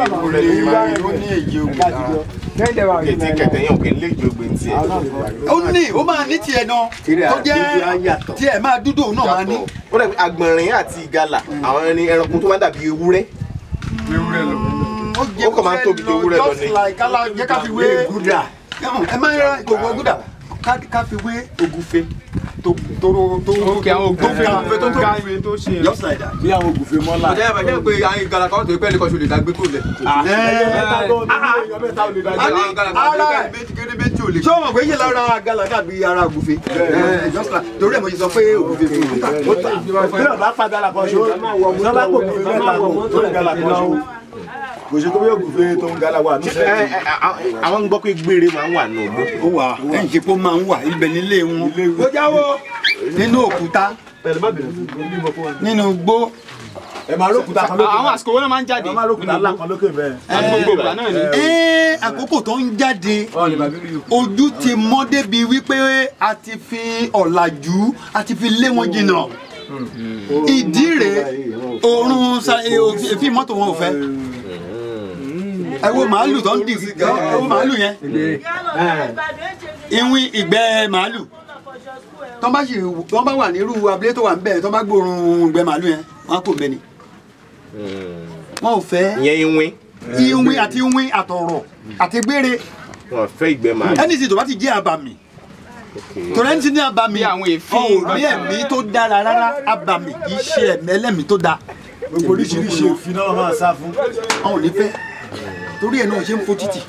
ìkòlè ìlú ní èyí ògbà kẹtí kẹtẹ yẹn òkè lé ìjọgbe ń tiẹ. ó ní ó máa ní tiẹ̀ náà tó jẹ́ tiẹ̀ máa dúdú òun náà máa ní. ó dàbí àgbọ̀nrín àti ìgalà àwọn ẹranko tó máa dàbí ewúrẹ́. ewúrẹ́ lọ ó kàn máa ń tóbi tó wúrẹ́ lọ ni. jẹ́ ká wé gúdà ẹ máa ń ra gúdà ká wé ògùfẹ́ tó tó tó ògùfẹ́ ògùfẹ́ tó tó ògùfẹ́ tó ṣe just like that. bí àwọn ògùfẹ́ mọ́lá. ọ̀dẹ́ àbájá pé àwọn ìgbàlá kan tó pẹ́ẹ́lí ah. ah, ah. kan ṣe olùdágbé kò lẹ̀. ṣé o mọ̀ pé yé lára àgàlà dàbí ara ògùfẹ́ torí ẹ̀ mo ṣe sọ pé ògùfẹ́ fún mi ta ó ta. bí ọ̀dọ́ apá gàlà kan ṣe ó lọ́ba kò kí n bẹ́ẹ̀ ta kò tó gàlà kan ṣe ó kò ṣe kó bí ògùn fèrè tó ń gala wà. àwọn ń gbọ́ pé gbére máa ń wà nù. ó wà ẹ̀ ń ṣe kó máa ń wà ibẹ̀ nílé wọn. ó jáwọ́ nínú òkúta nínú gbó. ẹ máa rókúta kan lókè. àwọn àsìkò wọn máa ń jáde. wọn máa rókúta ńlá kan lókè bẹ́ẹ̀. àgbègbè ìgbà náà ni. ẹ àkókò tó ń jáde ojú ti mọ́ débi wípé a ti fi ọ̀làjú a ti fi lé wọn jìnnà ìdí rèé oorun fi mọ́tò wọn ò fẹ́ ẹ wo màálù tó ń dì ẹ wo màálù yẹn ìwìn ìgbẹ́ màálù tọ́ bá sì wọ́n bá wà nírú abúlé tó wà ń bẹ̀ tọ́ bá gbóòórùn ìgbẹ́ màálù yẹn wọ́n á kò mbẹ́ ni hmm. wọn ò fẹ́ ìyẹn ìwìn ìwìn àti ìwìn àtọ̀rọ̀ àti gbére wọn ò fẹ́ ìgbẹ́ màálù ẹni sì tó bá ti jẹ́ àbàmì tọ́lẹ́ ti ní abàmì ọ̀rí ẹ̀mí tó dára rárá abàmì kì í ṣe ẹ̀mí ẹlẹ́mí tó dáa. gbogbo oríṣiríṣi òfin náà máa sá fún. ọ̀hún ní fẹ́ torí ẹ̀ náà ṣe ń fojìtì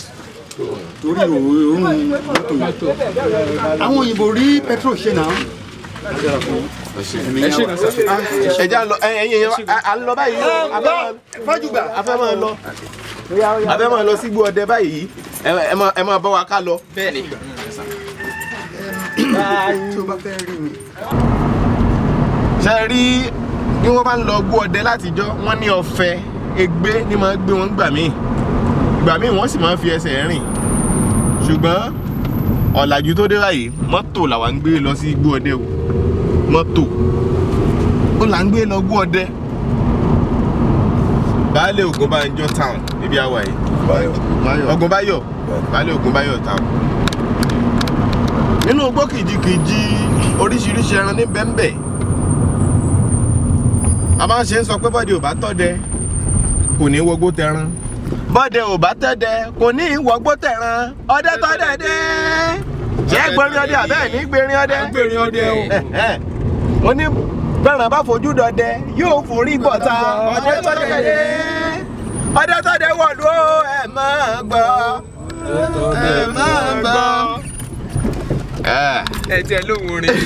torí òórùn mọ́tò yìí àwọn òyìnbó rí petrol ṣe náà ẹ jẹ́ àlọ́ ẹ̀yìn ẹ̀yìn àlọ́ báyìí fájùgbà afẹ́ máa lọ afẹ́ máa lọ sígbó ọdẹ báyìí ẹ máa bọ́ wa ká lọ. bẹ́ẹ̀ni. tó bá fẹ́ rí mi. ṣe rí bí wọ́n bá ń lọ gbó ọdẹ látijọ́ wọ́n ní ọ̀fẹ́ ègbé ni máa gbé wọn gbà míì ìgbà míì wọ́n sì máa ń fi ẹsẹ̀ rìn ṣùgbọ́n ọ̀làjú tó dé báyìí mọ́tò làwa ń gbé lọ sí igbó ọdẹ o mọ́tò ó là ń gbé lọ igbó ọdẹ baálé Ògúnbánjọ town níbi àwa yìí Ògúnbáyọ̀ baálé Ògúnbáyọ̀ town nínú igbó kìjikìji oríṣiríṣi ẹran ní bẹ́ńbẹ́ a máa ń ṣe ń sọ pé bọ́dì ò bá tọ́ dẹ kò ní wọgbó tẹran bọ́dẹ ò bá tẹ́dẹ kò ní ìwọ́gbó tẹ̀ràn ọdẹ tọ́dẹ dé ṣé gbẹ̀rin ọdẹ àbẹ́ ní gbẹ̀rin ọdẹ. gbẹ̀rin ọdẹ o. ó ní bẹ̀rẹ̀ bá fojú dọdẹ yóò forí gbọ̀ta ọdẹ tọ́dẹ dé ọdẹ tọ́dẹ wọ̀lú ẹ̀ máa gbọ́ ẹ̀ máa gbọ́ ẹ tiẹ lóhùn orin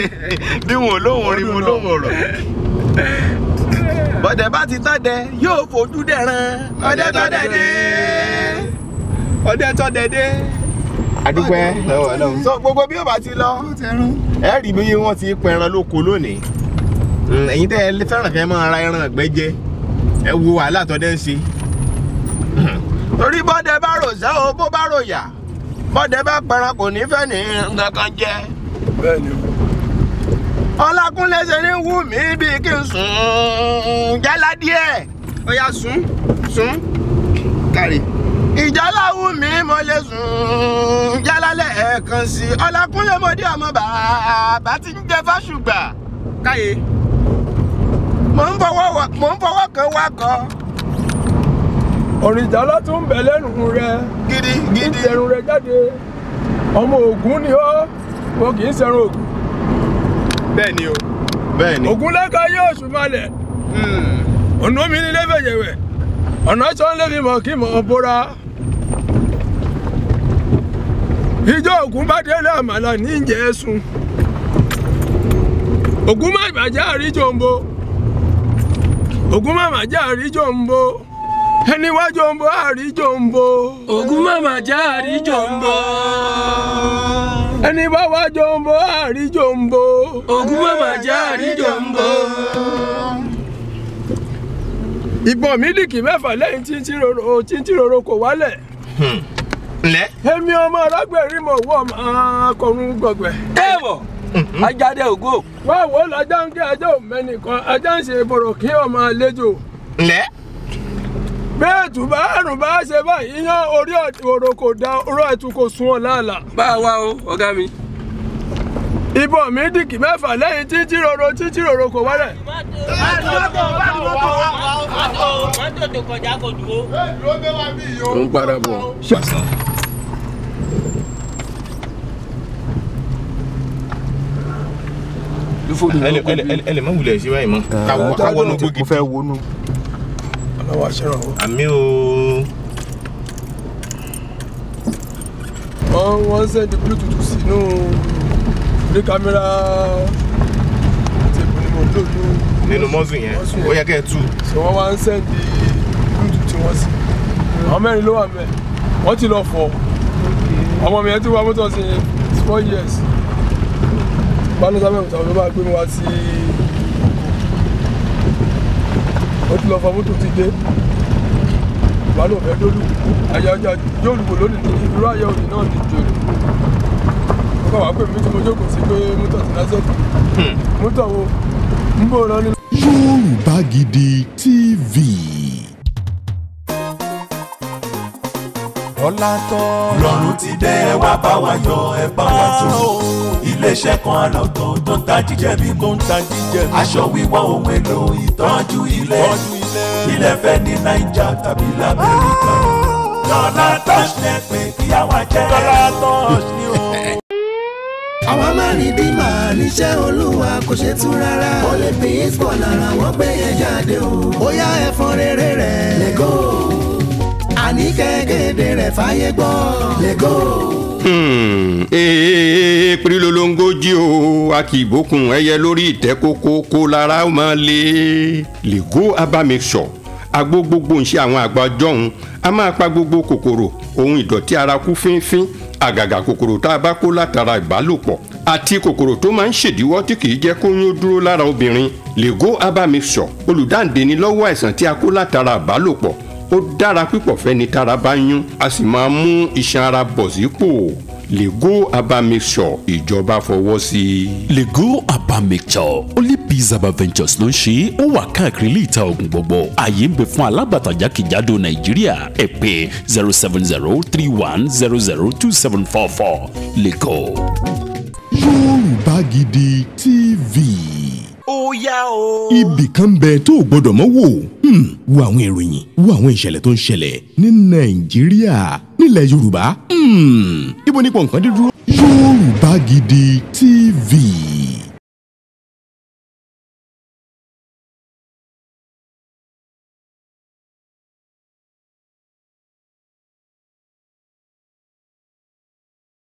bí wọn lóhùn orin mo lóhùn ọ̀rọ̀ ọdẹ bá ti tọdẹ yóò fojú dẹran ọdẹ tọdẹ dé ọdẹ tọdẹ dé adúpẹ́ so gbogbo bí o bá ti lọ ẹ rí bí wọ́n ti pẹran lóko lónìí mm, ẹ̀yin tẹ́ ẹ fẹ́ràn kẹ́ máa ra ẹran ìgbẹ́ jẹ ẹ wo wàhálà tọ́dẹ ń ṣe. torí bọ́dẹ bá rò sẹ́ bó bá rò yà bọ́dẹ bá pẹran kò ní fẹ́ ní nǹkan kan jẹ. bẹ́ẹ̀ o. ọlákúnlẹ̀ ṣe ní wú mí bí kí n sùn jálá díẹ̀ ó yá sùn sùn kàrí ìjálá wú mí mo lè sùn jálá lẹ́ẹ̀kan sí i ọlákúnlẹ̀ mo dé ọmọ bàbá tí ń jẹ fáṣùgbà káyé mò ń fọwọ́ kan wá kan òrìjà ọlọ́tún ń bẹ lẹ́nu rẹ gidi gidi ìtẹ̀rù rẹ jáde ọmọ ògún ni ó mo kì í ṣẹ̀rùn ògún. bẹ́ẹ̀ hmm. ni o. bẹ́ẹ̀ ni. ògúnlẹ́ka yóò ṣùmọ́lẹ̀ ọ̀nà mi nílé fẹ̀yẹ̀wẹ̀ ọ̀nà sọ ń lé fi mọ̀ kí mọ̀ bóra. ìjọ ògún bá délé àmàlà ní ìjẹ́ sùn ògún má ìbàjẹ́ àríjòǹbo ògún má ìbàjẹ́ àríjòǹbo ẹni wá jòǹbo àríjòǹbo. ògún má ìbàjẹ́ àríjòǹbo. ẹni bá wá jòǹbó àrí jòǹbó. ògùn bàbà jẹ́ àrí jòǹbó. ìbọn mílíkì mẹ́fà lẹ́yìn títí roro kò wálẹ̀. Hmm. èmi ọmọ ọlọ́gbẹ̀rin mọ̀ wọ́ máa kọrun gbọ̀gbẹ̀. Mhm. ajáde ògo. wá ń ajá ajá ń ṣe kí ọmọ bẹ́ẹ̀tù báàrùn bá ṣe báyìí yan orí òrò kò da oró ẹ̀tù kò sun ọ̀ láàlà. bá a wá o ọ̀gá mi. ìbọn mi dìkì mẹ́fà lẹ́yìn títí roro títí roro kò wálẹ̀. ń padà bọ̀. ẹlẹ́mọ̀ wulẹ̀ ṣe báyìí mọ́. káwọ́ nù gbógi. mo fẹ́ wọnú àwa ṣèrànwọ́. àmì o. wọ́n wọ́n sẹ́ndí bluetooth sínú orí kámẹ́rà tèbù ni mo lò ní. nínú mọ́sùn yẹn ó yẹ kẹ́ ẹ tú. ṣé wọ́n wá ń sẹ́ndí bluetooth tí wọ́n sí. àwọn mẹ́rin ló wà mẹ́ wọ́n ti lọ fọ̀ ọmọ mi yẹn ti wá mọ́tò sí four years. bá ló sábẹ́ òtún àwọn ọmọ bá gbé mi wá sí. ti lọ fọ mọ́tò ti dé wà fẹ́ dólù ẹ̀yà ọjà lónìí ní irú ayé òní náà ní jòlù ó kàn wá pè mí tí mo jókòó sí pé mọ́tò ti náà sẹ́kù hmm. mọ́tò wo ń bò rán ní. Yorùbá Gidi TV. ọlá tọ́. lọ́run ti dé ẹ wá bá wa yọ̀ ẹ bá wa tó. Ah, oh. iléeṣẹ́ kan àlọ́tọ̀ tó ń ta jíjẹ mímu. tó ń ta jíjẹ mímu. aṣọ wíwọ́ ohun èlò ìtọ́jú ilé. ìtọ́jú ilé. ilẹ̀ fẹ́ ní naija tàbí lamẹ́ríkà. Ah. lọ́lá tọ́ṣ lẹ pé kí á wá jẹ́. lọ́lá tọ́ṣ ni o. àwọn márìndín máa níṣẹ́ olúwa kò ṣe tún rárá. ó lè fi ìsbọ̀ lára wọ́n gbé yẹn jáde o. ó yá ẹ̀fọn rere rẹ̀ lẹ́gọ́ọ̀ àní kẹ́kẹ́dẹ́ rẹ̀ fàyè gbọ́ lẹ́gọ́ èèpì hmm. lolongo jí o a kì í bókun ẹyẹ lórí ìtẹ́ kókó kó lára ó máa lé lègo abamisọ agbó gbogbo ń ṣe àwọn àgbà jọ̀hún a máa pa gbogbo kòkòrò ohun ìdọ̀tí ara kú fínfín àgàgà kòkòrò tá a bá kó látara ìbálòpọ̀ àti kòkòrò tó máa ń ṣèdíwọ́ tí kì í jẹ́ kóyún dúró lára obìnrin lègo abamisọ olùdáǹdè ni lọ́wọ́ àìsàn tí a kó látara ìbálòpọ̀ ó dára pípọ̀ fẹ́ni tára bá yún a sì máa mú iṣan ara bọ̀ sípò lego herbal mixture ìjọba fọwọ́ sí lego herbal mixture only peace ventures ló ń ṣe ó wà káàkiri ilé ìta oògùn gbogbo ààyè ń bẹ fún alábàtà jákèjádò nàìjíríà ẹ pè zero seven zero three one zero zero two seven four four lego. yorùbá gidi tv ó yá o. ibì kan bẹ tó o gbọdọ̀ mọ́ wò hmm, wo àwọn ìròyìn wo àwọn ìṣẹ̀lẹ̀ tó ń ṣẹlẹ̀ ní nàìjíríà nílẹ̀ yorùbá hmm, ibo nípò nǹkan dídúró. yorùbá gidi tv